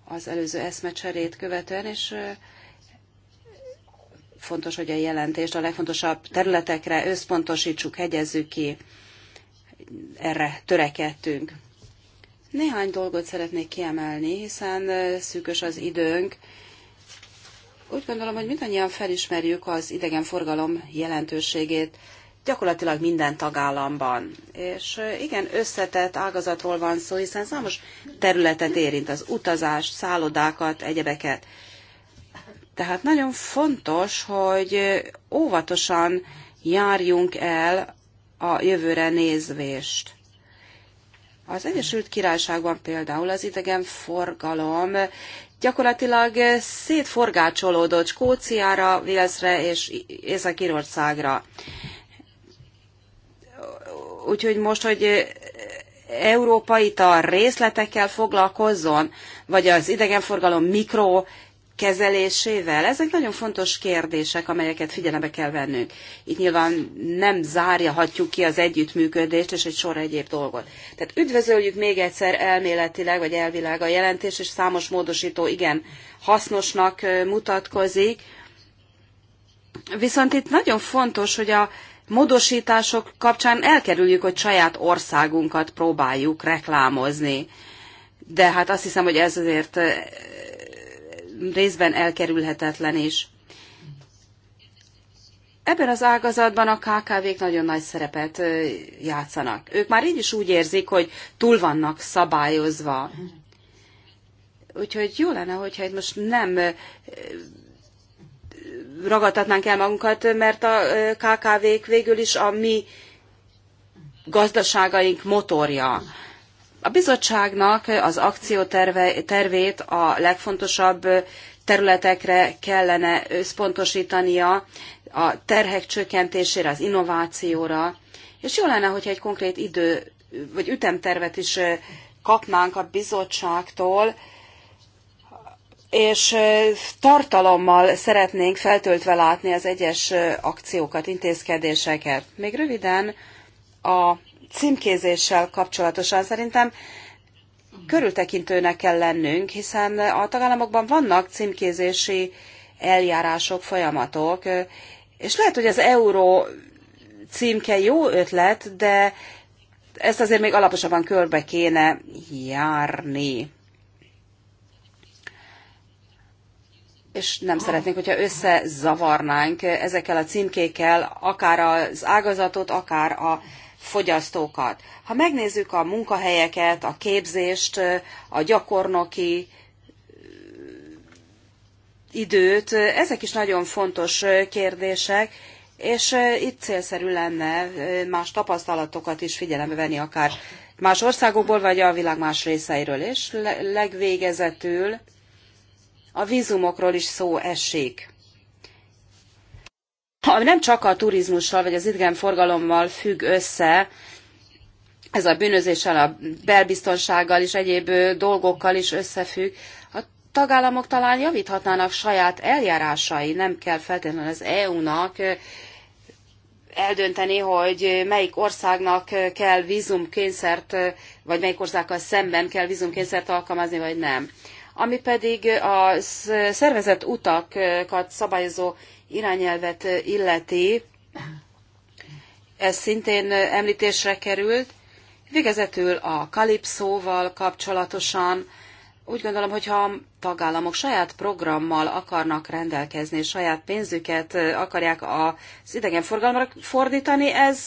az előző eszmecserét követően, és fontos, hogy a jelentést a legfontosabb területekre összpontosítsuk, hegyezzük ki, erre törekedtünk. Néhány dolgot szeretnék kiemelni, hiszen szűkös az időnk. Úgy gondolom, hogy mindannyian felismerjük az idegenforgalom jelentőségét gyakorlatilag minden tagállamban. És igen, összetett ágazatról van szó, hiszen számos területet érint az utazást, szállodákat, egyebeket. Tehát nagyon fontos, hogy óvatosan járjunk el a jövőre nézvést. Az Egyesült Királyságban például az idegenforgalom gyakorlatilag szétforgácsolódott Skóciára, Walesre és Észak-Írországra. Úgyhogy most, hogy európai európaita részletekkel foglalkozzon, vagy az idegenforgalom mikro kezelésével? Ezek nagyon fontos kérdések, amelyeket figyelembe kell vennünk. Itt nyilván nem zárjahatjuk ki az együttműködést és egy sor egyéb dolgot. Tehát üdvözöljük még egyszer elméletileg vagy elvileg a jelentés, és számos módosító igen hasznosnak mutatkozik. Viszont itt nagyon fontos, hogy a módosítások kapcsán elkerüljük, hogy saját országunkat próbáljuk reklámozni. De hát azt hiszem, hogy ez azért eh, részben elkerülhetetlen is. Ebben az ágazatban a KKV-k nagyon nagy szerepet eh, játszanak. Ők már így is úgy érzik, hogy túl vannak szabályozva. Úgyhogy jó lenne, hogyha itt most nem eh, ragadtatnánk el magunkat, mert a KKV-k végül is a mi gazdaságaink motorja. A bizottságnak az akciótervét a legfontosabb területekre kellene összpontosítania, a terhek csökkentésére, az innovációra, és jó lenne, hogyha egy konkrét idő vagy ütemtervet is kapnánk a bizottságtól, és tartalommal szeretnénk feltöltve látni az egyes akciókat, intézkedéseket. Még röviden a címkézéssel kapcsolatosan szerintem körültekintőnek kell lennünk, hiszen a tagállamokban vannak címkézési eljárások, folyamatok, és lehet, hogy az euró címke jó ötlet, de ezt azért még alaposabban körbe kéne járni. és nem szeretnénk, hogyha összezavarnánk ezekkel a címkékkel akár az ágazatot, akár a fogyasztókat. Ha megnézzük a munkahelyeket, a képzést, a gyakornoki időt, ezek is nagyon fontos kérdések, és itt célszerű lenne más tapasztalatokat is figyelembe venni, akár más országokból, vagy a világ más részeiről. És legvégezetül a vízumokról is szó esik. Ami nem csak a turizmussal vagy az idegenforgalommal függ össze, ez a bűnözéssel, a belbiztonsággal és egyéb dolgokkal is összefügg. A tagállamok talán javíthatnának saját eljárásai, nem kell feltétlenül az EU-nak eldönteni, hogy melyik országnak kell vízumkényszert, vagy melyik országgal szemben kell vízumkényszert alkalmazni, vagy nem ami pedig a szervezett utakat szabályozó irányelvet illeti, ez szintén említésre került. Végezetül a kalipszóval kapcsolatosan úgy gondolom, hogyha a tagállamok saját programmal akarnak rendelkezni, saját pénzüket akarják az idegenforgalomra fordítani, ez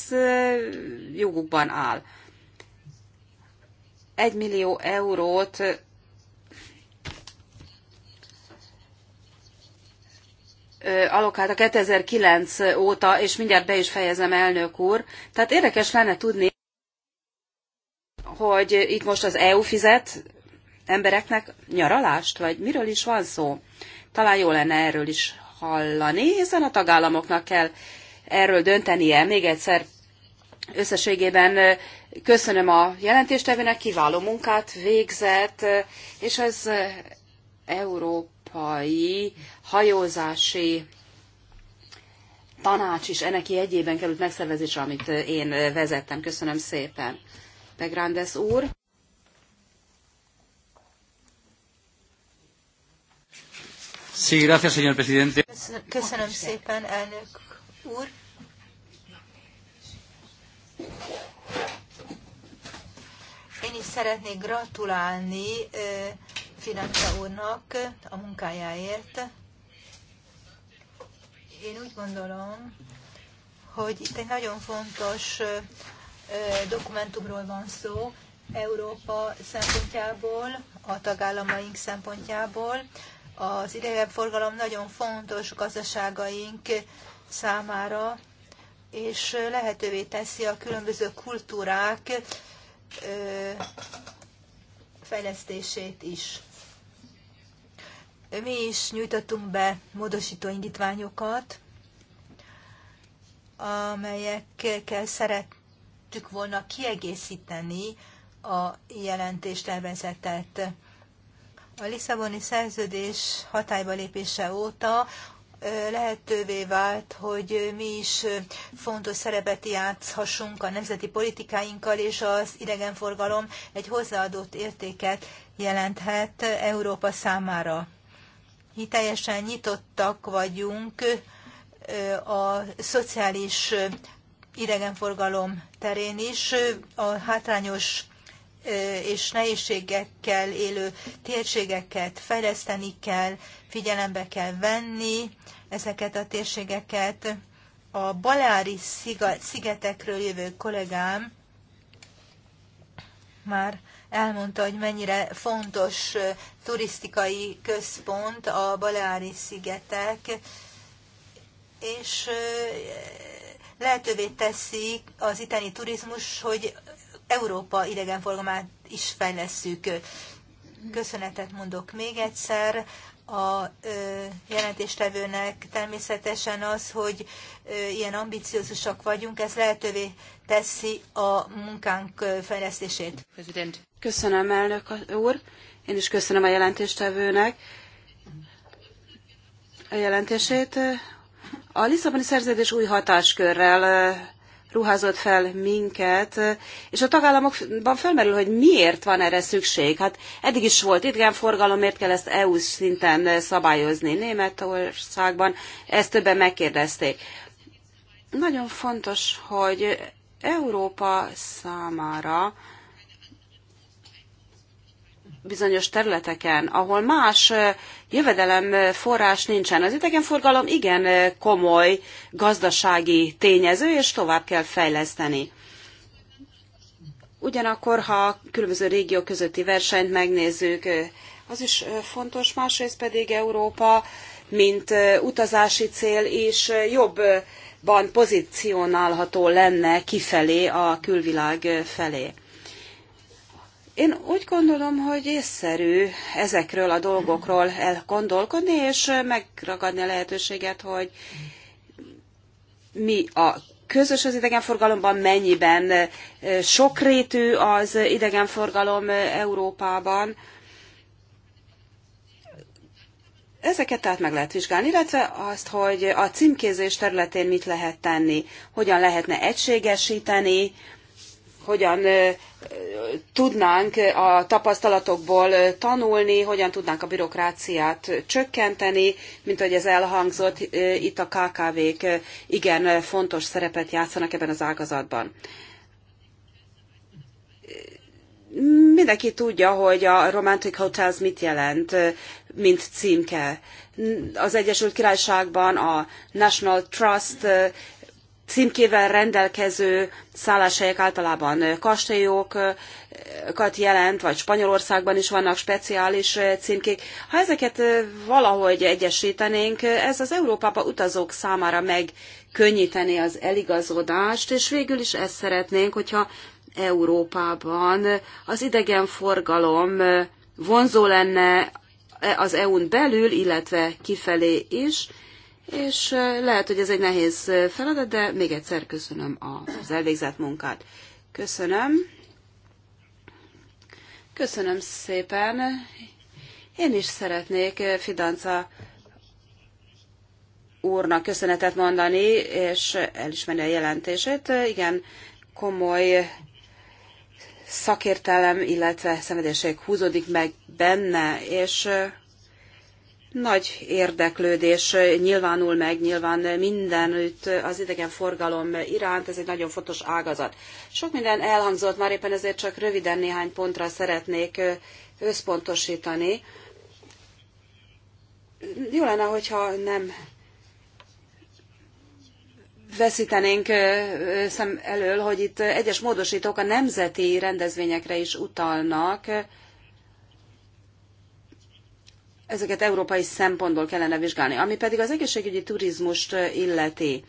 jogukban áll. Egy millió eurót alokált a 2009 óta, és mindjárt be is fejezem, elnök úr. Tehát érdekes lenne tudni, hogy itt most az EU fizet embereknek nyaralást, vagy miről is van szó. Talán jó lenne erről is hallani, hiszen a tagállamoknak kell erről döntenie. Még egyszer összességében köszönöm a jelentéstevőnek, kiváló munkát végzett, és az Európa európai hajózási tanács is ennek jegyében került megszervezésre, amit én vezettem. Köszönöm szépen. Pegrandes úr. Sí, gracias, señor presidente. Köszönöm, köszönöm szépen, elnök úr. Én is szeretnék gratulálni Financa úrnak a munkájáért. Én úgy gondolom, hogy itt egy nagyon fontos dokumentumról van szó, Európa szempontjából, a tagállamaink szempontjából. Az forgalom nagyon fontos gazdaságaink számára, és lehetővé teszi a különböző kultúrák fejlesztését is mi is nyújtottunk be módosító indítványokat, amelyekkel szerettük volna kiegészíteni a jelentéstervezetet. A Lisszaboni szerződés hatályba lépése óta lehetővé vált, hogy mi is fontos szerepet játszhassunk a nemzeti politikáinkkal, és az idegenforgalom egy hozzáadott értéket jelenthet Európa számára mi teljesen nyitottak vagyunk a szociális idegenforgalom terén is, a hátrányos és nehézségekkel élő térségeket fejleszteni kell, figyelembe kell venni ezeket a térségeket. A Balári szigetekről jövő kollégám már elmondta, hogy mennyire fontos turisztikai központ a Baleári-szigetek, és lehetővé teszi az itteni turizmus, hogy Európa idegenforgalmát is fejlesszük. Köszönetet mondok még egyszer a jelentéstevőnek természetesen az, hogy ilyen ambiciózusak vagyunk, ez lehetővé teszi a munkánk fejlesztését. Köszönöm, elnök úr. Én is köszönöm a jelentéstevőnek a jelentését. A Lisszaboni szerződés új hatáskörrel ruházott fel minket, és a tagállamokban felmerül, hogy miért van erre szükség. Hát eddig is volt idegenforgalom, miért kell ezt EU szinten szabályozni Németországban, ezt többen megkérdezték. Nagyon fontos, hogy Európa számára bizonyos területeken, ahol más jövedelemforrás nincsen. Az idegenforgalom igen komoly gazdasági tényező, és tovább kell fejleszteni. Ugyanakkor, ha különböző régiók közötti versenyt megnézzük, az is fontos, másrészt pedig Európa, mint utazási cél is jobb ban pozícionálható lenne kifelé, a külvilág felé. Én úgy gondolom, hogy észszerű ezekről a dolgokról elgondolkodni, és megragadni a lehetőséget, hogy mi a közös az idegenforgalomban, mennyiben sokrétű az idegenforgalom Európában, Ezeket tehát meg lehet vizsgálni, illetve azt, hogy a címkézés területén mit lehet tenni, hogyan lehetne egységesíteni, hogyan tudnánk a tapasztalatokból tanulni, hogyan tudnánk a bürokráciát csökkenteni, mint ahogy ez elhangzott, itt a KKV-k igen fontos szerepet játszanak ebben az ágazatban. Mindenki tudja, hogy a Romantic Hotels mit jelent, mint címke. Az Egyesült Királyságban a National Trust címkével rendelkező szálláshelyek általában kastélyokat jelent, vagy Spanyolországban is vannak speciális címkék. Ha ezeket valahogy egyesítenénk, ez az Európába utazók számára megkönnyíteni az eligazodást, és végül is ezt szeretnénk, hogyha Európában az idegenforgalom vonzó lenne az EU-n belül, illetve kifelé is, és lehet, hogy ez egy nehéz feladat, de még egyszer köszönöm az elvégzett munkát. Köszönöm. Köszönöm szépen. Én is szeretnék Fidanca úrnak köszönetet mondani, és elismerni a jelentését. Igen, komoly szakértelem, illetve szenvedélység húzódik meg benne, és nagy érdeklődés nyilvánul meg, nyilván mindenütt az idegenforgalom iránt, ez egy nagyon fontos ágazat. Sok minden elhangzott, már éppen ezért csak röviden néhány pontra szeretnék összpontosítani. Jó lenne, hogyha nem veszítenénk szem elől, hogy itt egyes módosítók a nemzeti rendezvényekre is utalnak. Ezeket európai szempontból kellene vizsgálni. Ami pedig az egészségügyi turizmust illeti.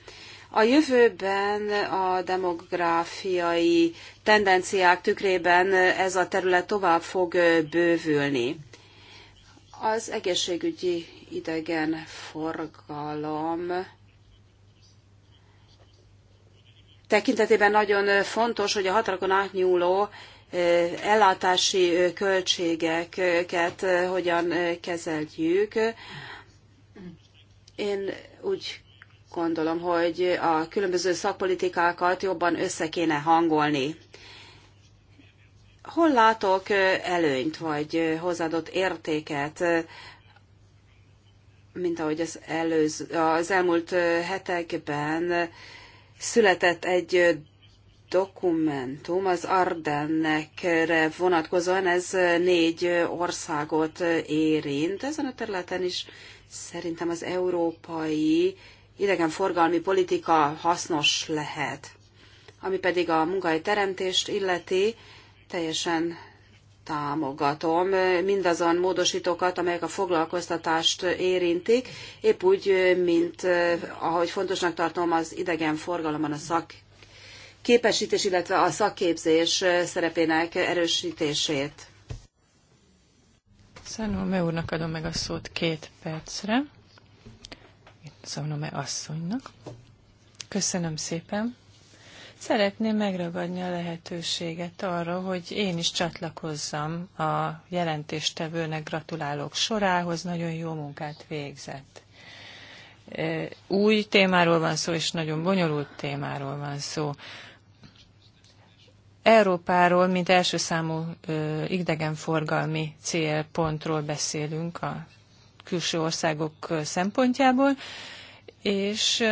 A jövőben a demográfiai tendenciák tükrében ez a terület tovább fog bővülni. Az egészségügyi idegenforgalom tekintetében nagyon fontos, hogy a határokon átnyúló ellátási költségeket hogyan kezeljük. Én úgy gondolom, hogy a különböző szakpolitikákat jobban össze kéne hangolni. Hol látok előnyt, vagy hozzáadott értéket, mint ahogy az, előző, az elmúlt hetekben született egy dokumentum az Ardennekre vonatkozóan, ez négy országot érint. Ezen a területen is szerintem az európai idegenforgalmi politika hasznos lehet. Ami pedig a munkahelyteremtést illeti, teljesen támogatom mindazon módosítókat, amelyek a foglalkoztatást érintik, épp úgy, mint eh, ahogy fontosnak tartom az idegenforgalomban a szak képesítés, illetve a szakképzés eh, szerepének erősítését. Szánome úrnak adom meg a szót két percre. Szánome asszonynak. Köszönöm szépen. Szeretném megragadni a lehetőséget arra, hogy én is csatlakozzam a jelentéstevőnek gratulálók sorához, nagyon jó munkát végzett. Új témáról van szó, és nagyon bonyolult témáról van szó. Európáról, mint első számú idegenforgalmi célpontról beszélünk a külső országok szempontjából, és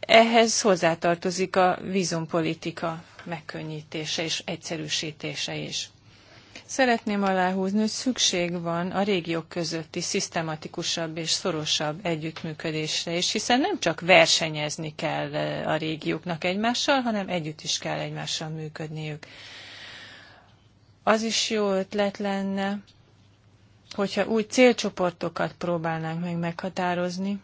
ehhez hozzátartozik a vízumpolitika megkönnyítése és egyszerűsítése is. Szeretném aláhúzni, hogy szükség van a régiók közötti szisztematikusabb és szorosabb együttműködésre is, hiszen nem csak versenyezni kell eh, a régióknak egymással, hanem együtt is kell egymással működniük. Az is jó ötlet lenne, hogyha új célcsoportokat próbálnánk meg meghatározni,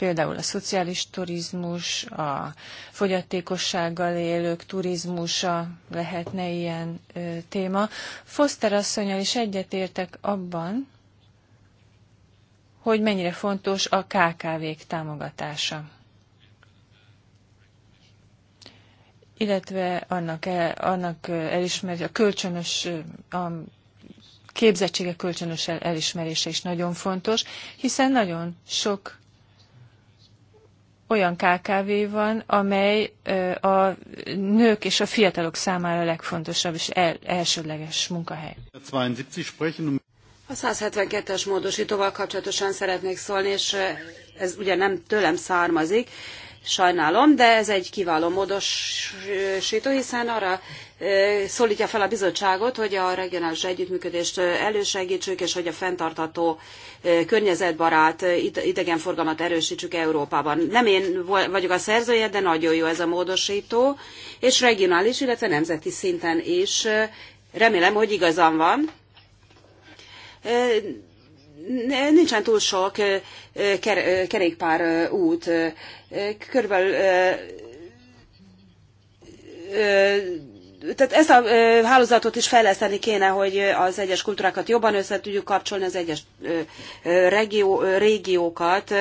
például a szociális turizmus, a fogyatékossággal élők turizmusa lehetne ilyen téma. Foster asszonyal is egyetértek abban, hogy mennyire fontos a KKV-k támogatása. illetve annak, el, annak elismeri, a kölcsönös, a képzettsége kölcsönös elismerése is nagyon fontos, hiszen nagyon sok olyan KKV van, amely a nők és a fiatalok számára a legfontosabb és elsődleges munkahely. Um- a 172-es módosítóval kapcsolatosan szeretnék szólni, és ez ugye nem tőlem származik, Sajnálom, de ez egy kiváló módosító, hiszen arra szólítja fel a bizottságot, hogy a regionális együttműködést elősegítsük, és hogy a fenntartató környezetbarát idegenforgalmat erősítsük Európában. Nem én vagyok a szerzője, de nagyon jó ez a módosító, és regionális, illetve nemzeti szinten is. Remélem, hogy igazam van nincsen túl sok ker, kerékpár út. Körülbelül tehát ezt a hálózatot is fejleszteni kéne, hogy az egyes kultúrákat jobban össze tudjuk kapcsolni, az egyes regió, régiókat.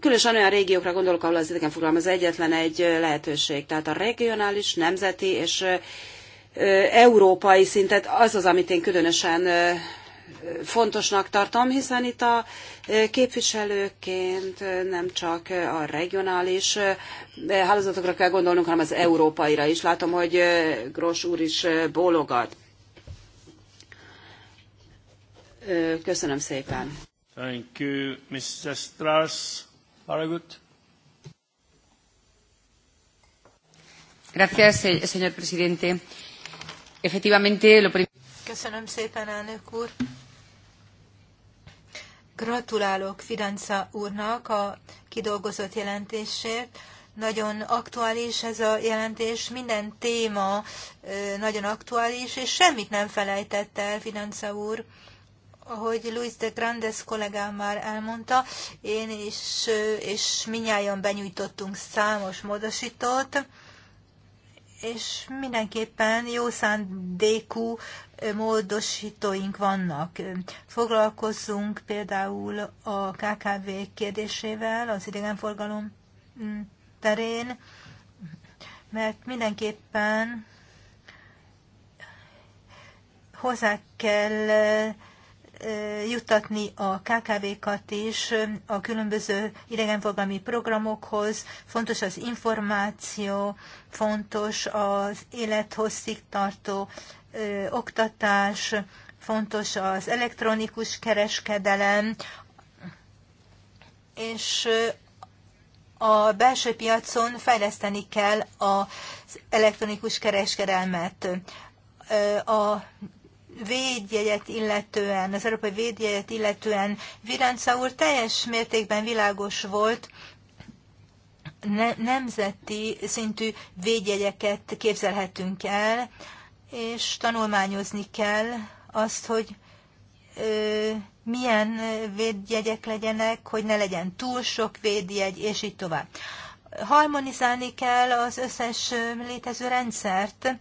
Különösen olyan régiókra gondolok, ahol az idegenforgalom az egyetlen egy lehetőség. Tehát a regionális, nemzeti és európai szintet az az, amit én különösen fontosnak tartom, hiszen itt a képviselőként nem csak a regionális hálózatokra kell gondolnunk, hanem az európaira is. Látom, hogy Gros úr is bólogat. Köszönöm szépen. Thank you, Mrs. Strauss. Very good. Gracias, eh, señor presidente. Efectivamente, lo primero. Köszönöm szépen, elnök úr. Gratulálok Fidanca úrnak a kidolgozott jelentésért. Nagyon aktuális ez a jelentés, minden téma nagyon aktuális, és semmit nem felejtett el Fidanca úr. Ahogy Luis de Grandes kollégám már elmondta, én is, és minnyáján benyújtottunk számos módosítót és mindenképpen jó szándékú módosítóink vannak. Foglalkozzunk például a KKV kérdésével az idegenforgalom mm, terén, mert mindenképpen hozzá kell juttatni a KKV-kat is a különböző idegenforgalmi programokhoz. Fontos az információ, fontos az élethosszig tartó oktatás, fontos az elektronikus kereskedelem, és a belső piacon fejleszteni kell az elektronikus kereskedelmet. A védjegyet illetően, az európai védjegyet illetően Virenca úr teljes mértékben világos volt, ne, nemzeti szintű védjegyeket képzelhetünk el, és tanulmányozni kell azt, hogy ö, milyen védjegyek legyenek, hogy ne legyen túl sok védjegy, és így tovább. Harmonizálni kell az összes létező rendszert,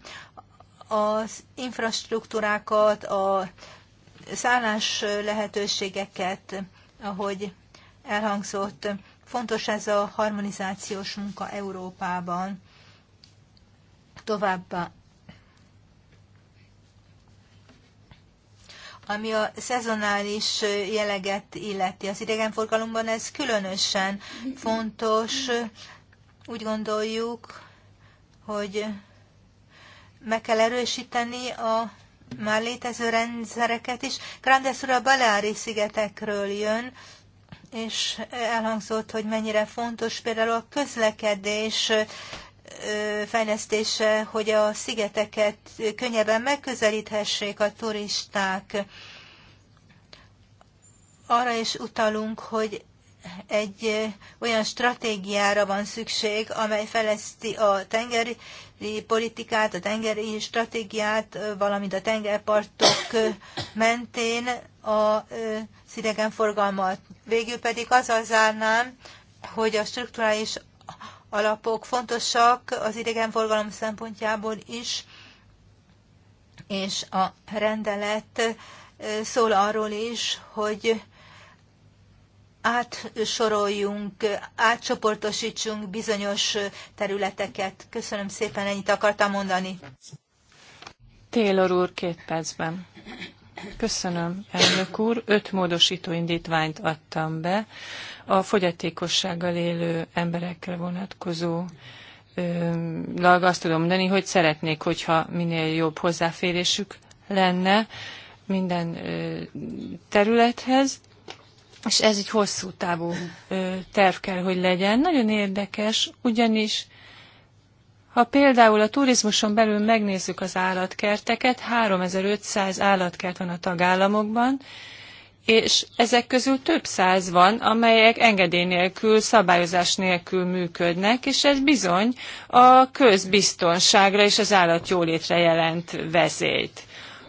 az infrastruktúrákat, a szállás lehetőségeket, ahogy elhangzott. Fontos ez a harmonizációs munka Európában. Továbbá, ami a szezonális jelleget illeti. Az idegenforgalomban ez különösen fontos. Úgy gondoljuk, hogy meg kell erősíteni a már létező rendszereket is. Grandes úr a Baleári szigetekről jön, és elhangzott, hogy mennyire fontos például a közlekedés fejlesztése, hogy a szigeteket könnyebben megközelíthessék a turisták. Arra is utalunk, hogy egy olyan stratégiára van szükség, amely feleszti a tengeri politikát, a tengeri stratégiát, valamint a tengerpartok mentén a forgalmat. Végül pedig azzal zárnám, hogy a strukturális alapok fontosak az idegenforgalom szempontjából is, és a rendelet szól arról is, hogy átsoroljunk, átcsoportosítsunk bizonyos területeket. Köszönöm szépen, ennyit akartam mondani. Taylor úr, két percben. Köszönöm, elnök úr. Öt módosító indítványt adtam be a fogyatékossággal élő emberekre vonatkozó lag azt tudom mondani, hogy szeretnék, hogyha minél jobb hozzáférésük lenne minden területhez, és ez egy hosszú távú terv kell, hogy legyen. Nagyon érdekes, ugyanis ha például a turizmuson belül megnézzük az állatkerteket, 3500 állatkert van a tagállamokban, és ezek közül több száz van, amelyek engedély nélkül, szabályozás nélkül működnek, és ez bizony a közbiztonságra és az állat jólétre jelent veszélyt.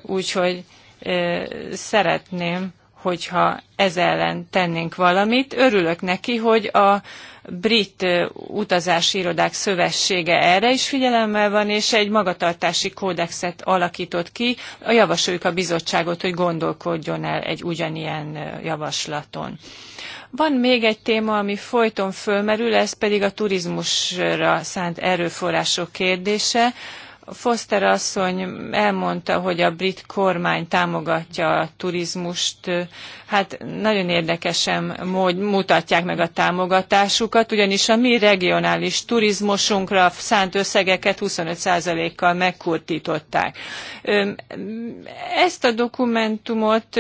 Úgyhogy e, szeretném hogyha ez ellen tennénk valamit. Örülök neki, hogy a Brit Utazási Irodák Szövetsége erre is figyelemmel van, és egy magatartási kódexet alakított ki. A javasoljuk a bizottságot, hogy gondolkodjon el egy ugyanilyen javaslaton. Van még egy téma, ami folyton fölmerül, ez pedig a turizmusra szánt erőforrások kérdése. Foster asszony elmondta, hogy a brit kormány támogatja a turizmust. Hát nagyon érdekesen mód, mutatják meg a támogatásukat, ugyanis a mi regionális turizmusunkra szánt összegeket 25%-kal megkurtították. Ezt a dokumentumot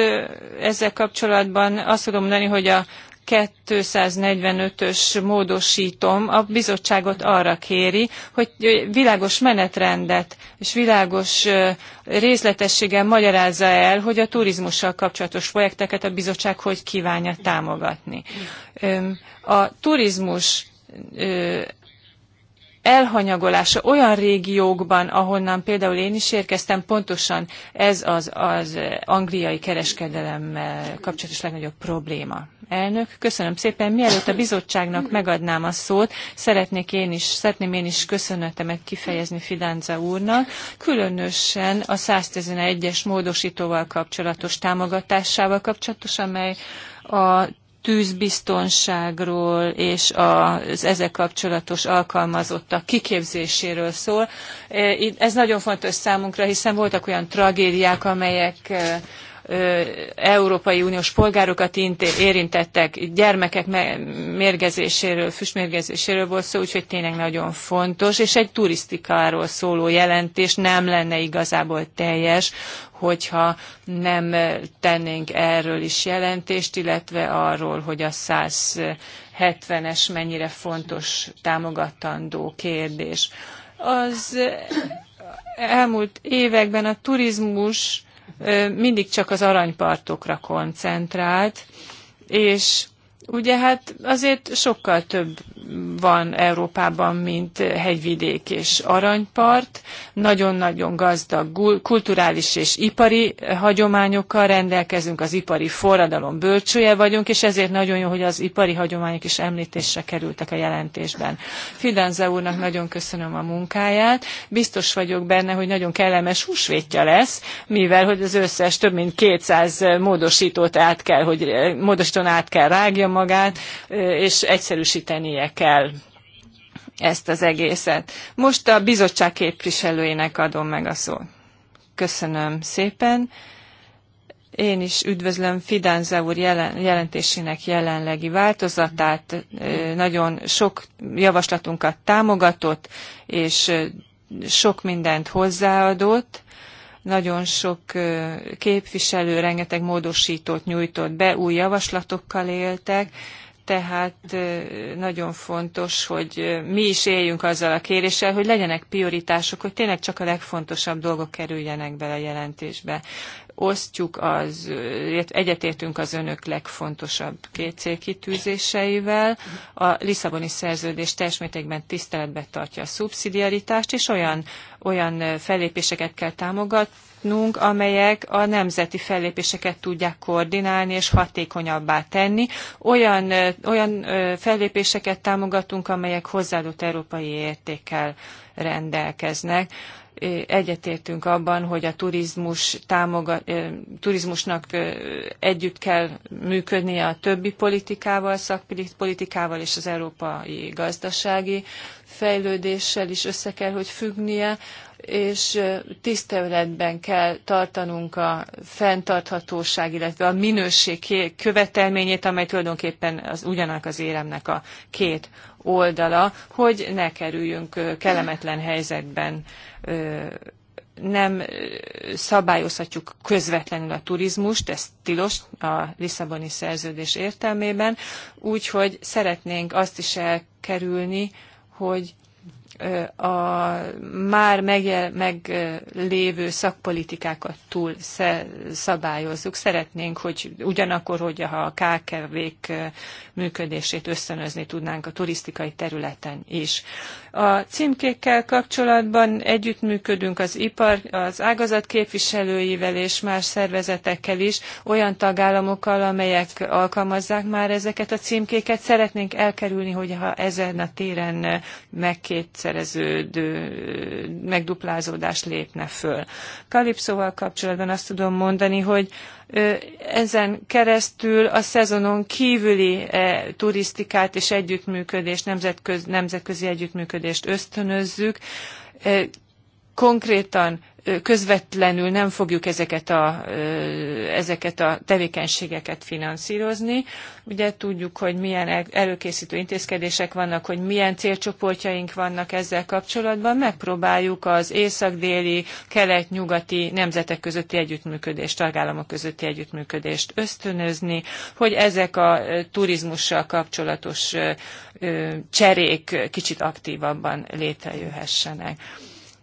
ezzel kapcsolatban azt tudom mondani, hogy a 245-ös módosítom a bizottságot arra kéri, hogy világos menetrendet és világos részletességgel magyarázza el, hogy a turizmussal kapcsolatos projekteket a bizottság hogy kívánja támogatni. A turizmus elhanyagolása olyan régiókban, ahonnan például én is érkeztem, pontosan ez az, az angliai kereskedelemmel kapcsolatos legnagyobb probléma. Elnök, köszönöm szépen. Mielőtt a bizottságnak megadnám a szót, szeretnék én is, szeretném én is köszönetemet kifejezni Fidánza úrnak, különösen a 111-es módosítóval kapcsolatos támogatásával kapcsolatos, amely a tűzbiztonságról és az ezek kapcsolatos alkalmazottak kiképzéséről szól. Ez nagyon fontos számunkra, hiszen voltak olyan tragédiák, amelyek Európai Uniós polgárokat érintettek, gyermekek mérgezéséről, füstmérgezéséről volt szó, úgyhogy tényleg nagyon fontos, és egy turisztikáról szóló jelentés nem lenne igazából teljes, hogyha nem tennénk erről is jelentést, illetve arról, hogy a 170-es mennyire fontos támogatandó kérdés. Az elmúlt években a turizmus mindig csak az aranypartokra koncentrált, és Ugye hát azért sokkal több van Európában, mint hegyvidék és aranypart. Nagyon-nagyon gazdag kulturális és ipari hagyományokkal rendelkezünk, az ipari forradalom bölcsője vagyunk, és ezért nagyon jó, hogy az ipari hagyományok is említésre kerültek a jelentésben. Fidanza úrnak nagyon köszönöm a munkáját. Biztos vagyok benne, hogy nagyon kellemes húsvétja lesz, mivel hogy az összes több mint 200 módosítót át kell, hogy módosítón át kell rágjam magát, és egyszerűsítenie kell ezt az egészet. Most a bizottság képviselőjének adom meg a szót. Köszönöm szépen. Én is üdvözlöm Fidánza úr jelen, jelentésének jelenlegi változatát. Nagyon sok javaslatunkat támogatott, és sok mindent hozzáadott. Nagyon sok képviselő rengeteg módosítót nyújtott be, új javaslatokkal éltek, tehát nagyon fontos, hogy mi is éljünk azzal a kéréssel, hogy legyenek prioritások, hogy tényleg csak a legfontosabb dolgok kerüljenek bele a jelentésbe osztjuk az, egyetértünk az önök legfontosabb két célkitűzéseivel. A Lisszaboni szerződés teljes tiszteletben tartja a szubszidiaritást, és olyan, olyan fellépéseket kell támogatnunk, amelyek a nemzeti fellépéseket tudják koordinálni és hatékonyabbá tenni. Olyan, olyan fellépéseket támogatunk, amelyek hozzáadott európai értékkel rendelkeznek egyetértünk abban, hogy a turizmus támoga, turizmusnak együtt kell működnie a többi politikával, szakpolitikával és az európai gazdasági fejlődéssel is össze kell, hogy függnie, és tiszteletben kell tartanunk a fenntarthatóság, illetve a minőség követelményét, amely tulajdonképpen az, ugyanak az éremnek a két oldala, hogy ne kerüljünk kellemetlen helyzetben nem szabályozhatjuk közvetlenül a turizmust, ez tilos a Lisszaboni szerződés értelmében, úgyhogy szeretnénk azt is elkerülni, hogy a már meglévő meg szakpolitikákat túl szabályozzuk. Szeretnénk, hogy ugyanakkor, hogyha a KKV-k működését ösztönözni tudnánk a turisztikai területen is. A címkékkel kapcsolatban együttműködünk az ipar, az ágazat képviselőivel és más szervezetekkel is, olyan tagállamokkal, amelyek alkalmazzák már ezeket a címkéket. Szeretnénk elkerülni, hogyha ezen a téren megkétszer megszereződő, megduplázódás lépne föl. Kalipszóval kapcsolatban azt tudom mondani, hogy ezen keresztül a szezonon kívüli e, turisztikát és együttműködést, nemzetközi, nemzetközi együttműködést ösztönözzük. E, konkrétan közvetlenül nem fogjuk ezeket a, ezeket a tevékenységeket finanszírozni. Ugye tudjuk, hogy milyen előkészítő intézkedések vannak, hogy milyen célcsoportjaink vannak ezzel kapcsolatban. Megpróbáljuk az észak-déli, kelet-nyugati nemzetek közötti együttműködést, tagállamok közötti együttműködést ösztönözni, hogy ezek a turizmussal kapcsolatos cserék kicsit aktívabban létrejöhessenek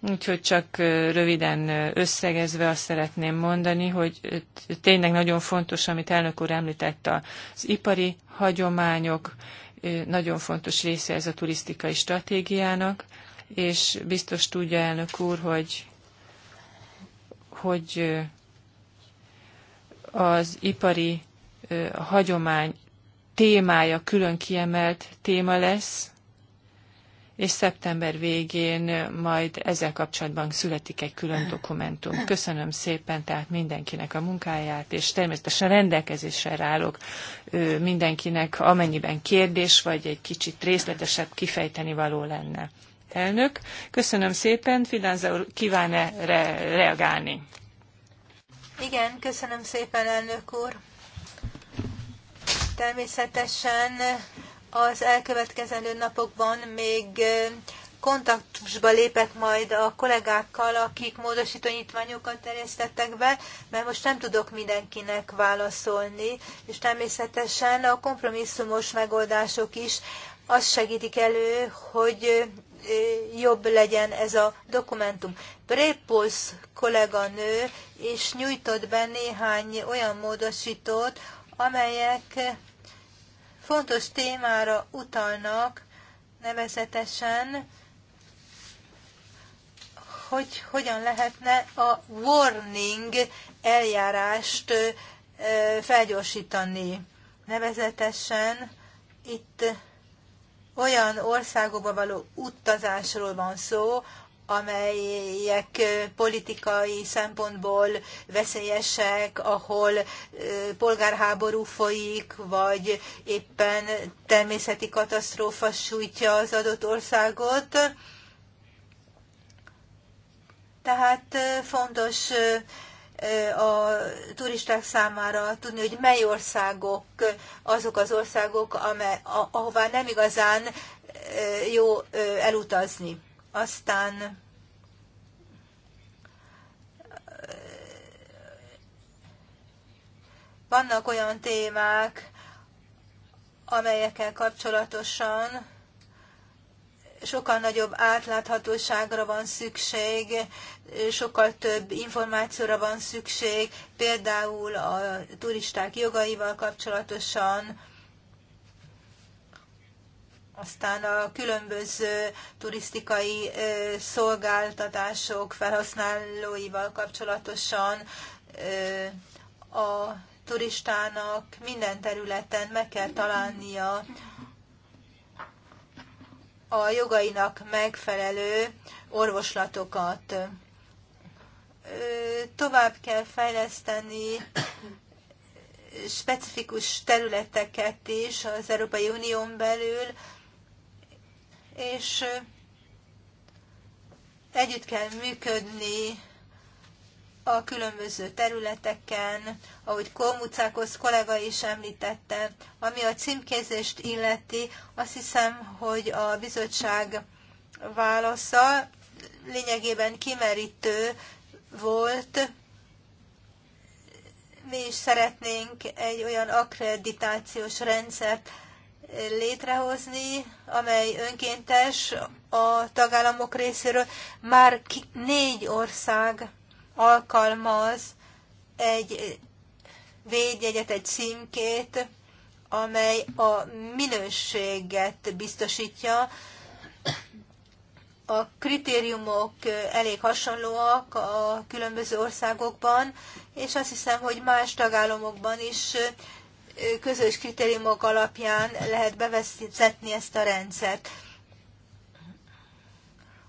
Úgyhogy csak röviden összegezve azt szeretném mondani, hogy tényleg nagyon fontos, amit elnök úr említett, az ipari hagyományok, nagyon fontos része ez a turisztikai stratégiának, és biztos tudja elnök úr, hogy, hogy az ipari hagyomány témája külön kiemelt téma lesz, és szeptember végén majd ezzel kapcsolatban születik egy külön dokumentum. Köszönöm szépen tehát mindenkinek a munkáját, és természetesen rendelkezésre állok mindenkinek, amennyiben kérdés vagy egy kicsit részletesebb kifejteni való lenne. Elnök, köszönöm szépen, Fidanza úr kíván-e re- reagálni? Igen, köszönöm szépen, elnök úr. Természetesen az elkövetkezendő napokban még kontaktusba lépek majd a kollégákkal, akik nyitványokat terjesztettek be, mert most nem tudok mindenkinek válaszolni, és természetesen a kompromisszumos megoldások is azt segítik elő, hogy jobb legyen ez a dokumentum. Prépolsz kolléganő és nyújtott be néhány olyan módosítót, amelyek fontos témára utalnak, nevezetesen, hogy hogyan lehetne a warning eljárást felgyorsítani. Nevezetesen itt olyan országokba való utazásról van szó, amelyek politikai szempontból veszélyesek, ahol polgárháború folyik, vagy éppen természeti katasztrófa sújtja az adott országot. Tehát fontos a turisták számára tudni, hogy mely országok azok az országok, amely, ahová nem igazán jó elutazni. Aztán vannak olyan témák, amelyekkel kapcsolatosan sokkal nagyobb átláthatóságra van szükség, sokkal több információra van szükség, például a turisták jogaival kapcsolatosan, aztán a különböző turisztikai szolgáltatások felhasználóival kapcsolatosan a turistának minden területen meg kell találnia a jogainak megfelelő orvoslatokat. Tovább kell fejleszteni specifikus területeket is az Európai Unión belül, és együtt kell működni a különböző területeken, ahogy Kolmucákos kollega is említette. Ami a címkézést illeti, azt hiszem, hogy a bizottság válasza lényegében kimerítő volt. Mi is szeretnénk egy olyan akkreditációs rendszert létrehozni, amely önkéntes a tagállamok részéről. Már négy ország alkalmaz egy védjegyet, egy címkét, amely a minőséget biztosítja. A kritériumok elég hasonlóak a különböző országokban, és azt hiszem, hogy más tagállamokban is közös kritériumok alapján lehet bevezetni ezt a rendszert.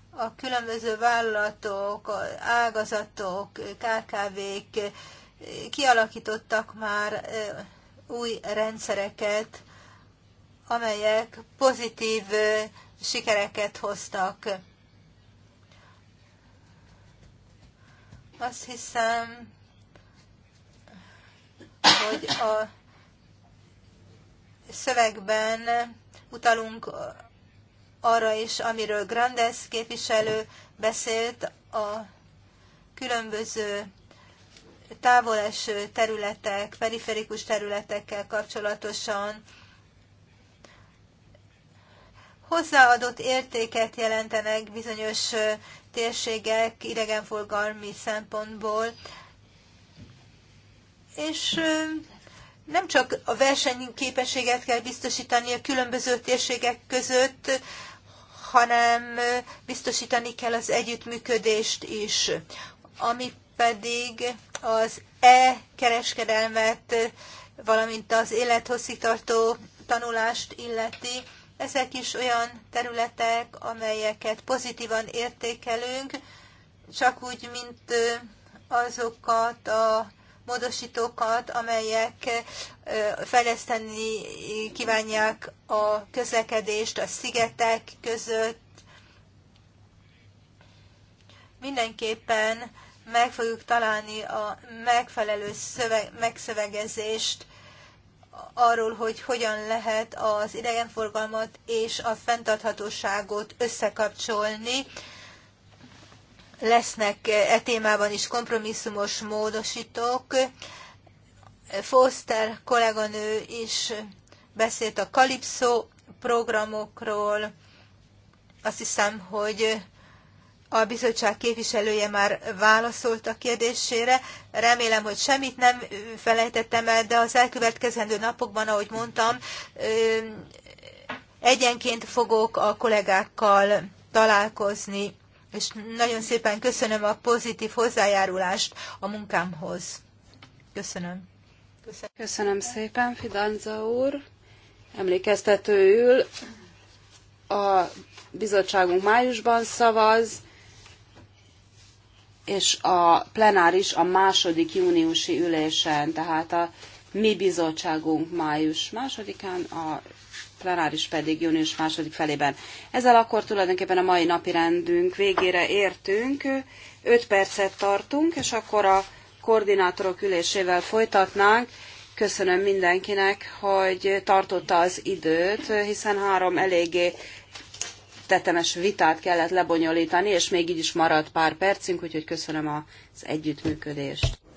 A különböző vállalatok, ágazatok, KKV-k kialakítottak már új rendszereket, amelyek pozitív sikereket hoztak. Azt hiszem, hogy a szövegben utalunk arra is, amiről Grandes képviselő beszélt, a különböző távoleső területek, periferikus területekkel kapcsolatosan hozzáadott értéket jelentenek bizonyos térségek idegenforgalmi szempontból, és nem csak a versenyképességet kell biztosítani a különböző térségek között, hanem biztosítani kell az együttműködést is, ami pedig az e-kereskedelmet, valamint az élethosszígtartó tanulást illeti. Ezek is olyan területek, amelyeket pozitívan értékelünk, csak úgy, mint azokat a módosítókat, amelyek fejleszteni kívánják a közlekedést a szigetek között. Mindenképpen meg fogjuk találni a megfelelő szöveg, megszövegezést arról, hogy hogyan lehet az idegenforgalmat és a fenntarthatóságot összekapcsolni lesznek eh, e témában is kompromisszumos módosítók. Foster kolléganő is beszélt a Kalipszó programokról. Azt hiszem, hogy a bizottság képviselője már válaszolt a kérdésére. Remélem, hogy semmit nem felejtettem el, de az elkövetkezendő napokban, ahogy mondtam, eh, egyenként fogok a kollégákkal találkozni és nagyon szépen köszönöm a pozitív hozzájárulást a munkámhoz. Köszönöm. Köszönöm, köszönöm szépen, Fidanza úr. Emlékeztetőül a bizottságunk májusban szavaz, és a plenáris a második júniusi ülésen, tehát a mi bizottságunk május másodikán, a plenáris pedig június második felében. Ezzel akkor tulajdonképpen a mai napi rendünk végére értünk, 5 percet tartunk, és akkor a koordinátorok ülésével folytatnánk. Köszönöm mindenkinek, hogy tartotta az időt, hiszen három eléggé tetemes vitát kellett lebonyolítani, és még így is maradt pár percünk, úgyhogy köszönöm az együttműködést.